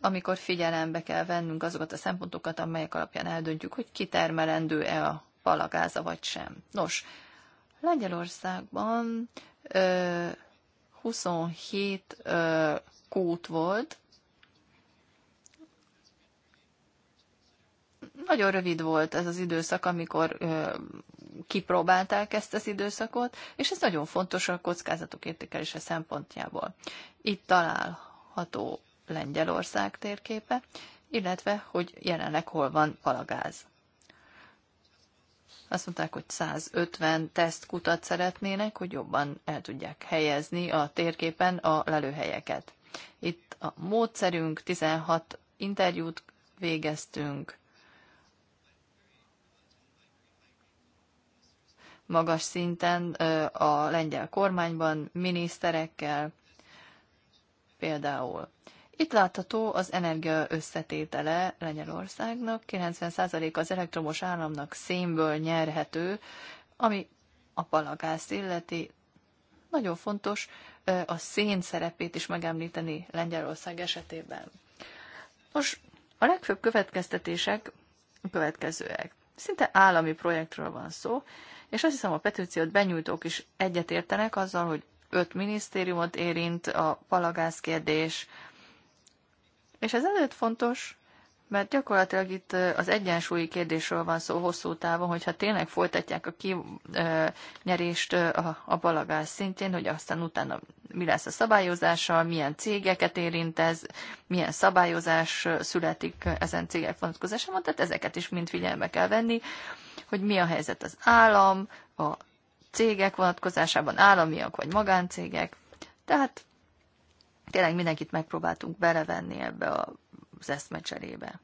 amikor figyelembe kell vennünk azokat a szempontokat, amelyek alapján eldöntjük, hogy kitermelendő-e a palagáza vagy sem. Nos, Lengyelországban ö, 27 ö, kút volt, nagyon rövid volt ez az időszak, amikor kipróbálták ezt az időszakot, és ez nagyon fontos a kockázatok értékelése szempontjából. Itt található Lengyelország térképe, illetve, hogy jelenleg hol van palagáz. Azt mondták, hogy 150 tesztkutat szeretnének, hogy jobban el tudják helyezni a térképen a lelőhelyeket. Itt a módszerünk, 16 interjút végeztünk, magas szinten a lengyel kormányban, miniszterekkel például. Itt látható az energia összetétele Lengyelországnak, 90% az elektromos államnak szénből nyerhető, ami a palagász illeti. Nagyon fontos a szén szerepét is megemlíteni Lengyelország esetében. Most a legfőbb következtetések a következőek. Szinte állami projektről van szó, és azt hiszem a petíciót benyújtók is egyetértenek azzal, hogy öt minisztériumot érint a palagász kérdés, és ez előtt fontos, mert gyakorlatilag itt az egyensúlyi kérdésről van szó hosszú távon, hogyha tényleg folytatják a kinyerést a balagás szintjén, hogy aztán utána mi lesz a szabályozással, milyen cégeket érint ez, milyen szabályozás születik ezen cégek vonatkozásában, tehát ezeket is mind figyelme kell venni hogy mi a helyzet az állam, a cégek vonatkozásában, államiak vagy magáncégek. Tehát tényleg mindenkit megpróbáltunk belevenni ebbe az eszmecserébe.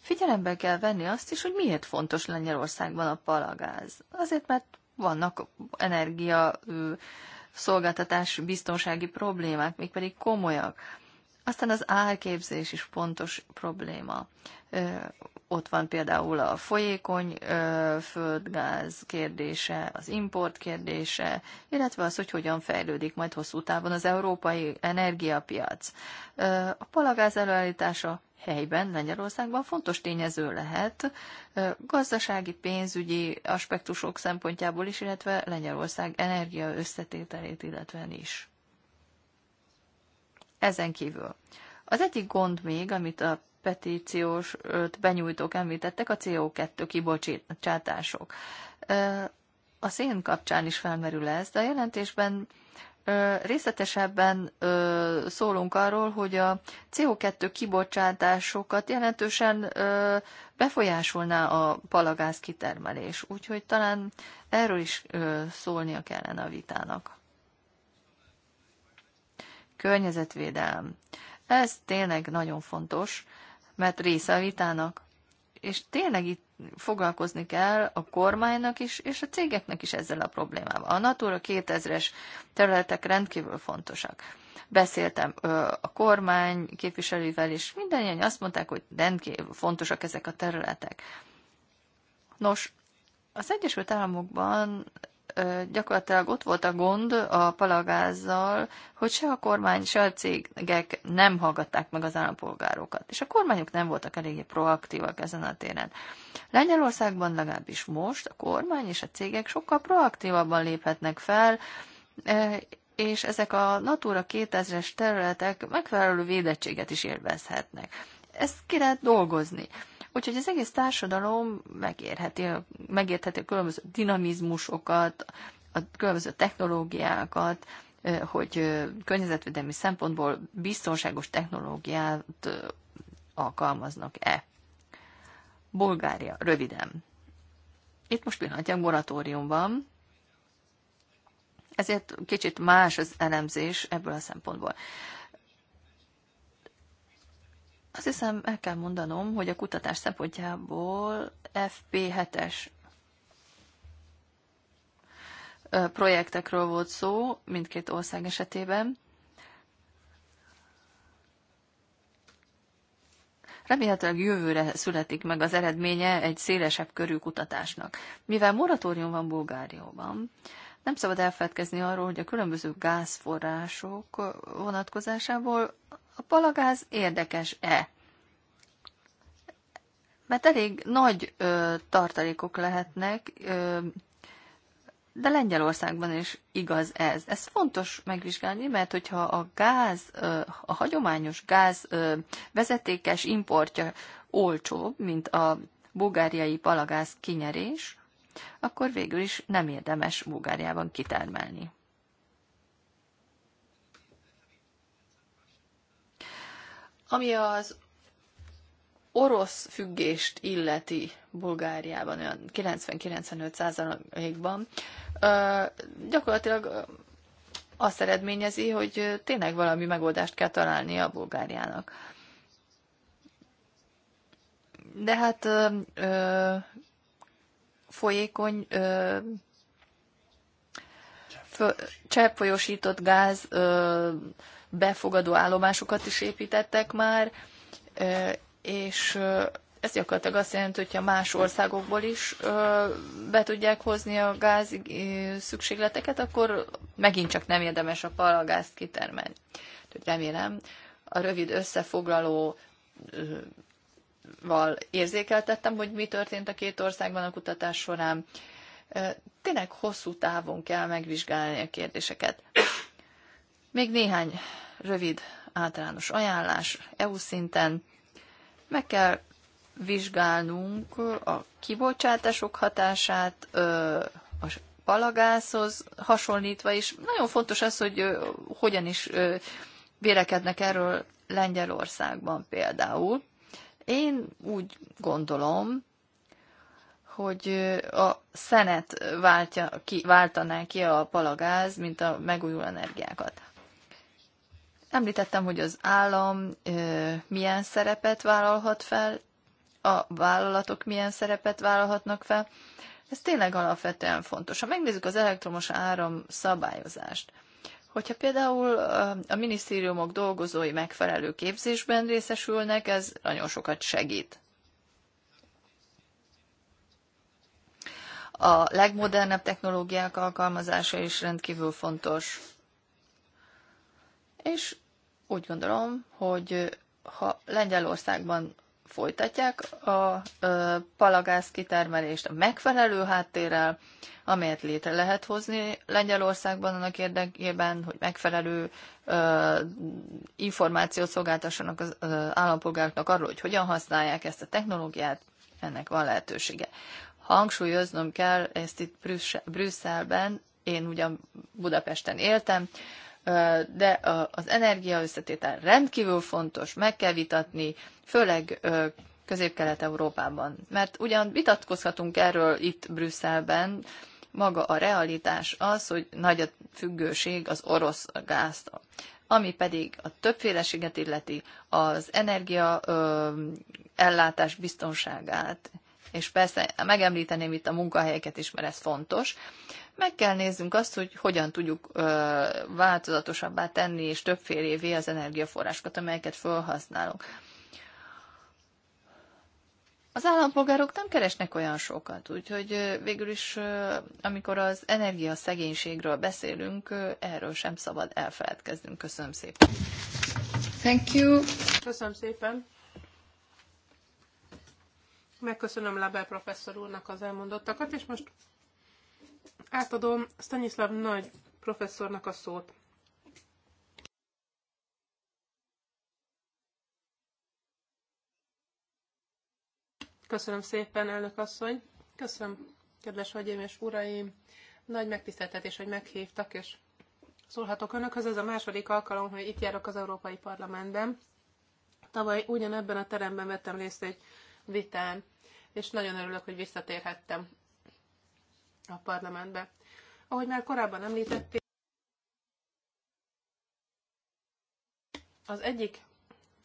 Figyelembe kell venni azt is, hogy miért fontos Lengyelországban a palagáz. Azért, mert vannak energia szolgáltatás biztonsági problémák, mégpedig komolyak. Aztán az álképzés is fontos probléma. Ott van például a folyékony földgáz kérdése, az import kérdése, illetve az, hogy hogyan fejlődik majd hosszú távon az európai energiapiac. A palagáz előállítása helyben, Lengyelországban fontos tényező lehet gazdasági, pénzügyi aspektusok szempontjából is, illetve Lengyelország energia összetételét illetve is. Ezen kívül az egyik gond még, amit a petíciós benyújtók említettek, a CO2 kibocsátások. A szén kapcsán is felmerül ez, de a jelentésben részletesebben szólunk arról, hogy a CO2 kibocsátásokat jelentősen befolyásolná a palagáz kitermelés. Úgyhogy talán erről is szólnia kellene a vitának. Környezetvédelem. Ez tényleg nagyon fontos, mert része a vitának. És tényleg itt foglalkozni kell a kormánynak is, és a cégeknek is ezzel a problémával. A Natura 2000-es területek rendkívül fontosak. Beszéltem a kormány képviselővel, és mindannyian azt mondták, hogy rendkívül fontosak ezek a területek. Nos, az Egyesült Államokban gyakorlatilag ott volt a gond a palagázzal, hogy se a kormány, se a cégek nem hallgatták meg az állampolgárokat, és a kormányok nem voltak eléggé proaktívak ezen a téren. Lengyelországban legalábbis most a kormány és a cégek sokkal proaktívabban léphetnek fel, és ezek a Natura 2000-es területek megfelelő védettséget is élvezhetnek. Ezt ki lehet dolgozni. Úgyhogy az egész társadalom megérheti, megértheti a különböző dinamizmusokat, a különböző technológiákat, hogy környezetvédelmi szempontból biztonságos technológiát alkalmaznak-e. Bulgária, röviden. Itt most pillanatnyilag moratórium van, ezért kicsit más az elemzés ebből a szempontból. Azt hiszem, el kell mondanom, hogy a kutatás szempontjából FP7-es projektekről volt szó mindkét ország esetében. Remélhetőleg jövőre születik meg az eredménye egy szélesebb körű kutatásnak. Mivel moratórium van Bulgárióban, nem szabad elfedkezni arról, hogy a különböző gázforrások vonatkozásából a palagáz érdekes-e? Mert elég nagy ö, tartalékok lehetnek, ö, de Lengyelországban is igaz ez. Ez fontos megvizsgálni, mert hogyha a gáz, ö, a hagyományos gáz ö, vezetékes importja olcsóbb, mint a bulgáriai palagáz kinyerés, akkor végül is nem érdemes Bulgáriában kitermelni. Ami az orosz függést illeti Bulgáriában, olyan 90-95 százalékban, gyakorlatilag azt eredményezi, hogy tényleg valami megoldást kell találni a Bulgáriának. De hát ö, ö, folyékony ö, cseppfolyósított gáz ö, befogadó állomásokat is építettek már, és ez gyakorlatilag azt jelenti, hogyha más országokból is be tudják hozni a gáz szükségleteket, akkor megint csak nem érdemes a palagázt kitermelni. Remélem, a rövid összefoglaló val érzékeltettem, hogy mi történt a két országban a kutatás során. Tényleg hosszú távon kell megvizsgálni a kérdéseket. Még néhány rövid általános ajánlás EU szinten. Meg kell vizsgálnunk a kibocsátások hatását a palagászhoz hasonlítva, és nagyon fontos az, hogy hogyan is vélekednek erről Lengyelországban például. Én úgy gondolom, hogy a szenet váltja, ki, váltaná ki a palagáz, mint a megújuló energiákat. Említettem, hogy az állam milyen szerepet vállalhat fel, a vállalatok milyen szerepet vállalhatnak fel. Ez tényleg alapvetően fontos. Ha megnézzük az elektromos áram szabályozást, hogyha például a minisztériumok dolgozói megfelelő képzésben részesülnek, ez nagyon sokat segít. A legmodernebb technológiák alkalmazása is rendkívül fontos és úgy gondolom, hogy ha Lengyelországban folytatják a ö, kitermelést a megfelelő háttérrel, amelyet létre lehet hozni Lengyelországban annak érdekében, hogy megfelelő ö, információt szolgáltassanak az ö, állampolgároknak arról, hogy hogyan használják ezt a technológiát, ennek van lehetősége. Hangsúlyoznom kell ezt itt Brüsszelben, én ugyan Budapesten éltem, de az energia összetétel rendkívül fontos, meg kell vitatni, főleg Közép-Kelet-Európában. Mert ugyan vitatkozhatunk erről itt Brüsszelben, maga a realitás az, hogy nagy a függőség az orosz gáztól. Ami pedig a többféleséget illeti, az energia ö, ellátás biztonságát, és persze megemlíteném itt a munkahelyeket is, mert ez fontos, meg kell néznünk azt, hogy hogyan tudjuk ö, változatosabbá tenni és többfélévé az energiaforrásokat, amelyeket felhasználunk. Az állampolgárok nem keresnek olyan sokat, úgyhogy végül is, amikor az energiaszegénységről beszélünk, erről sem szabad elfeledkeznünk. Köszönöm szépen. Thank you. Köszönöm szépen. Megköszönöm Labell professzor úrnak az elmondottakat, és most Átadom Stanislav Nagy professzornak a szót. Köszönöm szépen, elnök asszony. Köszönöm, kedves hölgyeim és uraim. Nagy megtiszteltetés, hogy meghívtak, és szólhatok önökhöz. Ez a második alkalom, hogy itt járok az Európai Parlamentben. Tavaly ugyanebben a teremben vettem részt egy vitán, és nagyon örülök, hogy visszatérhettem a parlamentbe. Ahogy már korábban említették, az egyik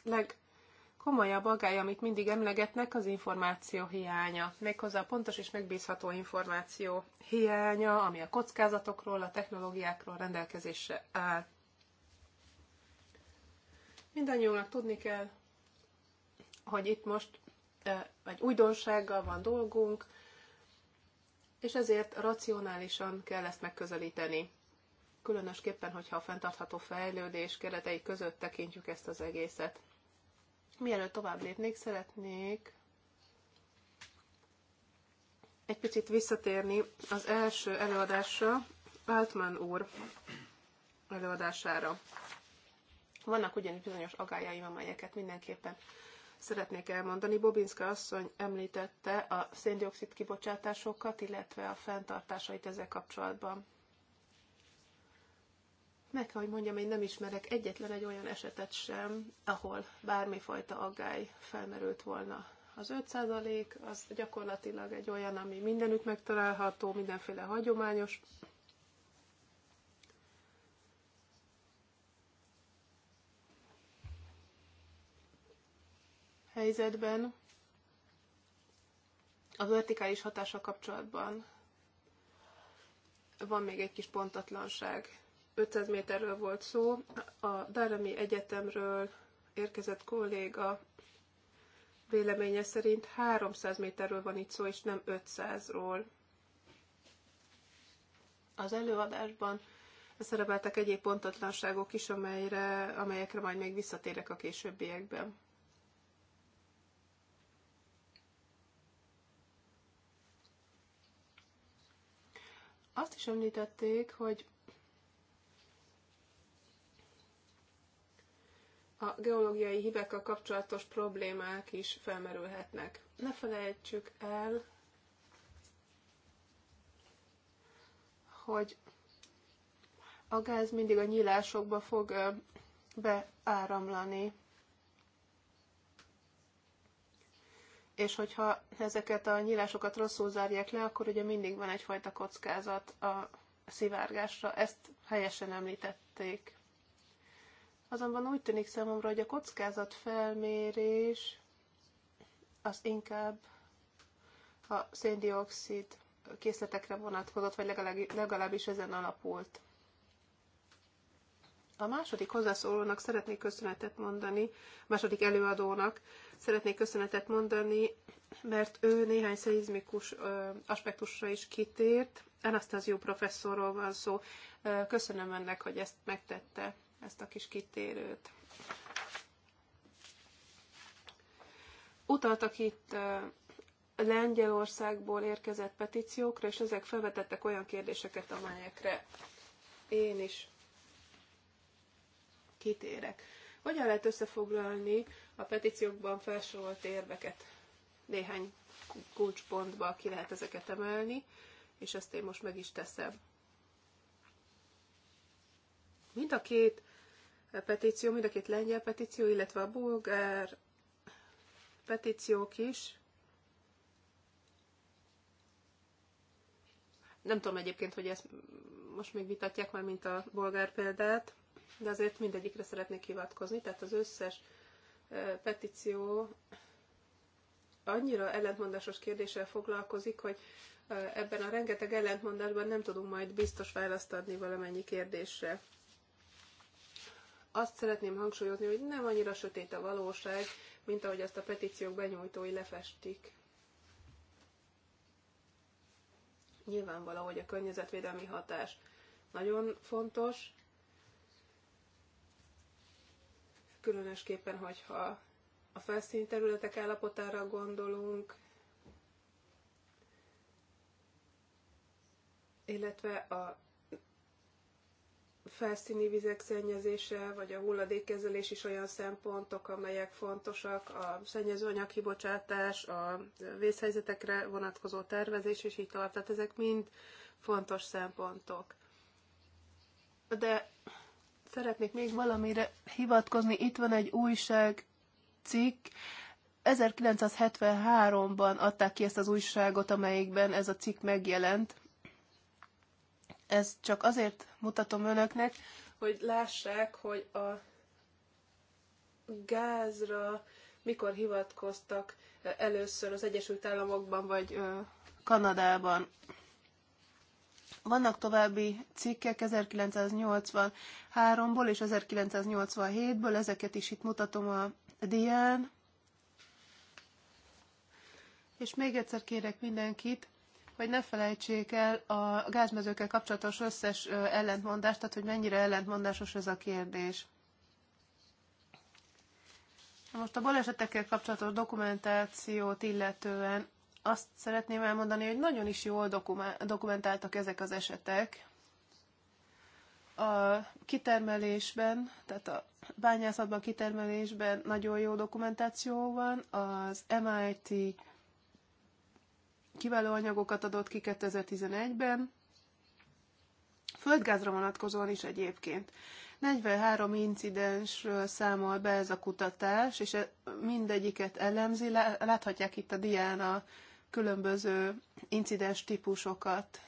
legkomolyabb agály, amit mindig emlegetnek, az információ hiánya. Méghozzá a pontos és megbízható információ hiánya, ami a kockázatokról, a technológiákról rendelkezésre áll. Mindannyiunknak tudni kell, hogy itt most eh, egy újdonsággal van dolgunk, és ezért racionálisan kell ezt megközelíteni. Különösképpen, hogyha a fenntartható fejlődés keretei között tekintjük ezt az egészet. Mielőtt tovább lépnék, szeretnék egy picit visszatérni az első előadásra, Altman úr előadására. Vannak ugyanis bizonyos agályaim, amelyeket mindenképpen szeretnék elmondani. Bobinska asszony említette a széndiokszid kibocsátásokat, illetve a fenntartásait ezzel kapcsolatban. Meg kell, hogy mondjam, én nem ismerek egyetlen egy olyan esetet sem, ahol bármifajta aggály felmerült volna. Az 5% az gyakorlatilag egy olyan, ami mindenütt megtalálható, mindenféle hagyományos helyzetben a vertikális hatása kapcsolatban van még egy kis pontatlanság. 500 méterről volt szó, a Dáremi Egyetemről érkezett kolléga véleménye szerint 300 méterről van itt szó, és nem 500-ról. Az előadásban szerepeltek egyéb pontatlanságok is, amelyre, amelyekre majd még visszatérek a későbbiekben. Azt is említették, hogy a geológiai hibekkel kapcsolatos problémák is felmerülhetnek. Ne felejtsük el, hogy a gáz mindig a nyílásokba fog beáramlani. és hogyha ezeket a nyílásokat rosszul zárják le, akkor ugye mindig van egyfajta kockázat a szivárgásra. Ezt helyesen említették. Azonban úgy tűnik számomra, hogy a kockázat felmérés az inkább a széndiokszid készletekre vonatkozott, vagy legalábbis ezen alapult. A második hozzászólónak szeretnék köszönetet mondani, a második előadónak Szeretnék köszönetet mondani, mert ő néhány szeizmikus aspektusra is kitért. Anasztázió professzorról van szó. Köszönöm ennek, hogy ezt megtette, ezt a kis kitérőt. Utaltak itt Lengyelországból érkezett petíciókra, és ezek felvetettek olyan kérdéseket, amelyekre én is kitérek. Hogyan lehet összefoglalni a petíciókban felsorolt érveket néhány kulcspontba ki lehet ezeket emelni, és ezt én most meg is teszem. Mind a két petíció, mind a két lengyel petíció, illetve a bulgár petíciók is. Nem tudom egyébként, hogy ezt most még vitatják már, mint a bolgár példát, de azért mindegyikre szeretnék hivatkozni, tehát az összes petíció annyira ellentmondásos kérdéssel foglalkozik, hogy ebben a rengeteg ellentmondásban nem tudunk majd biztos választ adni valamennyi kérdésre. Azt szeretném hangsúlyozni, hogy nem annyira sötét a valóság, mint ahogy azt a petíciók benyújtói lefestik. Nyilvánvaló, hogy a környezetvédelmi hatás nagyon fontos, különösképpen, hogyha a felszíni területek állapotára gondolunk, illetve a felszíni vizek szennyezése, vagy a hulladékkezelés is olyan szempontok, amelyek fontosak, a szennyezőanyag kibocsátás, a vészhelyzetekre vonatkozó tervezés, és így tovább. Tehát ezek mind fontos szempontok. De Szeretnék még valamire hivatkozni. Itt van egy újság cikk. 1973-ban adták ki ezt az újságot, amelyikben ez a cikk megjelent. Ez csak azért mutatom önöknek, hogy lássák, hogy a gázra mikor hivatkoztak először az Egyesült Államokban vagy Kanadában. Vannak további cikkek 1983-ból és 1987-ből, ezeket is itt mutatom a dián. És még egyszer kérek mindenkit, hogy ne felejtsék el a gázmezőkkel kapcsolatos összes ellentmondást, tehát hogy mennyire ellentmondásos ez a kérdés. Most a balesetekkel kapcsolatos dokumentációt illetően azt szeretném elmondani, hogy nagyon is jól dokumentáltak ezek az esetek. A kitermelésben, tehát a bányászatban, kitermelésben nagyon jó dokumentáció van. Az MIT kiváló anyagokat adott ki 2011-ben. Földgázra vonatkozóan is egyébként. 43 incidensről számol be ez a kutatás, és e- mindegyiket elemzi. Láthatják itt a dián a különböző incidens típusokat.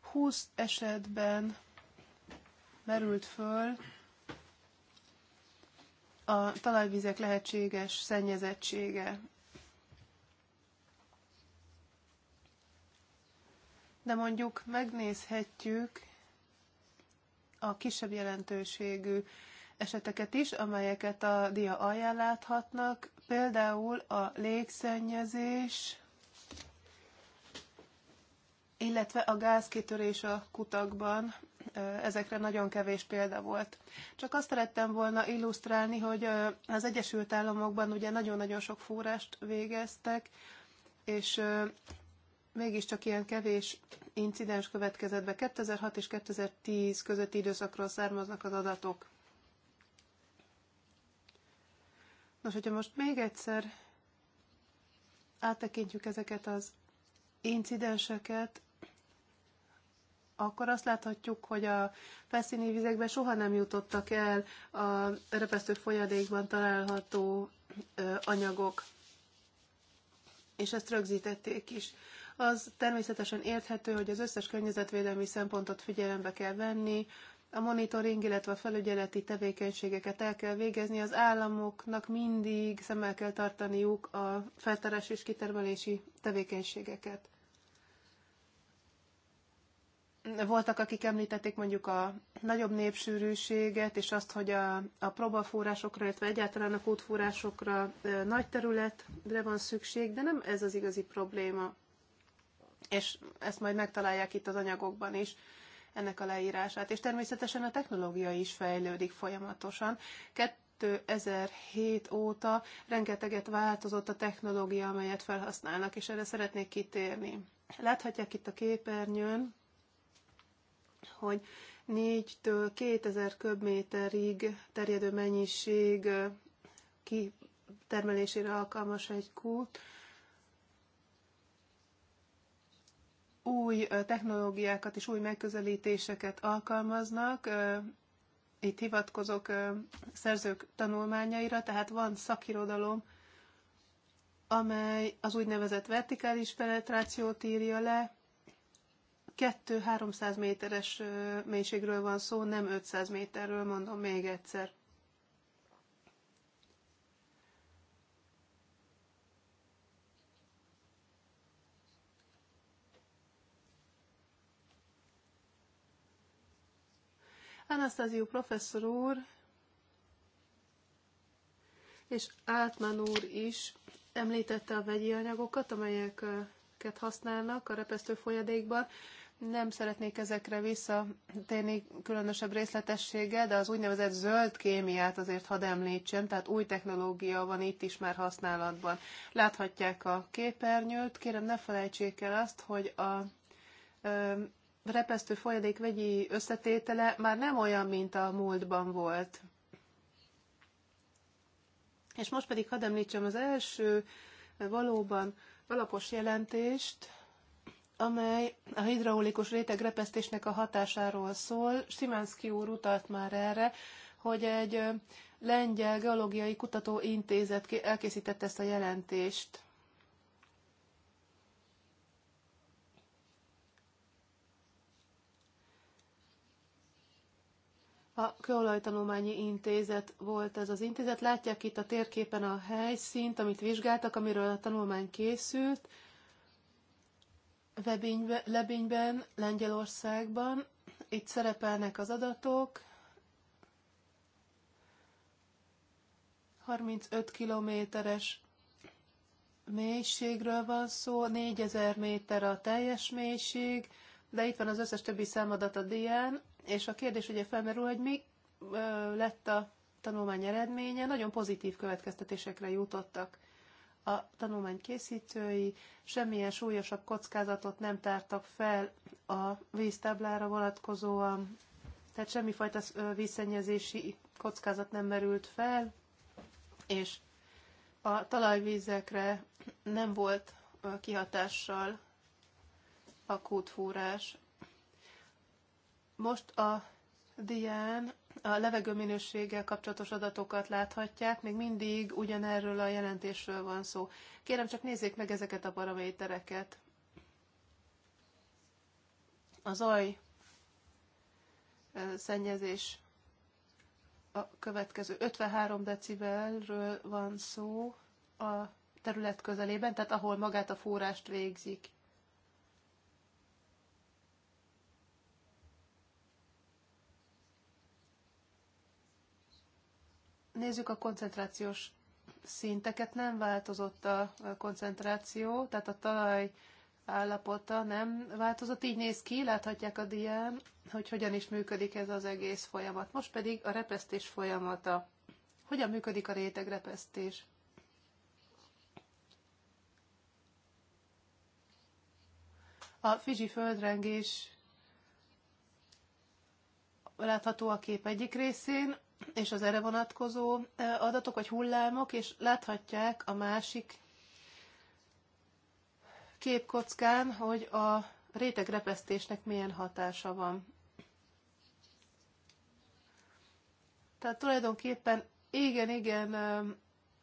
20 esetben merült föl a talajvizek lehetséges szennyezettsége. De mondjuk megnézhetjük a kisebb jelentőségű eseteket is, amelyeket a dia alján láthatnak, például a légszennyezés, illetve a gázkitörés a kutakban, ezekre nagyon kevés példa volt. Csak azt szerettem volna illusztrálni, hogy az Egyesült Államokban ugye nagyon-nagyon sok fúrást végeztek, és mégiscsak ilyen kevés incidens következett be. 2006 és 2010 közötti időszakról származnak az adatok. Nos, hogyha most még egyszer áttekintjük ezeket az incidenseket, akkor azt láthatjuk, hogy a felszíni vizekben soha nem jutottak el a repesztő folyadékban található anyagok. És ezt rögzítették is. Az természetesen érthető, hogy az összes környezetvédelmi szempontot figyelembe kell venni, a monitoring, illetve a felügyeleti tevékenységeket el kell végezni. Az államoknak mindig szemmel kell tartaniuk a feltárás és kitermelési tevékenységeket. Voltak, akik említették mondjuk a nagyobb népsűrűséget, és azt, hogy a, a próbafúrásokra, illetve egyáltalán a kútfúrásokra nagy területre van szükség, de nem ez az igazi probléma. És ezt majd megtalálják itt az anyagokban is ennek a leírását. És természetesen a technológia is fejlődik folyamatosan. 2007 óta rengeteget változott a technológia, amelyet felhasználnak, és erre szeretnék kitérni. Láthatják itt a képernyőn, hogy 4-től 2000 köbméterig terjedő mennyiség kitermelésére alkalmas egy kút, új technológiákat és új megközelítéseket alkalmaznak, itt hivatkozok szerzők tanulmányaira, tehát van szakirodalom, amely az úgynevezett vertikális penetrációt írja le, 2-300 méteres mélységről van szó, nem 500 méterről, mondom még egyszer. Anasztázió professzor úr és Átman úr is említette a vegyi anyagokat, amelyeket használnak a repesztő folyadékban. Nem szeretnék ezekre visszatérni különösebb részletességgel, de az úgynevezett zöld kémiát azért hadd említsem, tehát új technológia van itt is már használatban. Láthatják a képernyőt, kérem ne felejtsék el azt, hogy a repesztő folyadék vegyi összetétele már nem olyan, mint a múltban volt. És most pedig hadd említsem az első valóban alapos jelentést, amely a hidraulikus réteg repesztésnek a hatásáról szól. Simánszki úr utalt már erre, hogy egy lengyel geológiai kutatóintézet elkészítette ezt a jelentést. A Kőolajtanulmányi Intézet volt ez az intézet. Látják itt a térképen a helyszínt, amit vizsgáltak, amiről a tanulmány készült. Webénybe, Lebényben, Lengyelországban. Itt szerepelnek az adatok. 35 kilométeres mélységről van szó, 4000 méter a teljes mélység, de itt van az összes többi számadat a dián, és a kérdés ugye felmerül, hogy mi lett a tanulmány eredménye, nagyon pozitív következtetésekre jutottak. A tanulmány készítői semmilyen súlyosabb kockázatot nem tártak fel a víztáblára vonatkozóan, tehát semmifajta vízszennyezési kockázat nem merült fel, és a talajvízekre nem volt kihatással a kútfúrás. Most a dián a levegőminőséggel kapcsolatos adatokat láthatják, még mindig ugyanerről a jelentésről van szó. Kérem, csak nézzék meg ezeket a paramétereket. A zaj szennyezés a következő 53 decibelről van szó a terület közelében, tehát ahol magát a forrást végzik. nézzük a koncentrációs szinteket, nem változott a koncentráció, tehát a talaj állapota nem változott, így néz ki, láthatják a dián, hogy hogyan is működik ez az egész folyamat. Most pedig a repesztés folyamata. Hogyan működik a rétegrepesztés? A Fizsi földrengés látható a kép egyik részén, és az erre vonatkozó adatok vagy hullámok, és láthatják a másik képkockán, hogy a rétegrepesztésnek milyen hatása van. Tehát tulajdonképpen igen, igen,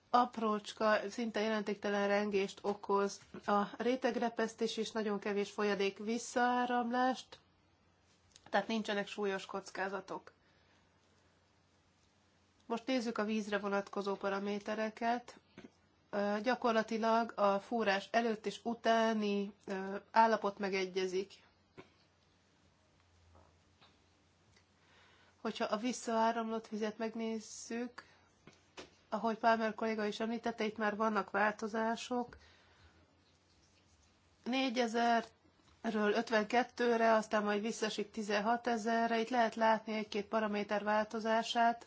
aprócska, szinte jelentéktelen rengést okoz a rétegrepesztés és nagyon kevés folyadék visszaáramlást, tehát nincsenek súlyos kockázatok. Most nézzük a vízre vonatkozó paramétereket. Gyakorlatilag a fúrás előtt és utáni állapot megegyezik. Hogyha a visszaáramlott vizet megnézzük, ahogy Palmer kolléga is említette, itt már vannak változások. 4000 ről 52-re, aztán majd visszasik 16000-re. Itt lehet látni egy-két paraméter változását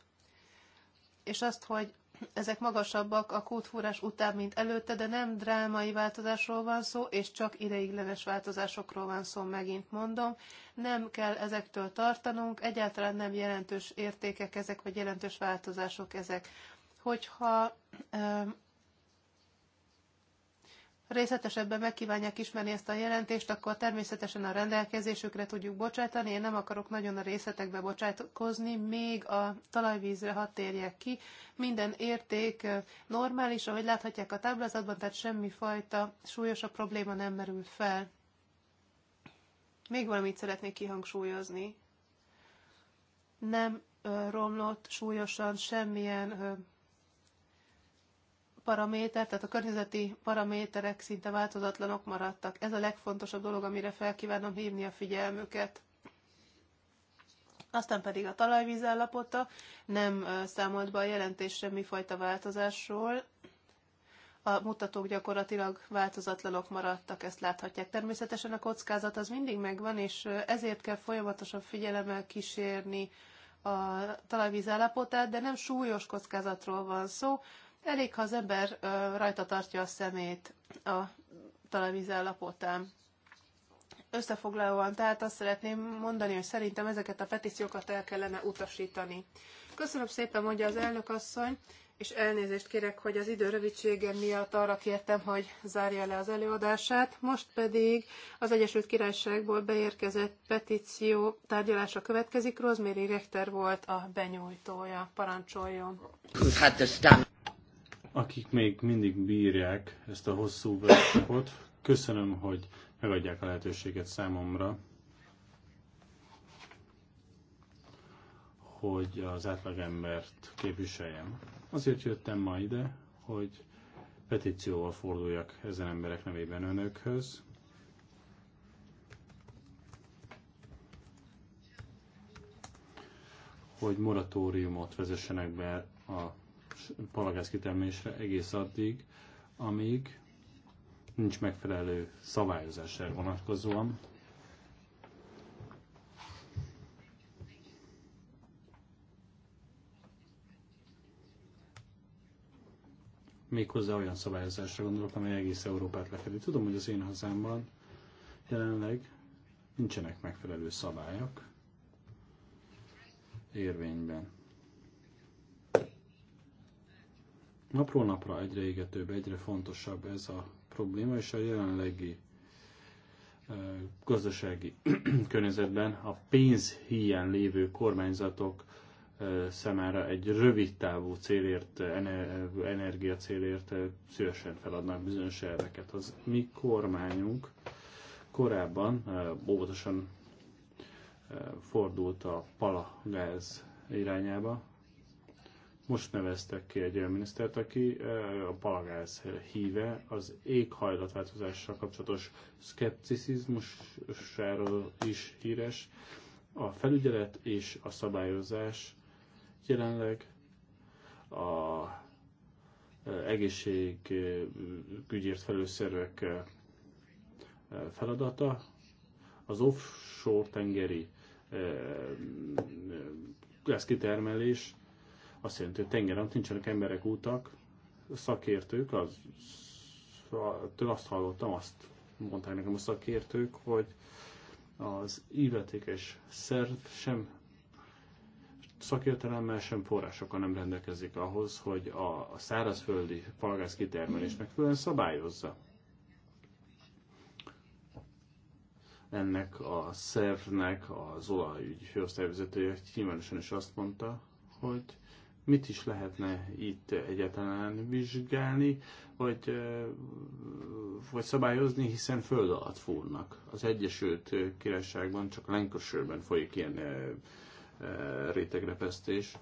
és azt, hogy ezek magasabbak a kútfúrás után, mint előtte, de nem drámai változásról van szó, és csak ideiglenes változásokról van szó, megint mondom. Nem kell ezektől tartanunk, egyáltalán nem jelentős értékek ezek, vagy jelentős változások ezek. Hogyha részletesebben megkívánják ismerni ezt a jelentést, akkor természetesen a rendelkezésükre tudjuk bocsátani. Én nem akarok nagyon a részletekbe bocsátkozni, még a talajvízre hat térjek ki. Minden érték normális, ahogy láthatják a táblázatban, tehát semmi fajta súlyosabb probléma nem merül fel. Még valamit szeretnék kihangsúlyozni. Nem romlott súlyosan semmilyen paraméter, tehát a környezeti paraméterek szinte változatlanok maradtak. Ez a legfontosabb dolog, amire fel kívánom hívni a figyelmüket. Aztán pedig a talajvíz állapota nem számolt be a jelentés semmifajta változásról. A mutatók gyakorlatilag változatlanok maradtak, ezt láthatják. Természetesen a kockázat az mindig megvan, és ezért kell folyamatosan figyelemmel kísérni a talajvíz állapotát, de nem súlyos kockázatról van szó, Elég, ha az ember rajta tartja a szemét a talajvíz állapotán. Összefoglalóan, tehát azt szeretném mondani, hogy szerintem ezeket a petíciókat el kellene utasítani. Köszönöm szépen, mondja az elnök asszony, és elnézést kérek, hogy az idő rövidsége miatt arra kértem, hogy zárja le az előadását. Most pedig az Egyesült Királyságból beérkezett petíció tárgyalása következik. Rosemary Rechter volt a benyújtója. Parancsoljon! akik még mindig bírják ezt a hosszú verszakot. Köszönöm, hogy megadják a lehetőséget számomra, hogy az átlagembert képviseljem. Azért jöttem ma ide, hogy petícióval forduljak ezen emberek nevében önökhöz. hogy moratóriumot vezessenek be a palagáz kitermésre egész addig, amíg nincs megfelelő szabályozás vonatkozóan. Méghozzá olyan szabályozásra gondolok, amely egész Európát lefedi. Tudom, hogy az én hazámban jelenleg nincsenek megfelelő szabályok érvényben. Napról napra egyre égetőbb, egyre fontosabb ez a probléma, és a jelenlegi gazdasági környezetben a pénz hiány lévő kormányzatok számára egy rövid távú célért, energia célért szívesen feladnak bizonyos elveket. Az mi kormányunk korábban óvatosan fordult a palagáz irányába, most neveztek ki egy olyan minisztert, aki a palagáz híve, az éghajlatváltozással kapcsolatos szkepticizmusáról is híres. A felügyelet és a szabályozás jelenleg a egészségügyért felelős szervek feladata. Az offshore tengeri gázkitermelés azt jelenti, hogy tengeren nincsenek emberek, útak, szakértők, az, től azt hallottam, azt mondták nekem a szakértők, hogy az illetékes szerv sem szakértelemmel, sem forrásokkal nem rendelkezik ahhoz, hogy a szárazföldi palgáz kitermelést megfelelően szabályozza. Ennek a szervnek az olajügyi főosztályvezetője nyilvánosan is azt mondta, hogy mit is lehetne itt egyáltalán vizsgálni, vagy, vagy szabályozni, hiszen föld alatt fúrnak. Az Egyesült Királyságban, csak lancashire folyik ilyen rétegrepesztés.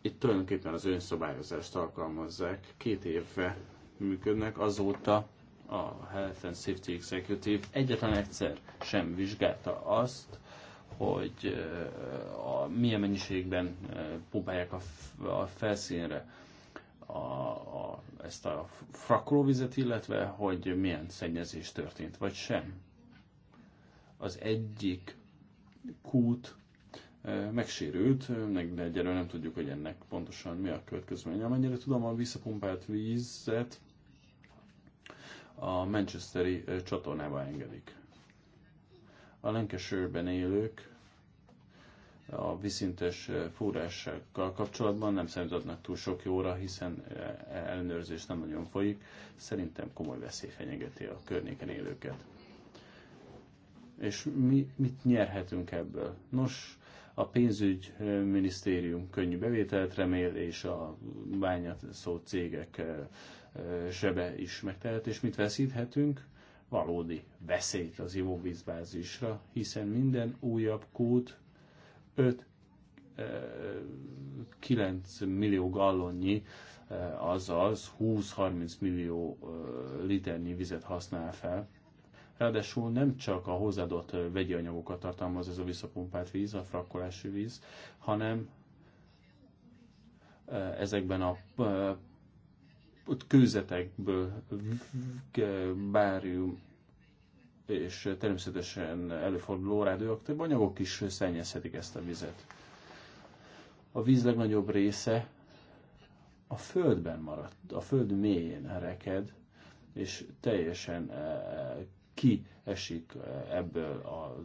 Itt tulajdonképpen az önszabályozást alkalmazzák. Két évve működnek, azóta a Health and Safety Executive egyetlen egyszer sem vizsgálta azt, hogy a, milyen mennyiségben pumpálják a, a felszínre a, a, ezt a frakolóvizet, illetve hogy milyen szennyezés történt, vagy sem. Az egyik kút megsérült, meg egyelőre nem tudjuk, hogy ennek pontosan mi a következménye. Amennyire tudom, a visszapumpált vízet a Manchesteri csatornába engedik. A lenkesőrben élők a viszintes fúrásokkal kapcsolatban nem számítatnak túl sok jóra, hiszen ellenőrzés nem nagyon folyik. Szerintem komoly veszély fenyegeti a környéken élőket. És mi, mit nyerhetünk ebből? Nos, a pénzügyminisztérium könnyű bevételt remél, és a bányaszó cégek sebe is megtehet, és mit veszíthetünk? valódi veszélyt az ivóvízbázisra, hiszen minden újabb kút 5-9 millió gallonnyi, azaz 20-30 millió liternyi vizet használ fel. Ráadásul nem csak a hozzáadott vegyi anyagokat tartalmaz ez a visszapumpált víz, a frakkolási víz, hanem ezekben a kőzetekből, bárium és természetesen előforduló rádióaktív anyagok is szennyezhetik ezt a vizet. A víz legnagyobb része a földben maradt, a föld mélyén reked, és teljesen e, kiesik e, ebből a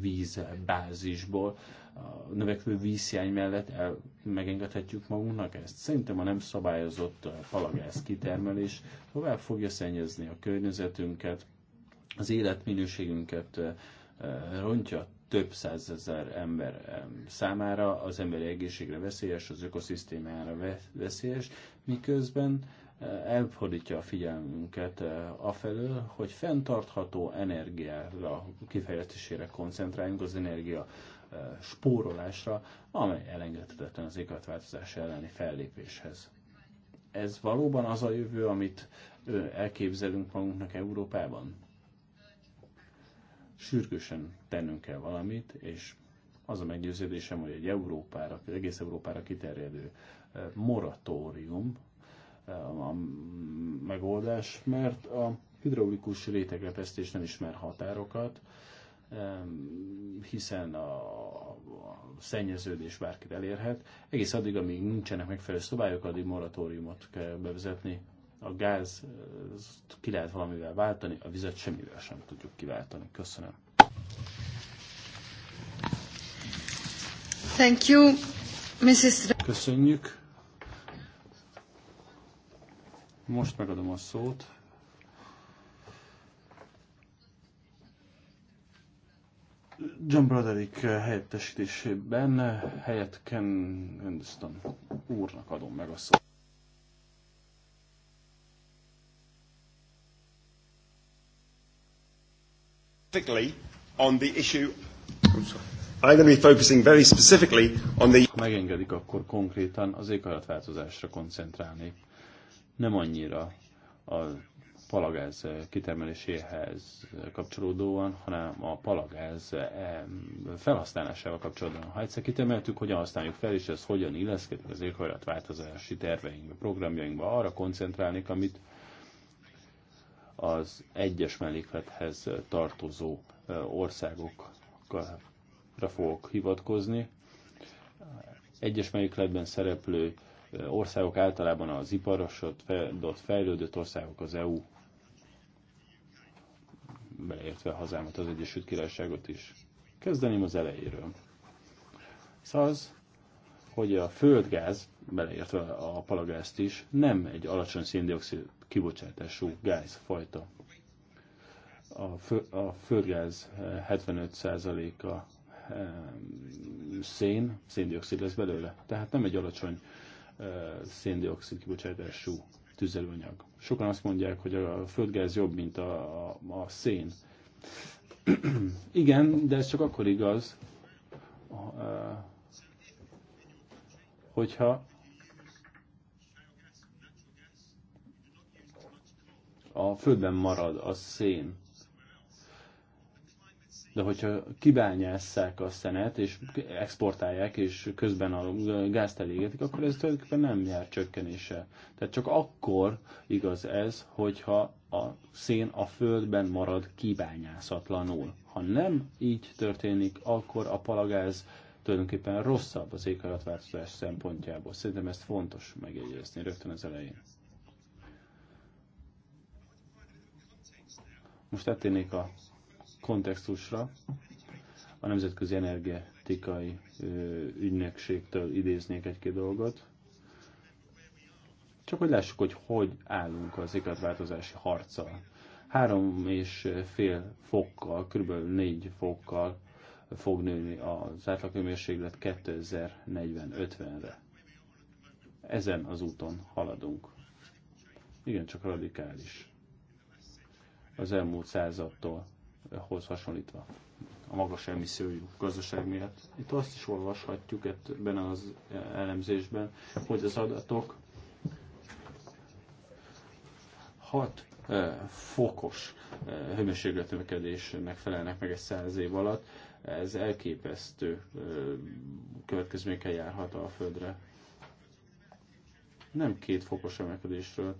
vízbázisból, a növekvő vízhiány mellett el, megengedhetjük magunknak ezt? Szerintem a nem szabályozott uh, palagáz kitermelés tovább fogja szennyezni a környezetünket, az életminőségünket uh, uh, rontja több százezer ember um, számára, az emberi egészségre veszélyes, az ökoszisztémára veszélyes, miközben elfordítja a figyelmünket afelől, hogy fenntartható energiára, kifejlesztésére koncentráljunk, az energia spórolásra, amely elengedhetetlen az éghajlatváltozás elleni fellépéshez. Ez valóban az a jövő, amit elképzelünk magunknak Európában? Sürgősen tennünk kell valamit, és az a meggyőződésem, hogy egy Európára, egész Európára kiterjedő moratórium a megoldás, mert a hidraulikus rétegrepesztés nem ismer határokat, hiszen a szennyeződés bárkit elérhet. Egész addig, amíg nincsenek megfelelő szabályok, addig moratóriumot kell bevezetni. A gáz ki lehet valamivel váltani, a vizet semmivel sem tudjuk kiváltani. Köszönöm. Thank you, Mrs. Köszönjük. Most megadom a szót John Broderick helyettesítésében helyett Ken Anderson úrnak adom meg a szót. Specifically on the issue I'm going to be focusing very specifically on the... megengedik, akkor konkrétan az éghajlatváltozásra koncentrálni, Nem annyira a palagáz kitermeléséhez kapcsolódóan, hanem a palagáz eh, felhasználásával kapcsolódóan. Ha egyszer kitermeltük, hogyan használjuk fel, és ez hogyan illeszkedik az éghajlatváltozási terveinkbe, programjainkba, arra koncentrálni, amit az egyes melléklethez tartozó eh, országokra fogok hivatkozni. Egyes melékletben szereplő eh, országok általában az iparosodott, fejlődött országok, az EU beleértve a hazámat, az Egyesült Királyságot is. Kezdeném az elejéről. Szóval az, hogy a földgáz, beleértve a palagázt is, nem egy alacsony széndiokszid kibocsátású gázfajta. A, fő, a földgáz 75%-a eh, eh, szén, széndiokszid lesz belőle. Tehát nem egy alacsony eh, széndiokszid kibocsátású tüzelőanyag. Sokan azt mondják, hogy a földgáz jobb, mint a, a, a szén. Igen, de ez csak akkor igaz, e, hogyha a földben marad a szén de hogyha kibányásszák a szenet, és exportálják, és közben a gázt elégetik, akkor ez tulajdonképpen nem jár csökkenése. Tehát csak akkor igaz ez, hogyha a szén a földben marad kibányászatlanul. Ha nem így történik, akkor a palagáz tulajdonképpen rosszabb az éghajlatváltozás szempontjából. Szerintem ezt fontos megjegyezni rögtön az elején. Most áttérnék a kontextusra a Nemzetközi Energetikai Ügynökségtől idéznék egy-két dolgot. Csak hogy lássuk, hogy hogy állunk az éghajlatváltozási harccal. Három és fél fokkal, kb. négy fokkal fog nőni az átlagőmérséklet 2040-50-re. Ezen az úton haladunk. Igen, csak radikális. Az elmúlt századtól hoz hasonlítva a magas emissziójú gazdaság miatt. Itt azt is olvashatjuk ebben az elemzésben, hogy az adatok 6 eh, fokos eh, hőmérsékletnövekedés megfelelnek meg egy száz év alatt. Ez elképesztő eh, következményekkel járhat a Földre. Nem két fokos emelkedésről,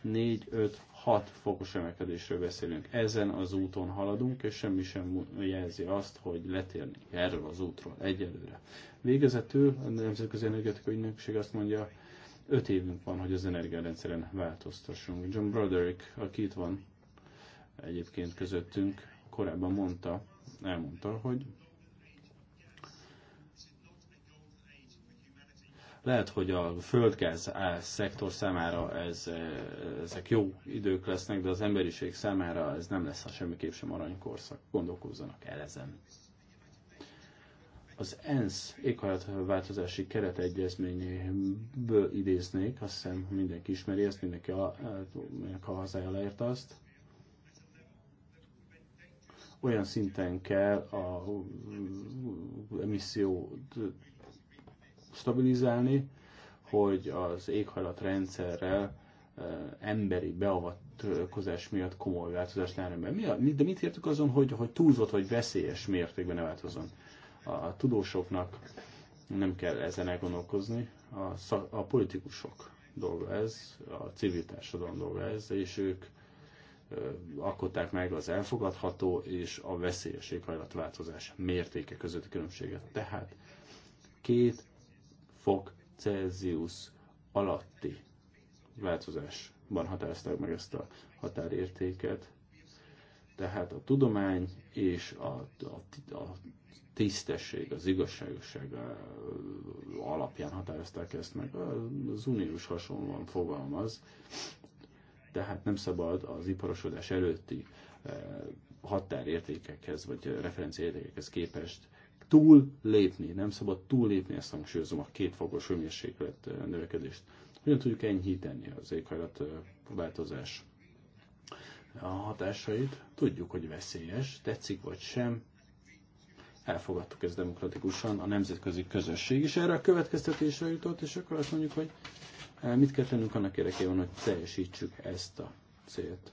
4, 5, 6 fokos emelkedésről beszélünk. Ezen az úton haladunk, és semmi sem jelzi azt, hogy letérnénk erről az útról egyelőre. Végezetül a Nemzetközi Energetikai Ügynökség azt mondja, 5 évünk van, hogy az energiarendszeren változtassunk. John Broderick, aki itt van egyébként közöttünk, korábban mondta, elmondta, hogy Lehet, hogy a földgáz szektor számára ez, e, ezek jó idők lesznek, de az emberiség számára ez nem lesz, a semmiképp sem aranykorszak. Gondolkozzanak el ezen. Az ENSZ éghajlatváltozási keretegyezményéből idéznék, azt hiszem mindenki ismeri ezt, mindenki a, e, a hazája leért azt olyan szinten kell a emisszió stabilizálni, hogy az éghajlatrendszerrel eh, emberi beavatkozás miatt komoly változás lenne. Mi a, de mit értük azon, hogy, hogy túlzott vagy veszélyes mértékben ne változon? A tudósoknak nem kell ezen elgondolkozni, a, szak, a politikusok dolga ez, a civil társadalom dolga ez, és ők eh, alkották meg az elfogadható és a veszélyes éghajlatváltozás mértéke közötti különbséget. Tehát két fok Celsius alatti változásban határozták meg ezt a határértéket. Tehát a tudomány és a, a, a tisztesség, az igazságosság alapján határozták ezt meg. Az uniós hasonlóan fogalmaz, tehát nem szabad az iparosodás előtti határértékekhez vagy referenciaértékekhez képest túl lépni, nem szabad túl lépni, ezt hangsúlyozom, a két fokos hőmérséklet növekedést. Hogyan tudjuk enyhíteni az éghajlat változás a hatásait? Tudjuk, hogy veszélyes, tetszik vagy sem, elfogadtuk ezt demokratikusan, a nemzetközi közösség is erre a következtetésre jutott, és akkor azt mondjuk, hogy mit kell tennünk annak érdekében, hogy teljesítsük ezt a célt.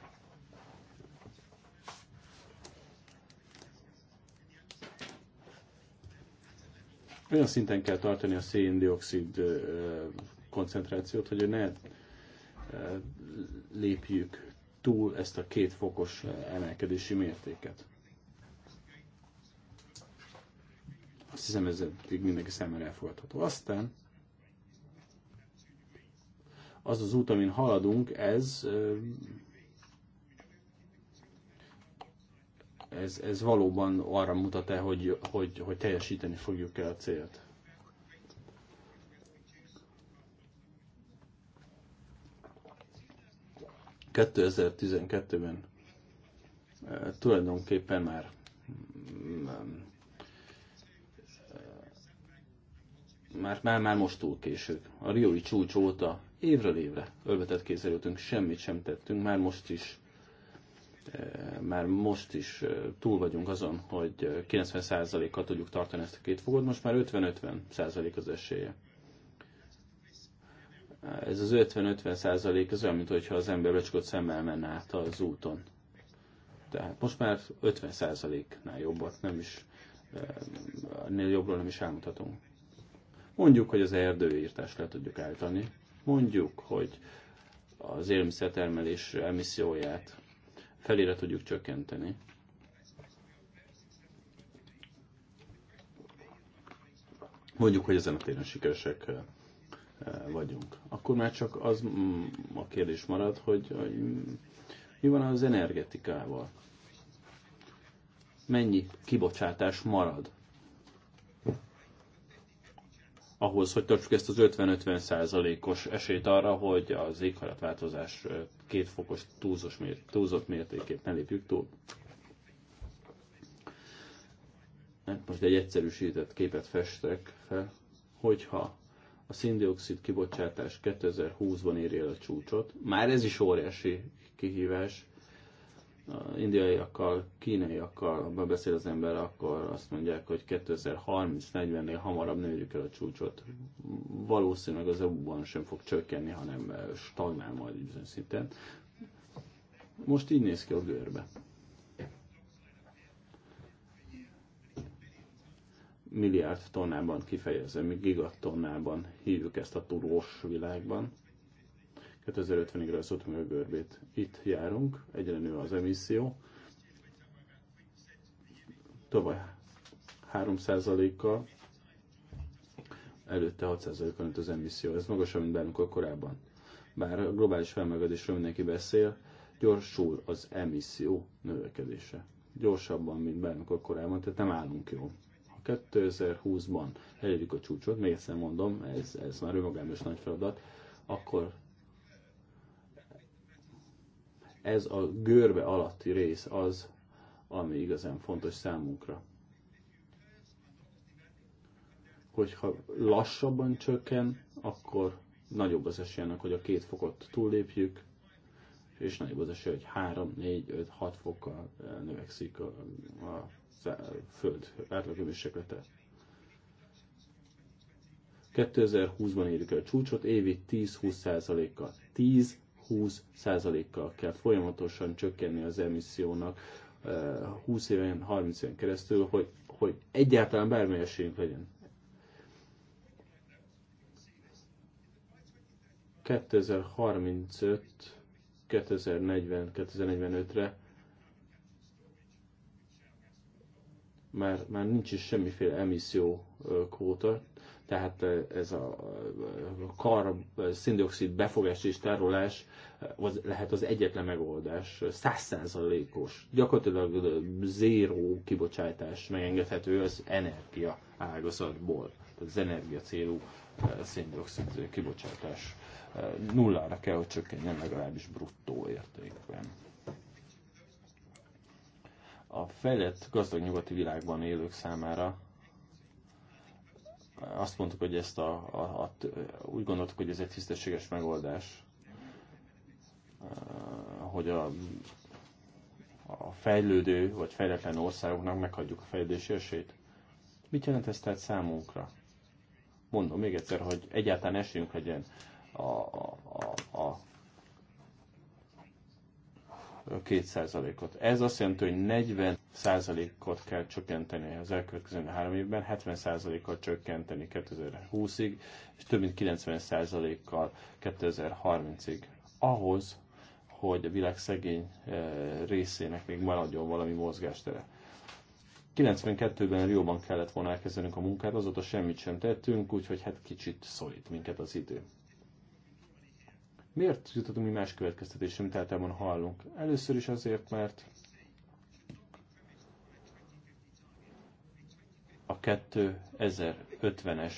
olyan szinten kell tartani a széndiokszid koncentrációt, hogy ne lépjük túl ezt a két fokos emelkedési mértéket. Azt hiszem ez eddig mindenki számára elfogadható. Aztán az az út, amin haladunk, ez ez, ez valóban arra mutat-e, hogy, hogy, hogy teljesíteni fogjuk el a célt? ...2012-ben eh, tulajdonképpen már mm, mm, eh, már, már, már most túl késők. A riói csúcs óta évről évre ölvetett kézzel semmit sem tettünk, már most is Eh, már most is eh, túl vagyunk azon, hogy 90%-kal eh, tudjuk tartani ezt a két fogod, most már 50-50% az esélye. Ez az 50-50% az olyan, mintha az ember becsukott szemmel menne át az úton. Tehát most már 50%-nál jobbat nem is, ennél jobbról nem is elmutatunk. Mondjuk, hogy az erdőírtást le tudjuk állítani. Mondjuk, hogy az élmiszertermelés emisszióját felére tudjuk csökkenteni. Mondjuk, hogy ezen a téren sikeresek eh, eh, vagyunk. Akkor már csak az mm, a kérdés marad, hogy, hogy mi van az energetikával? Mennyi kibocsátás marad ahhoz, hogy tartsuk ezt az 50-50 százalékos esélyt arra, hogy az éghajlatváltozás két fokos túlzos túlzott mértékét ne lépjük túl. Hát most egy egyszerűsített képet festek fel, hogyha a szindioxid kibocsátás 2020-ban éri el a csúcsot, már ez is óriási kihívás, indiaiakkal, kínaiakkal, ha beszél az ember, akkor azt mondják, hogy 2030-40-nél hamarabb nőjük el a csúcsot. Valószínűleg az EU-ban sem fog csökkenni, hanem eh, stagnál majd bizonyos szinten. Most így néz ki a görbe. Milliárd tonnában kifejezem, gigatonnában hívjuk ezt a turós világban. 2050-ig rajzoltuk meg a görbét. Itt járunk, egyre nő az emisszió. Tovább 3%-kal, előtte 6%-kal nőtt az emisszió. Ez magasabb, mint bármikor korábban. Bár a globális felmelegedésről mindenki beszél, gyorsul az emisszió növekedése. Gyorsabban, mint bármikor korábban, tehát nem állunk jól. 2020-ban elérjük a csúcsot, még egyszer mondom, ez, ez már önmagában is nagy feladat, akkor ez a görbe alatti rész az, ami igazán fontos számunkra. Hogyha lassabban csökken, akkor nagyobb az esély annak, hogy a két fokot túllépjük, és nagyobb az esély, hogy 3, 4, 5, 6 fokkal növekszik a, a, a föld átlagőmérséklete. 2020-ban érjük el a csúcsot, évi 10-20%-kal. 10 20%-kal kell folyamatosan csökkenni az emissziónak 20 eh, éven, 30 éven keresztül, hogy, hogy egyáltalán bármi esélyünk legyen. 2035, 2040, 2045-re már, már nincs is semmiféle emisszió eh, kvóta, tehát ez a kar, szindioxid befogás és tárolás az lehet az egyetlen megoldás, százszázalékos, gyakorlatilag zéró kibocsátás megengedhető az energia ágazatból, tehát az energia célú szindioxid kibocsátás nullára kell, hogy csökkenjen legalábbis bruttó értékben. A fejlett gazdag nyugati világban élők számára azt mondtuk, hogy ezt a, a, a, úgy gondoltuk, hogy ez egy tisztességes megoldás, eh, hogy a, a fejlődő vagy fejletlen országoknak meghagyjuk a fejlődés esélyt. Mit jelent ez tehát számunkra? Mondom még egyszer, hogy egyáltalán esélyünk legyen a, a, a, a 2%-ot. Ez azt jelenti, hogy 40%-ot kell csökkenteni az elkövetkező három évben, 70%-kal csökkenteni 2020-ig, és több mint 90%-kal 2030-ig. Ahhoz, hogy a világ szegény eh, részének még maradjon valami mozgástere. 92-ben Rióban kellett volna elkezdenünk a munkát, azóta semmit sem tettünk, úgyhogy hát kicsit szorít minket az idő. Miért jutottunk mi más következtetésre, amit általában hallunk? Először is azért, mert a 2050-es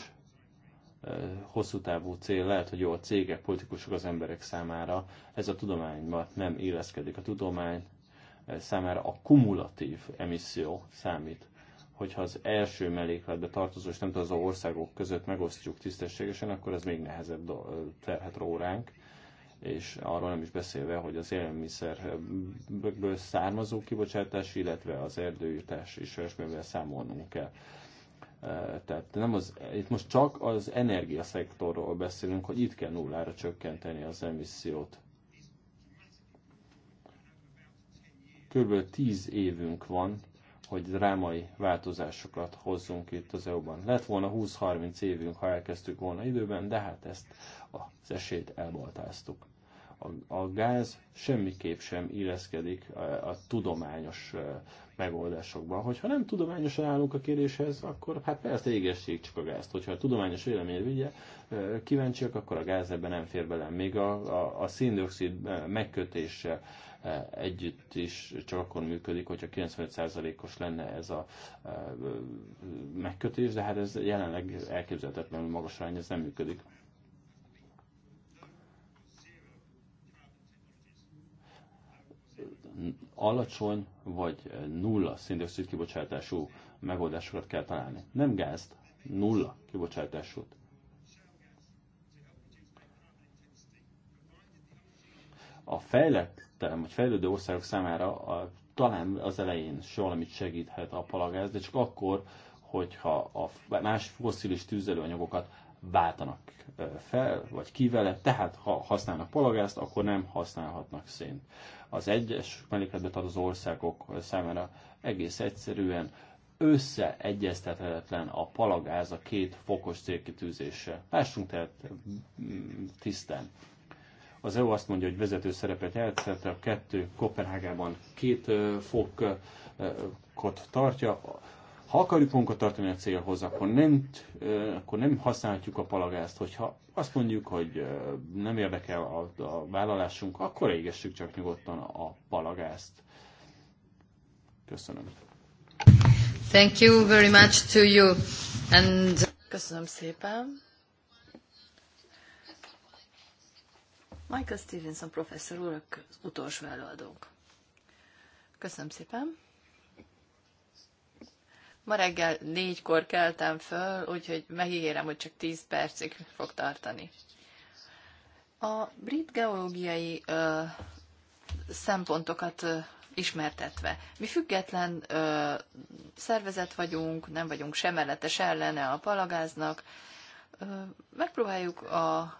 eh, hosszú távú cél, lehet, hogy jó a cégek, politikusok az emberek számára, ez a tudományban nem illeszkedik. A tudomány eh, számára a kumulatív emisszió számít. Hogyha az első mellékletbe tartozó és nem az országok között megosztjuk tisztességesen, akkor ez még nehezebb eh, terhet róránk és arról nem is beszélve, hogy az élelmiszerből származó kibocsátás, illetve az erdőírtás is olyasmivel számolnunk kell. E, tehát nem az, itt most csak az energiaszektorról beszélünk, hogy itt kell nullára csökkenteni az emissziót. Körülbelül 10 évünk van hogy drámai változásokat hozzunk itt az EU-ban. Lett volna 20-30 évünk, ha elkezdtük volna időben, de hát ezt az esélyt elbaltáztuk. A, a gáz semmiképp sem illeszkedik a, e, a tudományos e, megoldásokban. Hogyha nem tudományosan állunk a kérdéshez, akkor hát persze égessék csak a gázt. Hogyha a tudományos véleményre vigye, e, kíváncsiak, akkor a gáz ebben nem fér bele. Még a, a, a széndiokszid megkötése E, együtt is csak akkor működik, hogyha 95%-os lenne ez a e, e, megkötés, de hát ez jelenleg elképzelhetetlenül magas arány, ez nem működik. alacsony vagy nulla széndiokszid kibocsátású megoldásokat kell találni. Nem gázt, nulla kibocsátásút. A fejlett terem, hogy fejlődő országok számára a, talán az elején valamit segíthet a palagáz, de csak akkor, hogyha a más fosszilis tüzelőanyagokat váltanak fel, vagy kivele, tehát ha használnak palagázt, akkor nem használhatnak szént. Az egyes mellékletbe tartozó országok számára egész egyszerűen összeegyeztethetetlen a palagáz a két fokos célkitűzése. Lássunk tehát mm, tisztán. Az EU azt mondja, hogy vezető szerepet játszott, a kettő Kopenhágában két fokot tartja. Ha akarjuk magunkat tartani a célhoz, akkor nem, akkor nem használhatjuk a palagázt. Hogyha azt mondjuk, hogy nem érdekel a, a vállalásunk, akkor égessük csak nyugodtan a palagázt. Köszönöm. Thank you very much to you. And... Köszönöm szépen. Michael Stevenson professzor úr az utolsó előadónk. Köszönöm szépen. Ma reggel négykor keltem föl, úgyhogy megígérem, hogy csak tíz percig fog tartani. A brit geológiai ö, szempontokat ö, ismertetve. Mi független ö, szervezet vagyunk, nem vagyunk sem se ellene a palagáznak, Megpróbáljuk a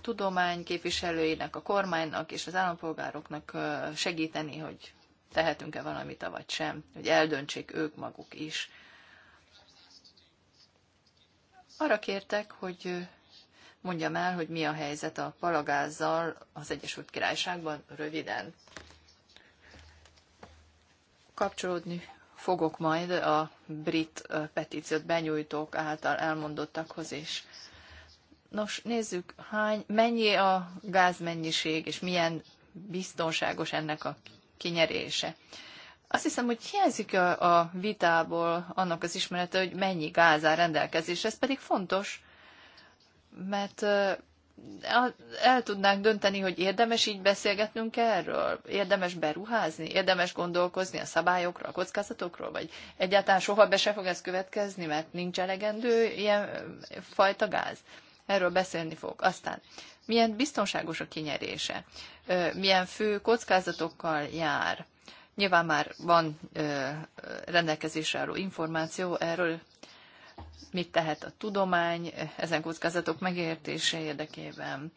tudomány képviselőinek, a kormánynak és az állampolgároknak segíteni, hogy tehetünk-e valamit, vagy sem, hogy eldöntsék ők maguk is. Arra kértek, hogy mondjam el, hogy mi a helyzet a palagázzal az Egyesült Királyságban röviden. Kapcsolódni fogok majd a brit petíciót benyújtók által elmondottakhoz is. Nos, nézzük, hány, mennyi a gázmennyiség, és milyen biztonságos ennek a kinyerése. Azt hiszem, hogy hiányzik a, a vitából annak az ismerete, hogy mennyi gáz áll rendelkezésre. Ez pedig fontos, mert el tudnánk dönteni, hogy érdemes így beszélgetnünk erről? Érdemes beruházni? Érdemes gondolkozni a szabályokról, a kockázatokról? Vagy egyáltalán soha be se fog ez következni, mert nincs elegendő ilyen fajta gáz? Erről beszélni fog. Aztán, milyen biztonságos a kinyerése? Milyen fő kockázatokkal jár? Nyilván már van rendelkezésre álló információ erről, mit tehet a tudomány ezen kockázatok megértése érdekében.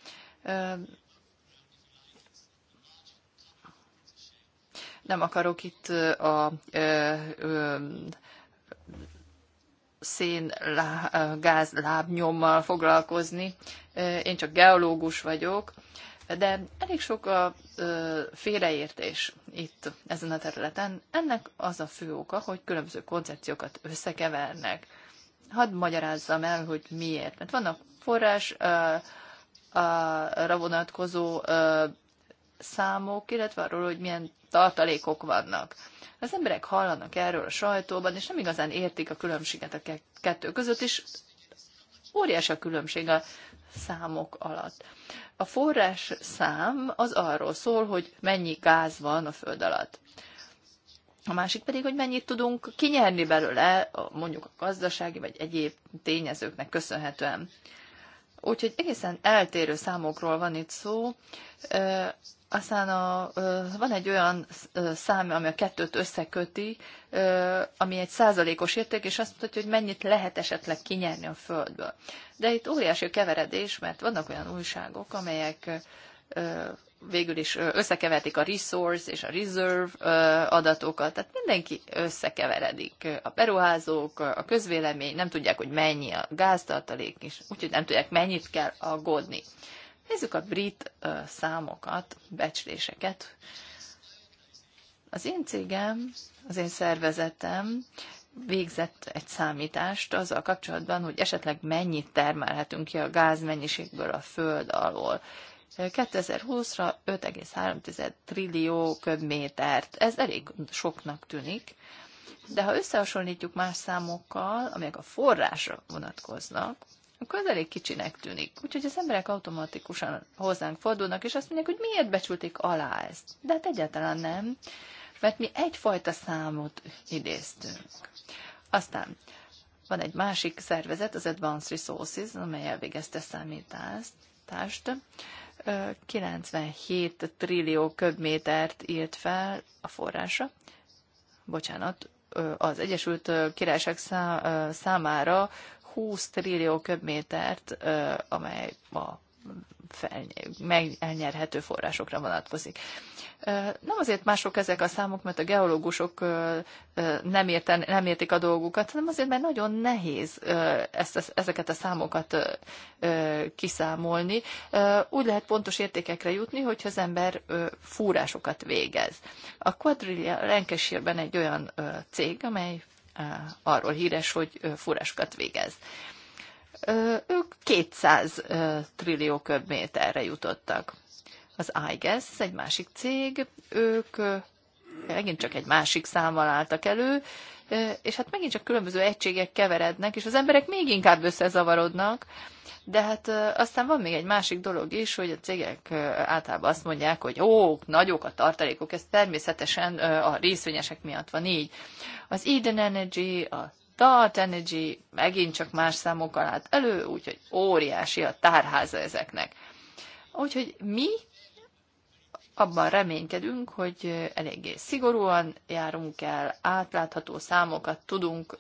Nem akarok itt a szén gáz lábnyommal foglalkozni, én csak geológus vagyok, de elég sok a félreértés itt ezen a területen. Ennek az a fő oka, hogy különböző koncepciókat összekevernek hadd magyarázzam el, hogy miért. Mert vannak forrásra vonatkozó számok, illetve arról, hogy milyen tartalékok vannak. Az emberek hallanak erről a sajtóban, és nem igazán értik a különbséget a kettő között, és óriási a különbség a számok alatt. A forrás szám az arról szól, hogy mennyi gáz van a föld alatt. A másik pedig, hogy mennyit tudunk kinyerni belőle, mondjuk a gazdasági vagy egyéb tényezőknek köszönhetően. Úgyhogy egészen eltérő számokról van itt szó. aztán a, van egy olyan szám, ami a kettőt összeköti, ami egy százalékos érték, és azt mutatja, hogy mennyit lehet esetleg kinyerni a földből. De itt óriási a keveredés, mert vannak olyan újságok, amelyek végül is összekeverik a resource és a reserve adatokat, tehát mindenki összekeveredik. A beruházók, a közvélemény nem tudják, hogy mennyi a gáztartalék is, úgyhogy nem tudják, mennyit kell aggódni. Nézzük a brit számokat, becsléseket. Az én cégem, az én szervezetem végzett egy számítást azzal kapcsolatban, hogy esetleg mennyit termelhetünk ki a gázmennyiségből a föld alól. 2020-ra 5,3 trillió köbmétert. Ez elég soknak tűnik, de ha összehasonlítjuk más számokkal, amelyek a forrásra vonatkoznak, akkor ez elég kicsinek tűnik. Úgyhogy az emberek automatikusan hozzánk fordulnak, és azt mondják, hogy miért becsülték alá ezt. De hát egyáltalán nem, mert mi egyfajta számot idéztünk. Aztán van egy másik szervezet, az Advanced Resources, amely elvégezte számítást, 97 trillió köbmétert írt fel a forrása. bocsánat, az Egyesült Királyság számára 20 trillió köbmétert, amely a megnyerhető forrásokra vonatkozik. Nem azért mások ezek a számok, mert a geológusok nem, érten, nem értik a dolgukat, hanem azért, mert nagyon nehéz ezt, ezeket a számokat kiszámolni. Úgy lehet pontos értékekre jutni, hogyha az ember fúrásokat végez. A Quadrilla Lancashire-ben egy olyan cég, amely arról híres, hogy fúrásokat végez ők 200 trillió köbméterre jutottak. Az iGuess egy másik cég, ők megint csak egy másik számmal álltak elő, és hát megint csak különböző egységek keverednek, és az emberek még inkább összezavarodnak, de hát aztán van még egy másik dolog is, hogy a cégek általában azt mondják, hogy ó, nagyok a tartalékok, ez természetesen a részvényesek miatt van így. Az Eden Energy, a Dart Energy megint csak más számokkal állt elő, úgyhogy óriási a tárháza ezeknek. Úgyhogy mi abban reménykedünk, hogy eléggé szigorúan járunk el, átlátható számokat tudunk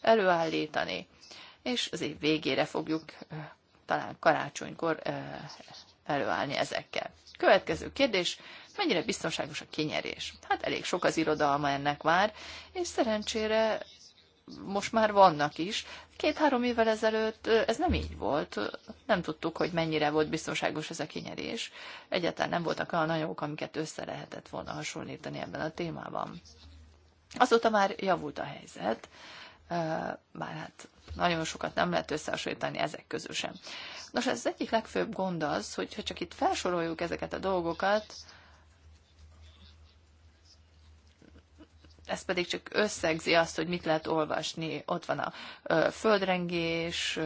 előállítani, és az év végére fogjuk talán karácsonykor előállni ezekkel. Következő kérdés, mennyire biztonságos a kinyerés? Hát elég sok az irodalma ennek már, és szerencsére most már vannak is. Két-három évvel ezelőtt ez nem így volt. Nem tudtuk, hogy mennyire volt biztonságos ez a kinyerés. Egyáltalán nem voltak olyan anyagok, amiket össze lehetett volna hasonlítani ebben a témában. Azóta már javult a helyzet, bár hát nagyon sokat nem lehet összehasonlítani ezek közül sem. Nos, ez az egyik legfőbb gond az, hogy ha csak itt felsoroljuk ezeket a dolgokat, ez pedig csak összegzi azt, hogy mit lehet olvasni. Ott van a földrengés,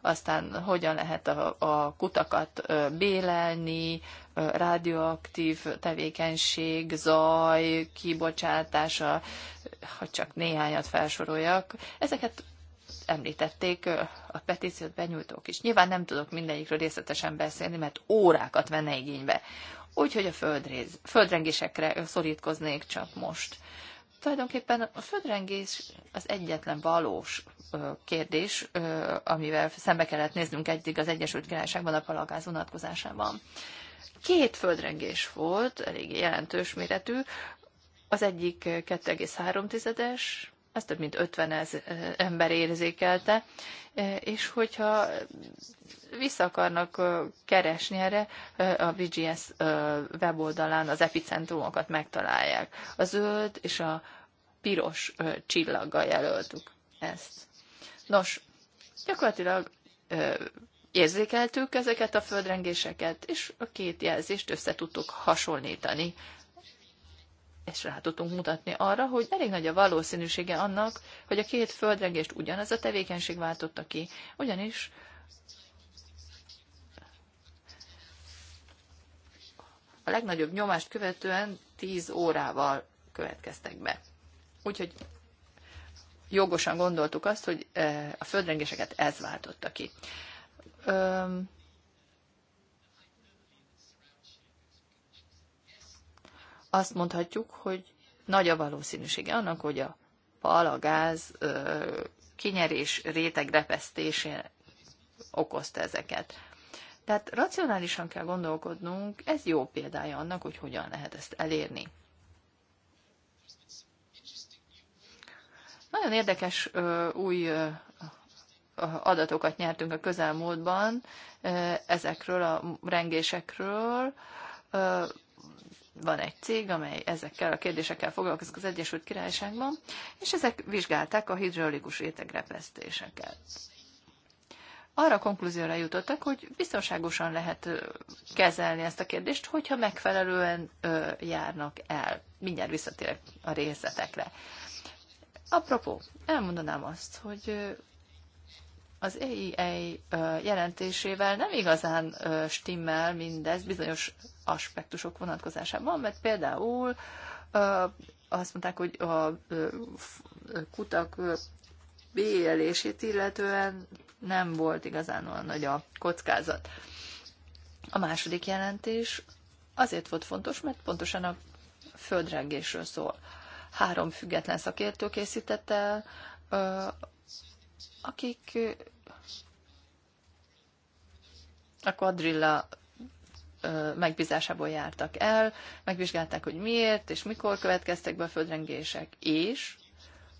aztán hogyan lehet a, a kutakat bélelni, rádióaktív tevékenység, zaj, kibocsátása, ha csak néhányat felsoroljak. Ezeket említették a petíciót benyújtók is. Nyilván nem tudok mindegyikről részletesen beszélni, mert órákat venne igénybe. Úgyhogy a földrengésekre szorítkoznék csak most. Tulajdonképpen a földrengés az egyetlen valós kérdés, amivel szembe kellett néznünk eddig az Egyesült Királyságban a palagáz vonatkozásában. Két földrengés volt, elég jelentős méretű, az egyik 2,3-es ezt több mint 50 ezer ember érzékelte, és hogyha vissza akarnak keresni erre, a VGS weboldalán az epicentrumokat megtalálják. A zöld és a piros csillaggal jelöltük ezt. Nos, gyakorlatilag érzékeltük ezeket a földrengéseket, és a két jelzést össze tudtuk hasonlítani és rá tudtunk mutatni arra, hogy elég nagy a valószínűsége annak, hogy a két földrengést ugyanaz a tevékenység váltotta ki, ugyanis a legnagyobb nyomást követően 10 órával következtek be. Úgyhogy jogosan gondoltuk azt, hogy eh, a földrengéseket ez váltotta ki. azt mondhatjuk, hogy nagy a valószínűsége annak, hogy a pal, a gáz ö, kinyerés réteg repesztésén okozta ezeket. Tehát racionálisan kell gondolkodnunk, ez jó példája annak, hogy hogyan lehet ezt elérni. Nagyon érdekes ö, új ö, adatokat nyertünk a közelmúltban ezekről a rengésekről. Ö, van egy cég, amely ezekkel a kérdésekkel foglalkozik az Egyesült Királyságban, és ezek vizsgálták a hidraulikus rétegrepesztéseket. Arra a konklúzióra jutottak, hogy biztonságosan lehet kezelni ezt a kérdést, hogyha megfelelően járnak el. Mindjárt visszatérek a részletekre. Apropó, elmondanám azt, hogy az EIA e jelentésével nem igazán stimmel mindez bizonyos aspektusok vonatkozásában, mert például azt mondták, hogy a kutak béjelését illetően nem volt igazán olyan nagy a kockázat. A második jelentés azért volt fontos, mert pontosan a földrengésről szól. Három független szakértő készítette akik a quadrilla megbízásából jártak el, megvizsgálták, hogy miért és mikor következtek be a földrengések, és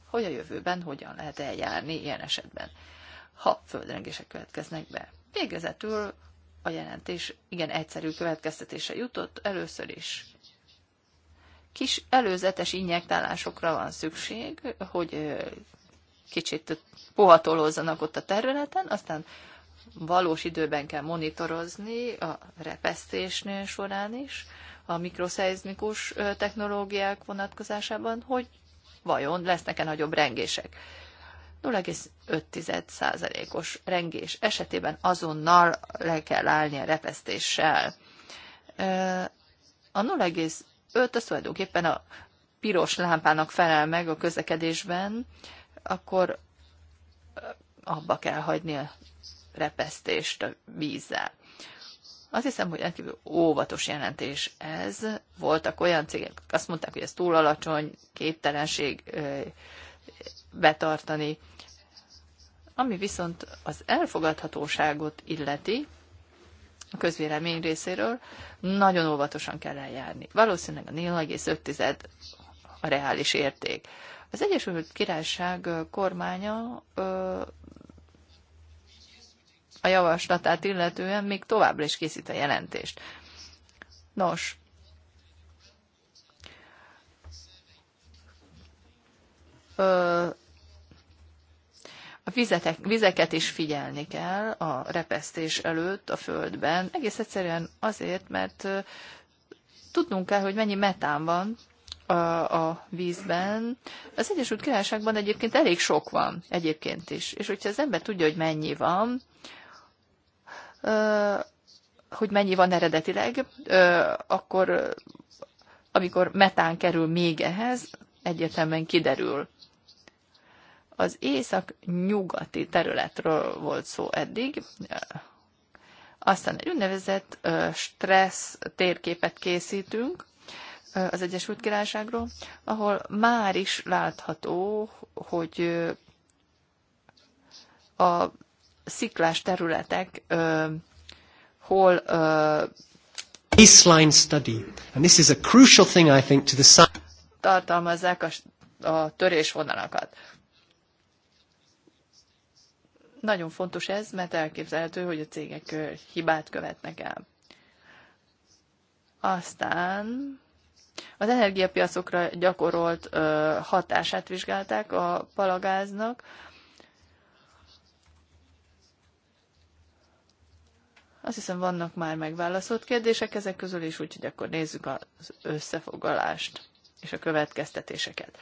hogy a jövőben hogyan lehet eljárni ilyen esetben, ha földrengések következnek be. Végezetül a jelentés igen egyszerű következtetése jutott először is. Kis előzetes injektálásokra van szükség, hogy kicsit pohatolózzanak ott a területen, aztán valós időben kell monitorozni a repesztésnél során is, a mikroszeizmikus technológiák vonatkozásában, hogy vajon lesznek-e nagyobb rengések. 0,5%-os rengés esetében azonnal le kell állni a repesztéssel. A 0,5 az tulajdonképpen a piros lámpának felel meg a közlekedésben, akkor abba kell hagyni a repesztést a vízzel. Azt hiszem, hogy rendkívül óvatos jelentés ez. Voltak olyan cégek, azt mondták, hogy ez túl alacsony, képtelenség betartani. Ami viszont az elfogadhatóságot illeti, a közvélemény részéről, nagyon óvatosan kell eljárni. Valószínűleg a 0,5 a reális érték. Az Egyesült Királyság kormánya a javaslatát illetően még továbbra is készít a jelentést. Nos, a vizetek, vizeket is figyelni kell a repesztés előtt a földben, egész egyszerűen azért, mert tudnunk kell, hogy mennyi metán van a, a vízben. Az Egyesült Királyságban egyébként elég sok van, egyébként is. És hogyha az ember tudja, hogy mennyi van, hogy mennyi van eredetileg, akkor amikor metán kerül még ehhez, egyértelműen kiderül. Az észak-nyugati területről volt szó eddig, aztán egy úgynevezett stressz térképet készítünk az Egyesült Királyságról, ahol már is látható, hogy a sziklás területek uh, hol ö, baseline study. And this is a crucial thing, I think, to the Tartalmazzák a, a törésvonalakat. Nagyon fontos ez, mert elképzelhető, hogy a cégek hibát követnek el. Aztán az energiapiacokra gyakorolt ö, hatását vizsgálták a palagáznak. Ö, Azt hiszem vannak már megválaszolt kérdések ezek közül is, úgyhogy akkor nézzük az összefoglalást és a következtetéseket.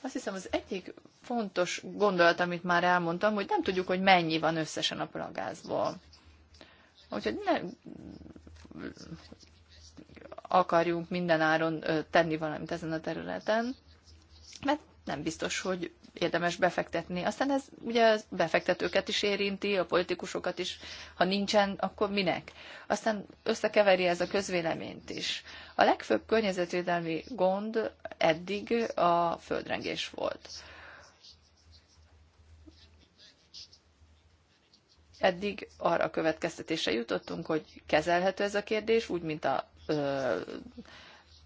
Azt hiszem az egyik fontos gondolat, amit már elmondtam, hogy nem tudjuk, hogy mennyi van összesen a palagázból. Úgyhogy nem akarjunk mindenáron tenni valamit ezen a területen, mert nem biztos, hogy érdemes befektetni. Aztán ez ugye a befektetőket is érinti, a politikusokat is, ha nincsen, akkor minek? Aztán összekeveri ez a közvéleményt is. A legfőbb környezetvédelmi gond eddig a földrengés volt. Eddig arra a következtetése jutottunk, hogy kezelhető ez a kérdés, úgy, mint a ö,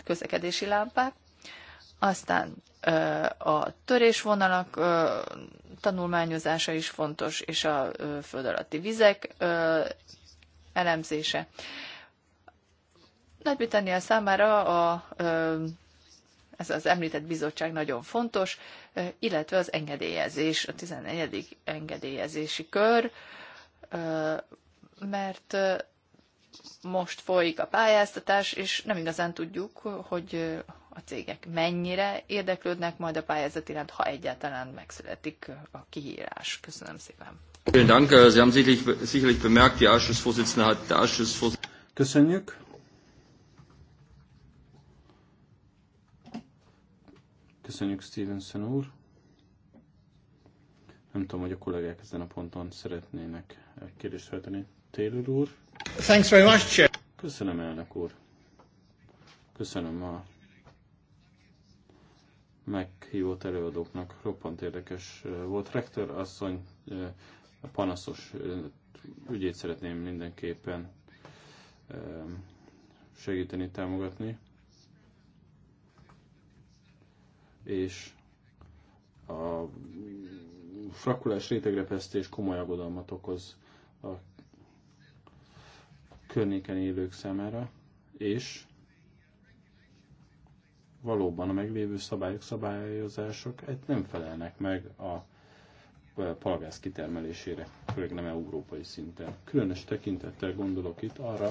közlekedési lámpák. Aztán a törésvonalak tanulmányozása is fontos, és a föld alatti vizek elemzése. Nagy-Britannia számára a, ez az említett bizottság nagyon fontos, illetve az engedélyezés, a 14. engedélyezési kör, mert most folyik a pályáztatás, és nem igazán tudjuk, hogy a cégek mennyire érdeklődnek majd a pályázat iránt, ha egyáltalán megszületik a kihírás. Köszönöm szépen. Äh, Köszönjük. Köszönjük, Stevenson úr. Nem tudom, hogy a kollégák ezen a ponton szeretnének kérdést feltenni. Taylor úr. Thanks very much, Chair. Köszönöm, elnök úr. Köszönöm a meghívott előadóknak. Roppant érdekes volt. Rektor asszony a panaszos ügyét szeretném mindenképpen segíteni, támogatni. És a frakulás rétegrepesztés komoly aggodalmat okoz a környéken élők számára, és valóban a meglévő szabályok, szabályozások egy nem felelnek meg a palagáz kitermelésére, főleg nem európai szinten. Különös tekintettel gondolok itt arra,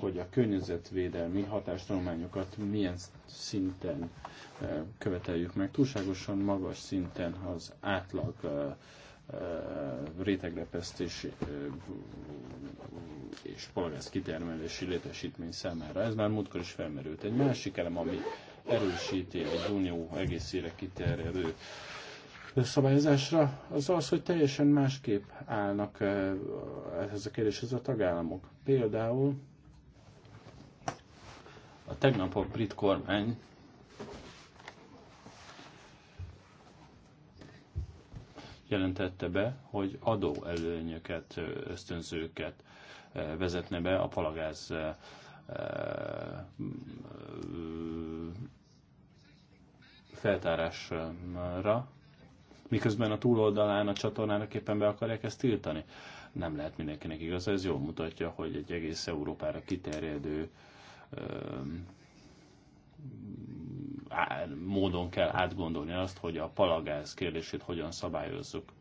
hogy a környezetvédelmi hatástanulmányokat milyen szinten eh, követeljük meg. Túlságosan magas szinten az átlag eh, rétegrepesztés és polgász kitermelési létesítmény számára. Ez már múltkor is felmerült. Egy másik elem, ami erősíti az unió egészére kiterjedő szabályozásra, az az, hogy teljesen másképp állnak ehhez a kérdéshez a tagállamok. Például a tegnap a brit kormány jelentette be, hogy adóelőnyöket, ösztönzőket vezetne be a palagáz feltárásra, miközben a túloldalán a csatornának éppen be akarják ezt tiltani. Nem lehet mindenkinek igaz, ez jól mutatja, hogy egy egész Európára kiterjedő módon kell átgondolni azt, hogy a palagáz kérdését hogyan szabályozzuk.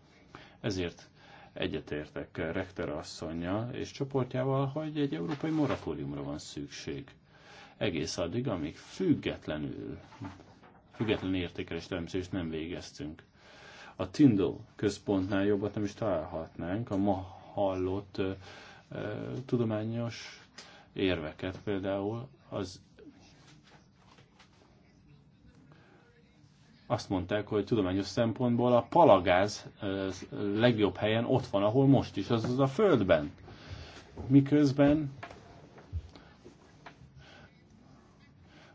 Ezért egyetértek Rektor asszonya és csoportjával, hogy egy európai moratóriumra van szükség. Egész addig, amíg függetlenül, független értékelés elemzést nem végeztünk. A Tindó központnál jobbat nem is találhatnánk, a ma hallott uh, tudományos érveket például az azt mondták, hogy tudományos szempontból a palagáz legjobb helyen ott van, ahol most is, azaz a földben. Miközben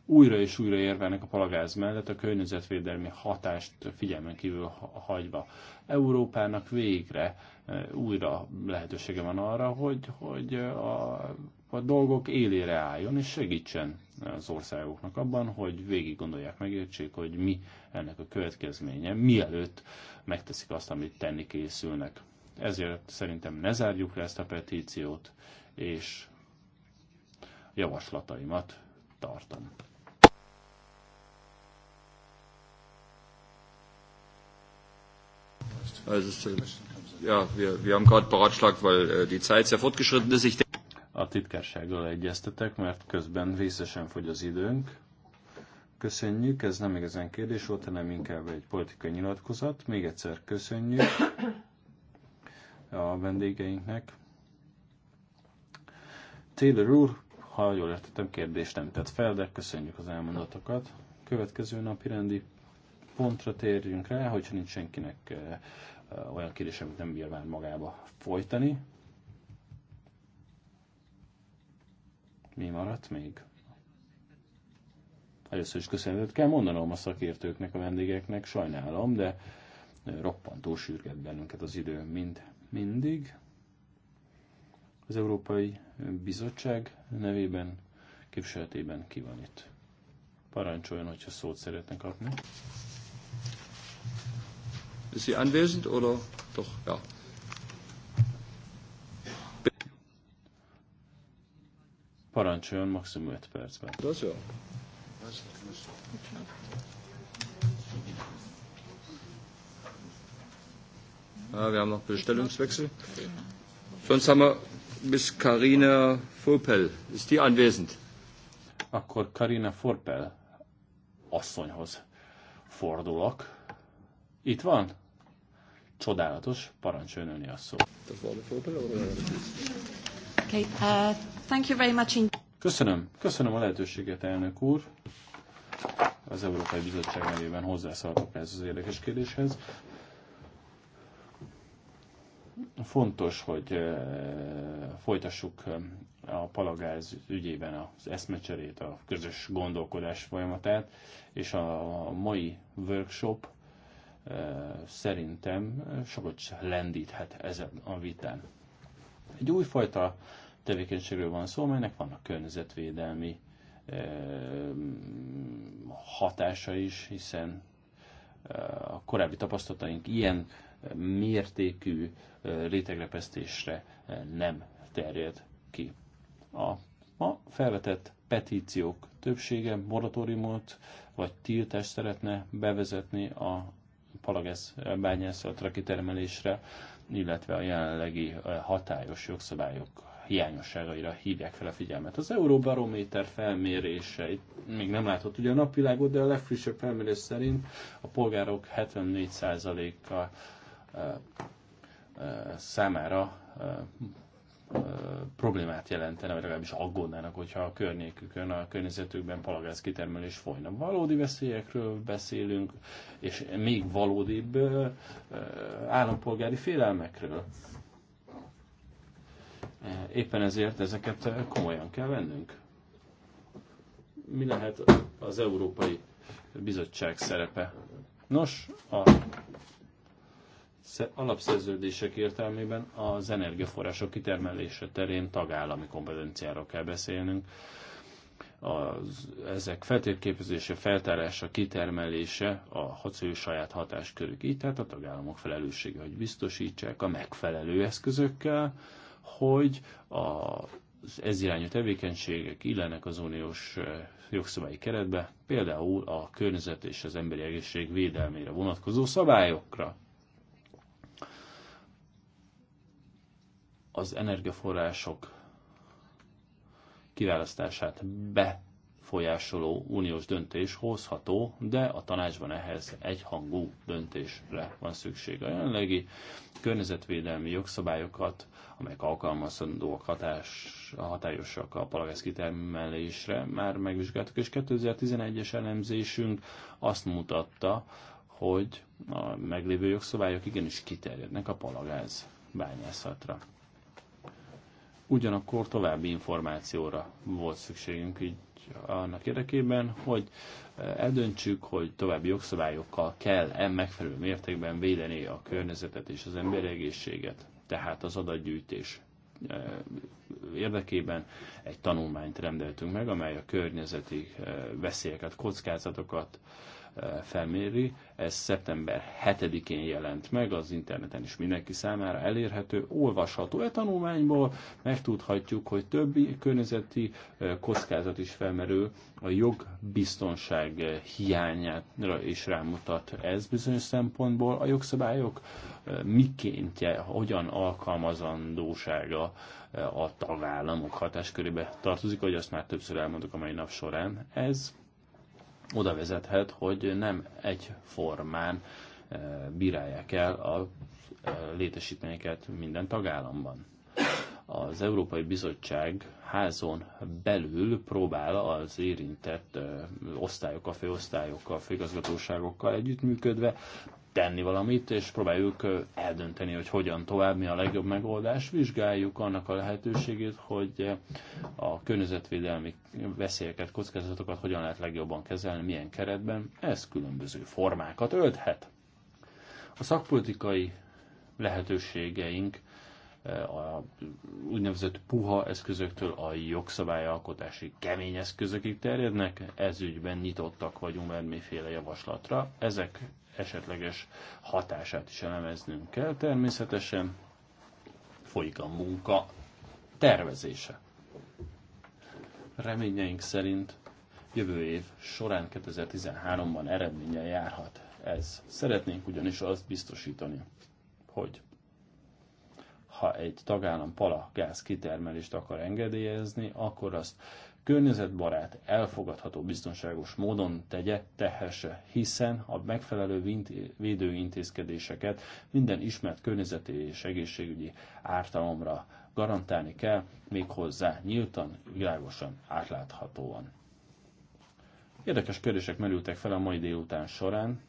újra és újra érvelnek a palagáz mellett, a környezetvédelmi hatást figyelmen kívül hagyva. Európának végre újra lehetősége van arra, hogy, hogy a a dolgok élére álljon és segítsen az országoknak abban, hogy végig gondolják, megértsék, hogy mi ennek a következménye, mielőtt megteszik azt, amit tenni készülnek. Ezért szerintem ne zárjuk le ezt a petíciót, és javaslataimat tartom. Also, ja, wir, wir haben gerade beratschlagt, weil äh, die Zeit sehr fortgeschritten ist. Ich denke, a titkársággal egyeztetek, mert közben vészesen fogy az időnk. Köszönjük, ez nem igazán kérdés volt, hanem inkább egy politikai nyilatkozat. Még egyszer köszönjük a vendégeinknek. Taylor úr, ha jól értettem, kérdést nem tett fel, de köszönjük az elmondatokat. Következő napi rendi pontra térjünk rá, hogyha nincs senkinek eh, olyan kérdés, amit nem bír már magába folytani. Mi maradt még? Először is köszönetet kell mondanom a szakértőknek, a vendégeknek, sajnálom, de roppantó sürget bennünket az idő, mind mindig. Az Európai Bizottság nevében, képviseletében ki van itt. Parancsoljon, hogyha szót szeretne kapni. Is sie anwesend oder doch? Ja. Parancsoljon maximum 5 percben. Az jó. Ja, wir haben noch Bestellungswechsel. Sonst haben wir bis Karina Vorpel. Ist die anwesend? Akkor Karina Vorpel asszonyhoz fordulok. Itt van? Csodálatos, parancsoljon önni a szó. Das war die Vorpel, oder? Ja. Uh, thank you very much. In... Köszönöm. Köszönöm a lehetőséget, elnök úr. Az Európai Bizottság nevében hozzászólhatok ez az érdekes kérdéshez. Fontos, hogy eh, folytassuk eh, a palagáz ügyében az eszmecserét, a közös gondolkodás folyamatát, és a mai workshop eh, szerintem sokat lendíthet ezen a vitán. Egy újfajta tevékenységről van szó, amelynek vannak környezetvédelmi eh, hatása is, hiszen eh, a korábbi tapasztalataink ilyen mértékű eh, rétegrepesztésre nem terjed ki. A ma felvetett petíciók többsége moratóriumot vagy tiltást szeretne bevezetni a palagesz bányászatra kitermelésre, illetve a jelenlegi hatályos jogszabályokkal hiányosságaira hívják fel a figyelmet. Az Euróbarométer felméréseit még nem látott ugye a napvilágot, de a legfrissebb felmérés szerint a polgárok 74%-a számára problémát jelentene, vagy legalábbis aggódnának, hogyha a környékükön, a környezetükben palagáz kitermelés folyna. Valódi veszélyekről beszélünk, és még valódibb állampolgári félelmekről. Éppen ezért ezeket komolyan kell vennünk. Mi lehet az Európai Bizottság szerepe? Nos, a alapszerződések értelmében az energiaforrások kitermelése terén tagállami kompetenciáról kell beszélnünk. Az, ezek feltérképezése, feltárása, kitermelése a ő saját hatáskörük. Így tehát a tagállamok felelőssége, hogy biztosítsák a megfelelő eszközökkel, hogy az ez irányú tevékenységek illenek az uniós eh, jogszabályi keretbe, például a környezet és az emberi egészség védelmére vonatkozó szabályokra. Az energiaforrások kiválasztását be befolyásoló uniós döntés hozható, de a tanácsban ehhez egyhangú döntésre van szükség. A jelenlegi környezetvédelmi jogszabályokat, amelyek alkalmazandóak hatás, hatályosak a palagáz kitermelésre, már megvizsgáltuk, és 2011-es elemzésünk azt mutatta, hogy a meglévő jogszabályok igenis kiterjednek a palagáz bányászatra. Ugyanakkor további információra volt szükségünk, így annak érdekében, hogy e, eldöntsük, hogy további jogszabályokkal kell-e megfelelő mértékben védeni a környezetet és az emberi egészséget. Tehát az adatgyűjtés e, érdekében egy tanulmányt rendeltünk meg, amely a környezeti e, veszélyeket, kockázatokat felméri. Ez szeptember 7-én jelent meg, az interneten is mindenki számára elérhető, olvasható. E tanulmányból megtudhatjuk, hogy többi környezeti kockázat is felmerül, a jogbiztonság hiányára is rámutat ez bizonyos szempontból. A jogszabályok mikéntje, hogyan alkalmazandósága a tagállamok hatáskörébe tartozik, ahogy azt már többször elmondok a mai nap során. Ez oda vezethet, hogy nem egyformán eh, bírálják el a eh, létesítményeket minden tagállamban. Az Európai Bizottság házon belül próbál az érintett eh, osztályokkal, főosztályokkal, főigazgatóságokkal együttműködve tenni valamit, és próbáljuk eldönteni, hogy hogyan tovább, mi a legjobb megoldás. Vizsgáljuk annak a lehetőségét, hogy a környezetvédelmi veszélyeket, kockázatokat hogyan lehet legjobban kezelni, milyen keretben. Ez különböző formákat ölthet. A szakpolitikai lehetőségeink a úgynevezett puha eszközöktől a jogszabályalkotási kemény eszközökig terjednek, Ezügyben nyitottak vagyunk bármiféle javaslatra. Ezek esetleges hatását is elemeznünk kell. Természetesen folyik a munka tervezése. Reményeink szerint jövő év során 2013-ban eredménnyel járhat ez. Szeretnénk ugyanis azt biztosítani, hogy ha egy tagállam pala gáz kitermelést akar engedélyezni, akkor azt környezetbarát, elfogadható, biztonságos módon tegye, tehesse, hiszen a megfelelő védőintézkedéseket minden ismert környezeti és egészségügyi ártalomra garantálni kell, méghozzá nyíltan, világosan, átláthatóan. Érdekes kérdések merültek fel a mai délután során,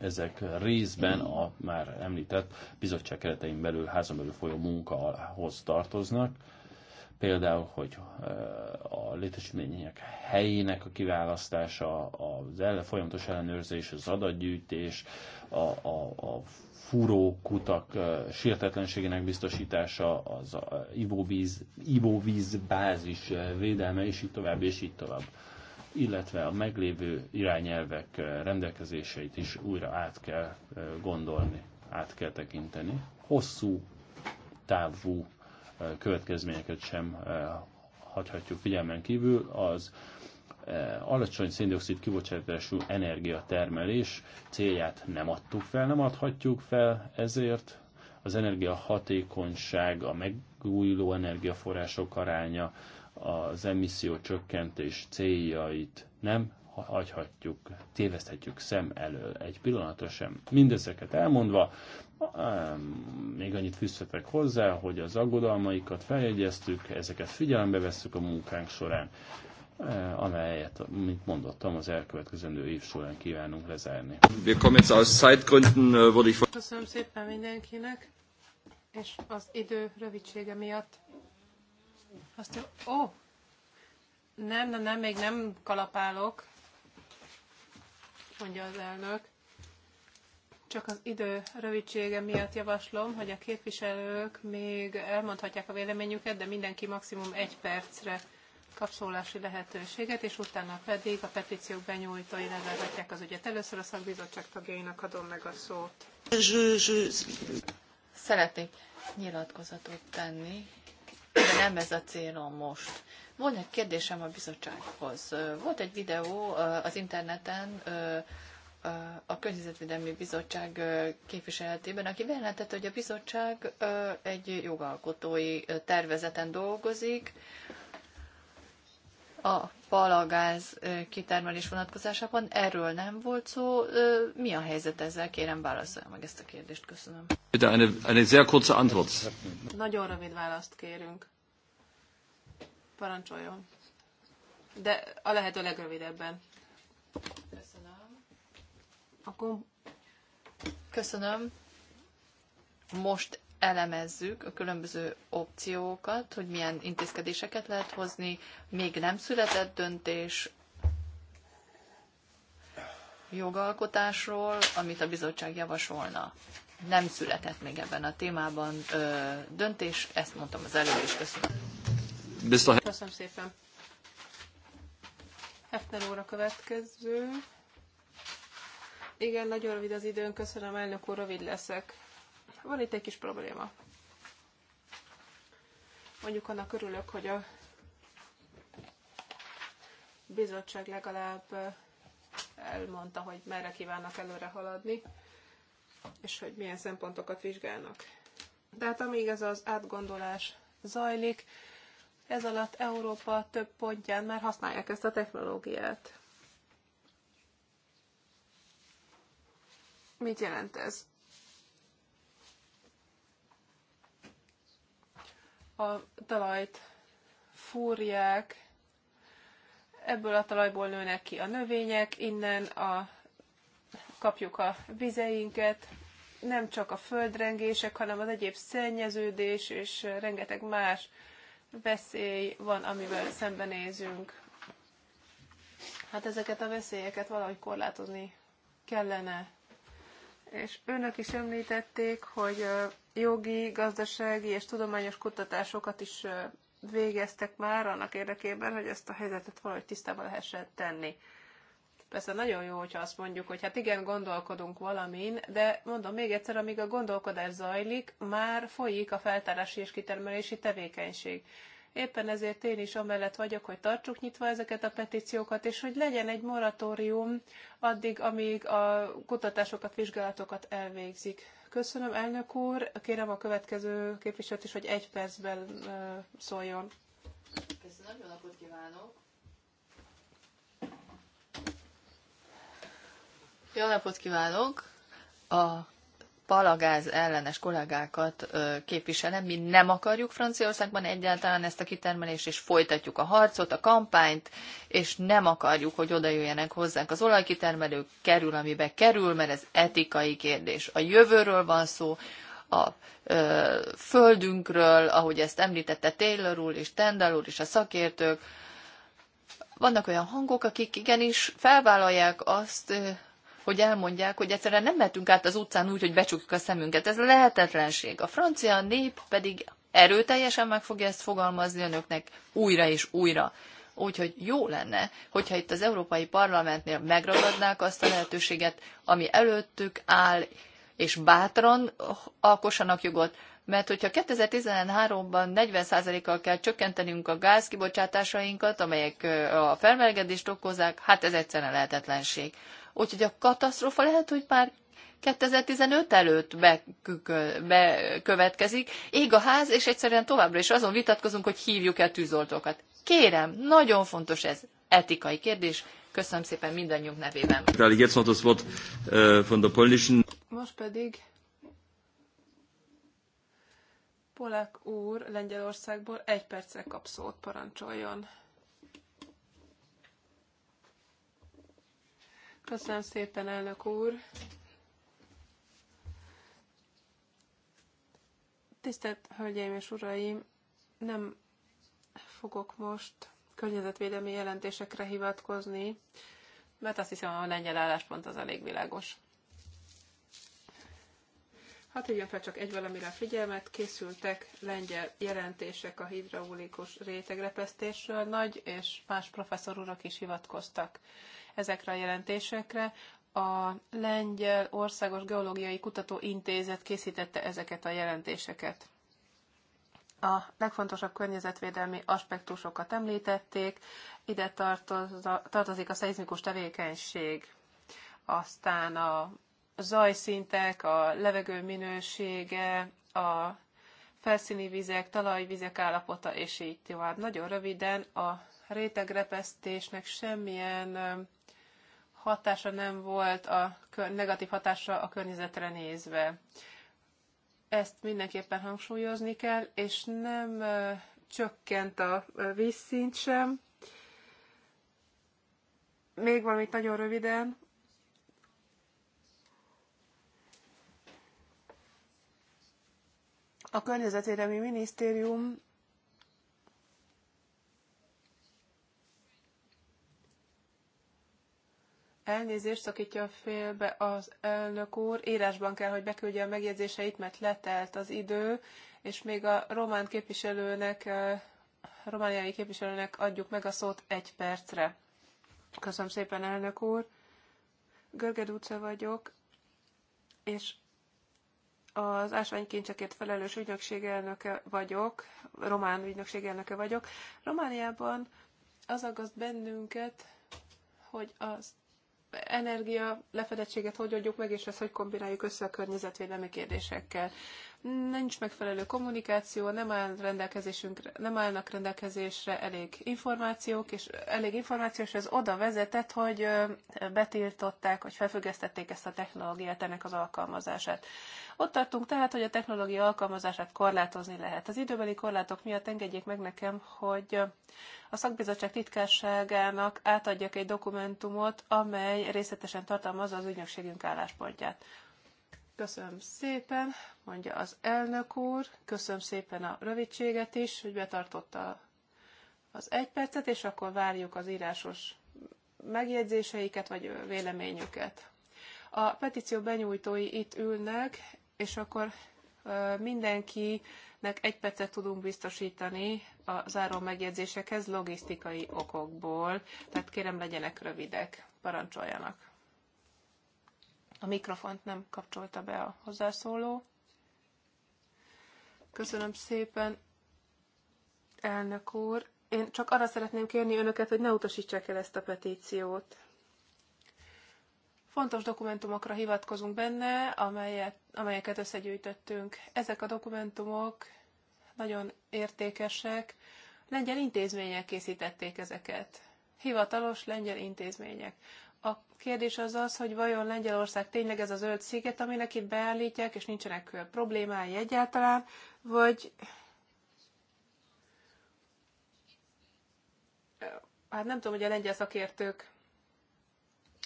ezek részben a már említett bizottság keretein belül, házon belül folyó munkahoz tartoznak, Például, hogy a létesítmények helyének a kiválasztása, az ellen, folyamatos ellenőrzés, az adatgyűjtés, a, a, a fúrókutak sértetlenségének biztosítása, az ivóvíz, ivóvíz bázis védelme, és így tovább, és így tovább illetve a meglévő irányelvek rendelkezéseit is újra át kell gondolni, át kell tekinteni. Hosszú távú következményeket sem eh, hagyhatjuk figyelmen kívül. Az eh, alacsony széndiokszid kibocsátású energiatermelés célját nem adtuk fel, nem adhatjuk fel, ezért az energiahatékonyság, a megújuló energiaforrások aránya, az emisszió csökkentés céljait nem hagyhatjuk, téveszthetjük szem elől egy pillanatra sem. Mindezeket elmondva, még annyit fűzhetek hozzá, hogy az aggodalmaikat feljegyeztük, ezeket figyelembe vesszük a munkánk során, e, amelyet, mint mondottam, az elkövetkezendő év során kívánunk lezárni. Äh, Köszönöm szépen mindenkinek, és az idő rövidsége miatt azt ó, oh, nem, nem, nem, még nem kalapálok, mondja az elnök. Csak az idő rövidsége miatt javaslom, hogy a képviselők még elmondhatják a véleményüket, de mindenki maximum egy percre kapcsolási lehetőséget, és utána pedig a petíciók benyújtói levelhetják az ügyet. Először a szakbizottság tagjainak adom meg a szót. Szeretnék nyilatkozatot tenni, de nem ez a célom most. Volt egy kérdésem a bizottsághoz. Volt egy videó az interneten, a Környezetvédelmi Bizottság képviseletében, aki bejelentette, hogy a bizottság egy jogalkotói tervezeten dolgozik, a palagáz kitermelés vonatkozásában. Erről nem volt szó. Mi a helyzet ezzel? Kérem, válaszolja meg ezt a kérdést. Köszönöm. De Nagyon rövid választ kérünk. Parancsoljon. De a lehető legrövidebben. Akkor köszönöm. Most elemezzük a különböző opciókat, hogy milyen intézkedéseket lehet hozni. Még nem született döntés jogalkotásról, amit a bizottság javasolna. Nem született még ebben a témában ö, döntés, ezt mondtam az előbb is, köszönöm. Köszönöm szépen. Hefner óra következő. Igen, nagyon rövid az időn, köszönöm elnök úr, rövid leszek. Van itt egy kis probléma. Mondjuk annak örülök, hogy a bizottság legalább elmondta, hogy merre kívánnak előre haladni, és hogy milyen szempontokat vizsgálnak. Tehát amíg ez az átgondolás zajlik, ez alatt Európa több pontján már használják ezt a technológiát. Mit jelent ez? A talajt fúrják, ebből a talajból nőnek ki a növények, innen a, kapjuk a vizeinket, nem csak a földrengések, hanem az egyéb szennyeződés és rengeteg más veszély van, amivel szembenézünk. Hát ezeket a veszélyeket valahogy korlátozni kellene és önök is említették, hogy jogi, gazdasági és tudományos kutatásokat is végeztek már annak érdekében, hogy ezt a helyzetet valahogy tisztában lehessen tenni. Persze nagyon jó, hogyha azt mondjuk, hogy hát igen, gondolkodunk valamin, de mondom még egyszer, amíg a gondolkodás zajlik, már folyik a feltárási és kitermelési tevékenység. Éppen ezért én is amellett vagyok, hogy tartsuk nyitva ezeket a petíciókat, és hogy legyen egy moratórium addig, amíg a kutatásokat, vizsgálatokat elvégzik. Köszönöm, elnök úr. Kérem a következő képviselőt is, hogy egy percben szóljon. Köszönöm, jó napot kívánok! Jó napot kívánok! A palagáz ellenes kollégákat képviselem. Mi nem akarjuk Franciaországban egyáltalán ezt a kitermelést, és folytatjuk a harcot, a kampányt, és nem akarjuk, hogy oda jöjjenek hozzánk az olajkitermelők, kerül, amibe kerül, mert ez etikai kérdés. A jövőről van szó, a ö, földünkről, ahogy ezt említette Taylor úr és Tendal úr és a szakértők, vannak olyan hangok, akik igenis felvállalják azt, hogy elmondják, hogy egyszerűen nem mehetünk át az utcán úgy, hogy becsukjuk a szemünket. Ez lehetetlenség. A francia nép pedig erőteljesen meg fogja ezt fogalmazni önöknek újra és újra. Úgyhogy jó lenne, hogyha itt az Európai Parlamentnél megragadnák azt a lehetőséget, ami előttük áll, és bátran alkossanak jogot, mert hogyha 2013-ban 40%-kal kell csökkentenünk a gázkibocsátásainkat, amelyek a felmelegedést okozzák, hát ez egyszerűen lehetetlenség. Úgyhogy a katasztrófa lehet, hogy már 2015 előtt bekövetkezik, ég a ház, és egyszerűen továbbra is azon vitatkozunk, hogy hívjuk-e tűzoltókat. Kérem, nagyon fontos ez, etikai kérdés. Köszönöm szépen mindannyiunk nevében. Äh, Most pedig Polák úr Lengyelországból egy perccel kap szót, parancsoljon. Köszönöm szépen, elnök úr. Tisztelt Hölgyeim és Uraim, nem fogok most környezetvédelmi jelentésekre hivatkozni, mert azt hiszem, a lengyel álláspont az elég világos. Hát hívjam fel csak egy valamire a figyelmet, készültek lengyel jelentések a hidraulikus rétegrepesztésről, nagy és más professzorurak is hivatkoztak ezekre a jelentésekre. A Lengyel Országos Geológiai Kutató Intézet készítette ezeket a jelentéseket. A legfontosabb környezetvédelmi aspektusokat említették, ide tartozik a szeizmikus tevékenység, aztán a zajszintek, a levegő minősége, a felszíni vizek, talajvizek állapota, és így tovább. Nagyon röviden a rétegrepesztésnek semmilyen hatása nem volt a negatív hatása a környezetre nézve. Ezt mindenképpen hangsúlyozni kell, és nem csökkent a vízszint sem. Még valamit nagyon röviden. A Környezetvédelmi Minisztérium Elnézést szakítja félbe az elnök úr. Írásban kell, hogy beküldje a megjegyzéseit, mert letelt az idő, és még a román képviselőnek, a eh, romániai képviselőnek adjuk meg a szót egy percre. Köszönöm szépen, elnök úr. Görged utca vagyok, és az ásványkincsekért felelős ügynökség elnöke vagyok, román ügynökség elnöke vagyok. vagyok. Romániában az aggaszt bennünket, hogy az energia lefedettséget hogy oldjuk meg, és ezt hogy kombináljuk össze a környezetvédelmi kérdésekkel nincs megfelelő kommunikáció, nem, áll rendelkezésünkre, nem állnak rendelkezésre elég információk, és elég információs ez oda vezetett, hogy betiltották, hogy felfüggesztették ezt a technológiát, ennek az alkalmazását. Ott tartunk tehát, hogy a technológia alkalmazását korlátozni lehet. Az időbeli korlátok miatt engedjék meg nekem, hogy a szakbizottság titkárságának átadjak egy dokumentumot, amely részletesen tartalmazza az ügynökségünk álláspontját. Köszönöm szépen, mondja az elnök úr, köszönöm szépen a rövidséget is, hogy betartotta az egy percet, és akkor várjuk az írásos megjegyzéseiket, vagy véleményüket. A petíció benyújtói itt ülnek, és akkor mindenkinek egy percet tudunk biztosítani a záró megjegyzésekhez logisztikai okokból. Tehát kérem, legyenek rövidek, parancsoljanak. A mikrofont nem kapcsolta be a hozzászóló. Köszönöm szépen, elnök úr. Én csak arra szeretném kérni önöket, hogy ne utasítsák el ezt a petíciót. Fontos dokumentumokra hivatkozunk benne, amelyet, amelyeket összegyűjtöttünk. Ezek a dokumentumok nagyon értékesek. Lengyel intézmények készítették ezeket. Hivatalos lengyel intézmények. A kérdés az az, hogy vajon Lengyelország tényleg ez a zöld sziget, aminek itt beállítják, és nincsenek problémái egyáltalán, vagy hát nem tudom, hogy a lengyel szakértők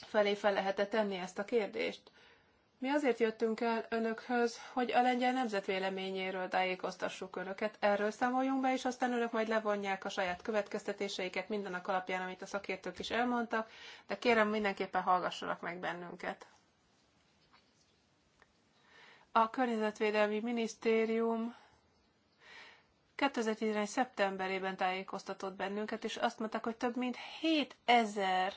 felé fel lehet -e tenni ezt a kérdést. Mi azért jöttünk el önökhöz, hogy a lengyel nemzetvéleményéről tájékoztassuk önöket, erről számoljunk be, és aztán önök majd levonják a saját következtetéseiket mindenek alapján, amit a szakértők is elmondtak, de kérem mindenképpen hallgassanak meg bennünket. A Környezetvédelmi Minisztérium 2011. szeptemberében tájékoztatott bennünket, és azt mondták, hogy több mint 7000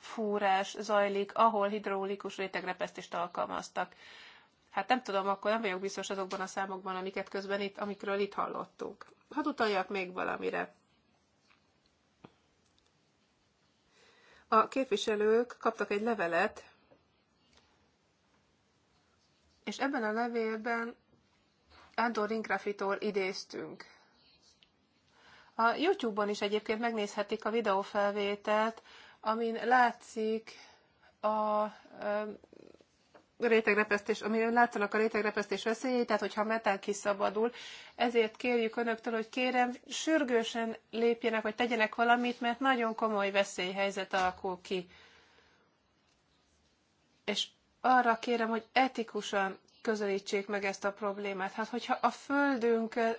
fúrás zajlik, ahol hidraulikus rétegrepesztést alkalmaztak. Hát nem tudom, akkor nem vagyok biztos azokban a számokban, amiket közben itt, amikről itt hallottunk. Hát utaljak még valamire. A képviselők kaptak egy levelet, és ebben a levélben Andor Ringrafitól idéztünk. A YouTube-on is egyébként megnézhetik a videófelvételt, amin látszik a rétegrepesztés, ami látszanak a rétegrepesztés veszélyei, tehát hogyha metán kiszabadul. Ezért kérjük önöktől, hogy kérem, sürgősen lépjenek, vagy tegyenek valamit, mert nagyon komoly veszélyhelyzet alakul ki. És arra kérem, hogy etikusan közelítsék meg ezt a problémát. Hát, hogyha a Földünk eh,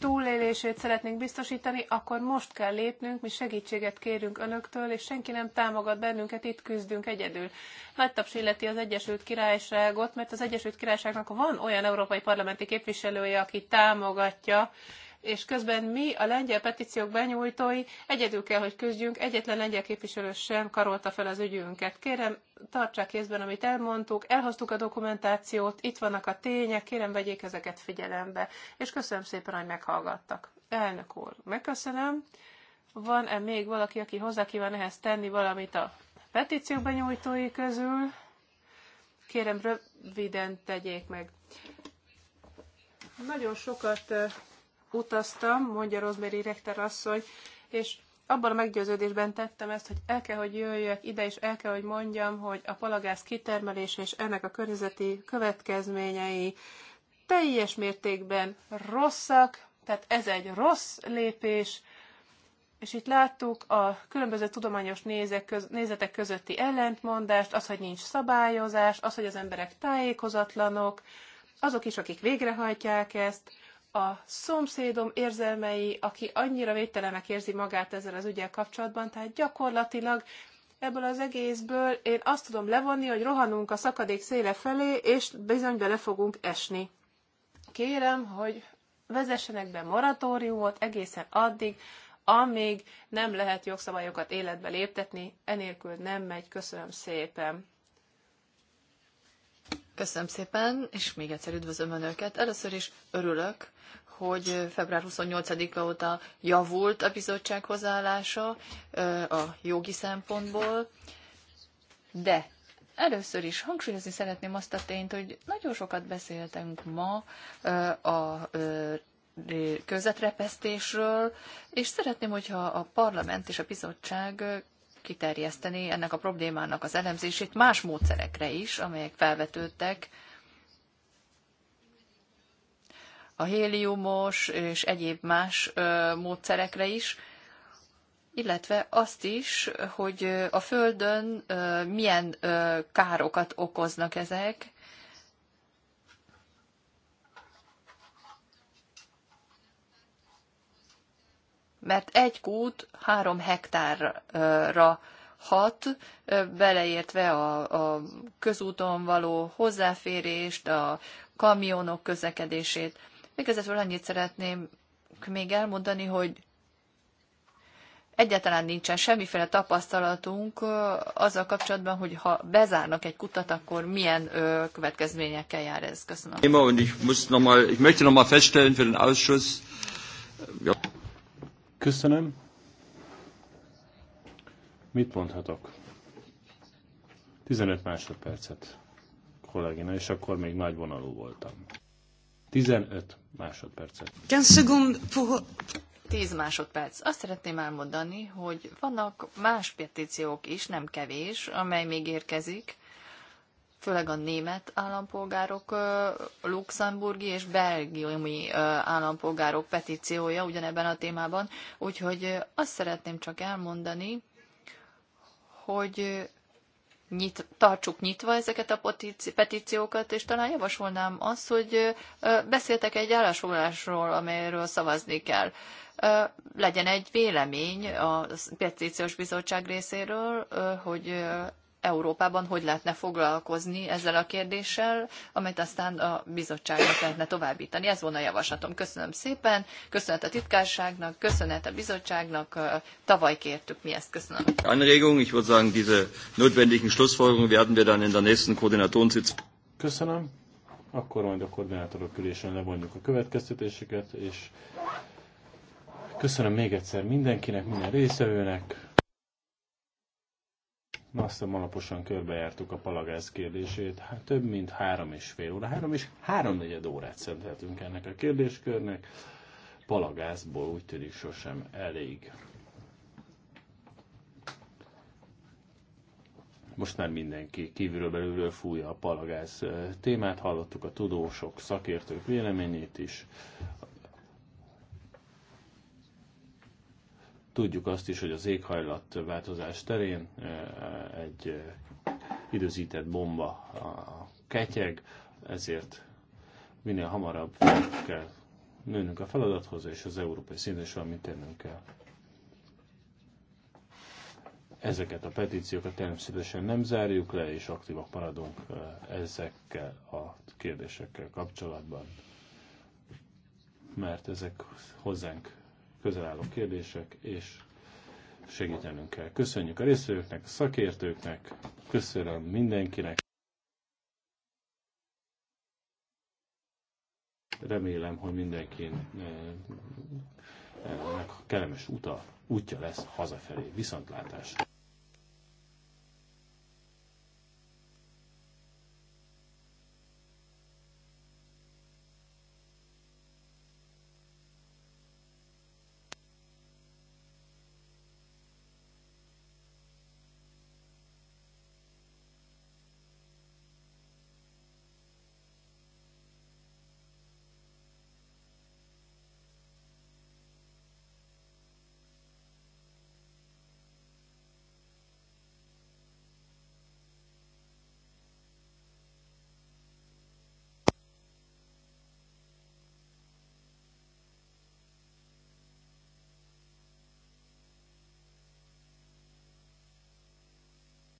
túlélését szeretnénk biztosítani, akkor most kell lépnünk, mi segítséget kérünk önöktől, és senki nem támogat bennünket, itt küzdünk egyedül. Nagy taps illeti az Egyesült Királyságot, mert az Egyesült Királyságnak van olyan európai parlamenti képviselője, aki támogatja és közben mi, a lengyel petíciók benyújtói, egyedül kell, hogy küzdjünk, egyetlen lengyel képviselő sem karolta fel az ügyünket. Kérem, tartsák kézben, amit elmondtuk, elhoztuk a dokumentációt, itt vannak a tények, kérem, vegyék ezeket figyelembe. És köszönöm szépen, hogy meghallgattak. Elnök úr, megköszönöm. Van-e még valaki, aki hozzá kíván ehhez tenni valamit a petíciók benyújtói közül? Kérem, röviden tegyék meg. Nagyon sokat eh, utaztam, mondja Rosemary Rechter asszony, és abban a meggyőződésben tettem ezt, hogy el kell, hogy jöjjek ide, és el kell, hogy mondjam, hogy a palagáz kitermelése és ennek a környezeti következményei teljes mértékben rosszak, tehát ez egy rossz lépés, és itt láttuk a különböző tudományos nézetek közötti ellentmondást, az, hogy nincs szabályozás, az, hogy az emberek tájékozatlanok, azok is, akik végrehajtják ezt, a szomszédom érzelmei, aki annyira védtelenek érzi magát ezzel az ügyel kapcsolatban, tehát gyakorlatilag ebből az egészből én azt tudom levonni, hogy rohanunk a szakadék széle felé, és bizony bele fogunk esni. Kérem, hogy vezessenek be moratóriumot egészen addig, amíg nem lehet jogszabályokat életbe léptetni, enélkül nem megy. Köszönöm szépen. Köszönöm szépen, és még egyszer üdvözlöm Önöket. Először is örülök, hogy február 28-a óta javult a bizottság hozzáállása a jogi szempontból, de először is hangsúlyozni szeretném azt a tényt, hogy nagyon sokat beszéltünk ma a közvetrepesztésről, és szeretném, hogyha a parlament és a bizottság kiterjeszteni ennek a problémának az elemzését más módszerekre is, amelyek felvetődtek, a héliumos és egyéb más módszerekre is, illetve azt is, hogy a Földön milyen károkat okoznak ezek, mert egy kút három hektárra hat, beleértve a, a közúton való hozzáférést, a kamionok közlekedését. Végezetül annyit szeretném még elmondani, hogy egyáltalán nincsen semmiféle tapasztalatunk azzal kapcsolatban, hogy ha bezárnak egy kutat, akkor milyen következményekkel jár ez. Köszönöm. Köszönöm. Mit mondhatok? 15 másodpercet, kollégina, és akkor még nagy vonalú voltam. 15 másodpercet. 10 sekund. 10 másodperc. Azt szeretném elmondani, hogy vannak más petíciók is, nem kevés, amely még érkezik, főleg a német állampolgárok, luxemburgi és belgiumi állampolgárok petíciója ugyanebben a témában. Úgyhogy azt szeretném csak elmondani, hogy nyit, tartsuk nyitva ezeket a petíciókat, és talán javasolnám azt, hogy beszéltek egy állásfoglalásról, amelyről szavazni kell. Legyen egy vélemény a petíciós bizottság részéről, hogy Európában hogy lehetne foglalkozni ezzel a kérdéssel, amit aztán a bizottságnak lehetne továbbítani. Ez volna a javaslatom. Köszönöm szépen, köszönet a titkárságnak, köszönet a bizottságnak, tavaly kértük mi ezt, köszönöm. Anregung, ich würde sagen, diese notwendigen Schlussfolgerungen werden wir dann in der nächsten Koordinationssitz. Köszönöm. Akkor majd a koordinátorok ülésen levonjuk a következtetéseket, és köszönöm még egyszer mindenkinek, minden részvevőnek, aztán alaposan körbejártuk a palagáz kérdését, hát több mint három és fél óra, három és háromnegyed órát szenteltünk ennek a kérdéskörnek. Palagázból úgy tűnik sosem elég. Most már mindenki kívülről belülről fújja a palagáz eh, témát, hallottuk a tudósok, szakértők véleményét is, Tudjuk azt is, hogy az éghajlatváltozás terén eh, egy eh, időzített bomba a ketyeg, ezért minél hamarabb fel kell nőnünk a feladathoz, és az európai szinten is valamit tennünk kell. Ezeket a petíciókat természetesen nem zárjuk le, és aktívak maradunk eh, ezekkel a kérdésekkel kapcsolatban, mert ezek hozzánk közelálló kérdések, és segítenünk kell. Köszönjük a részvevőknek, a szakértőknek, köszönöm mindenkinek. Remélem, hogy mindenkinek eh, kellemes uta, útja lesz hazafelé. Viszontlátásra!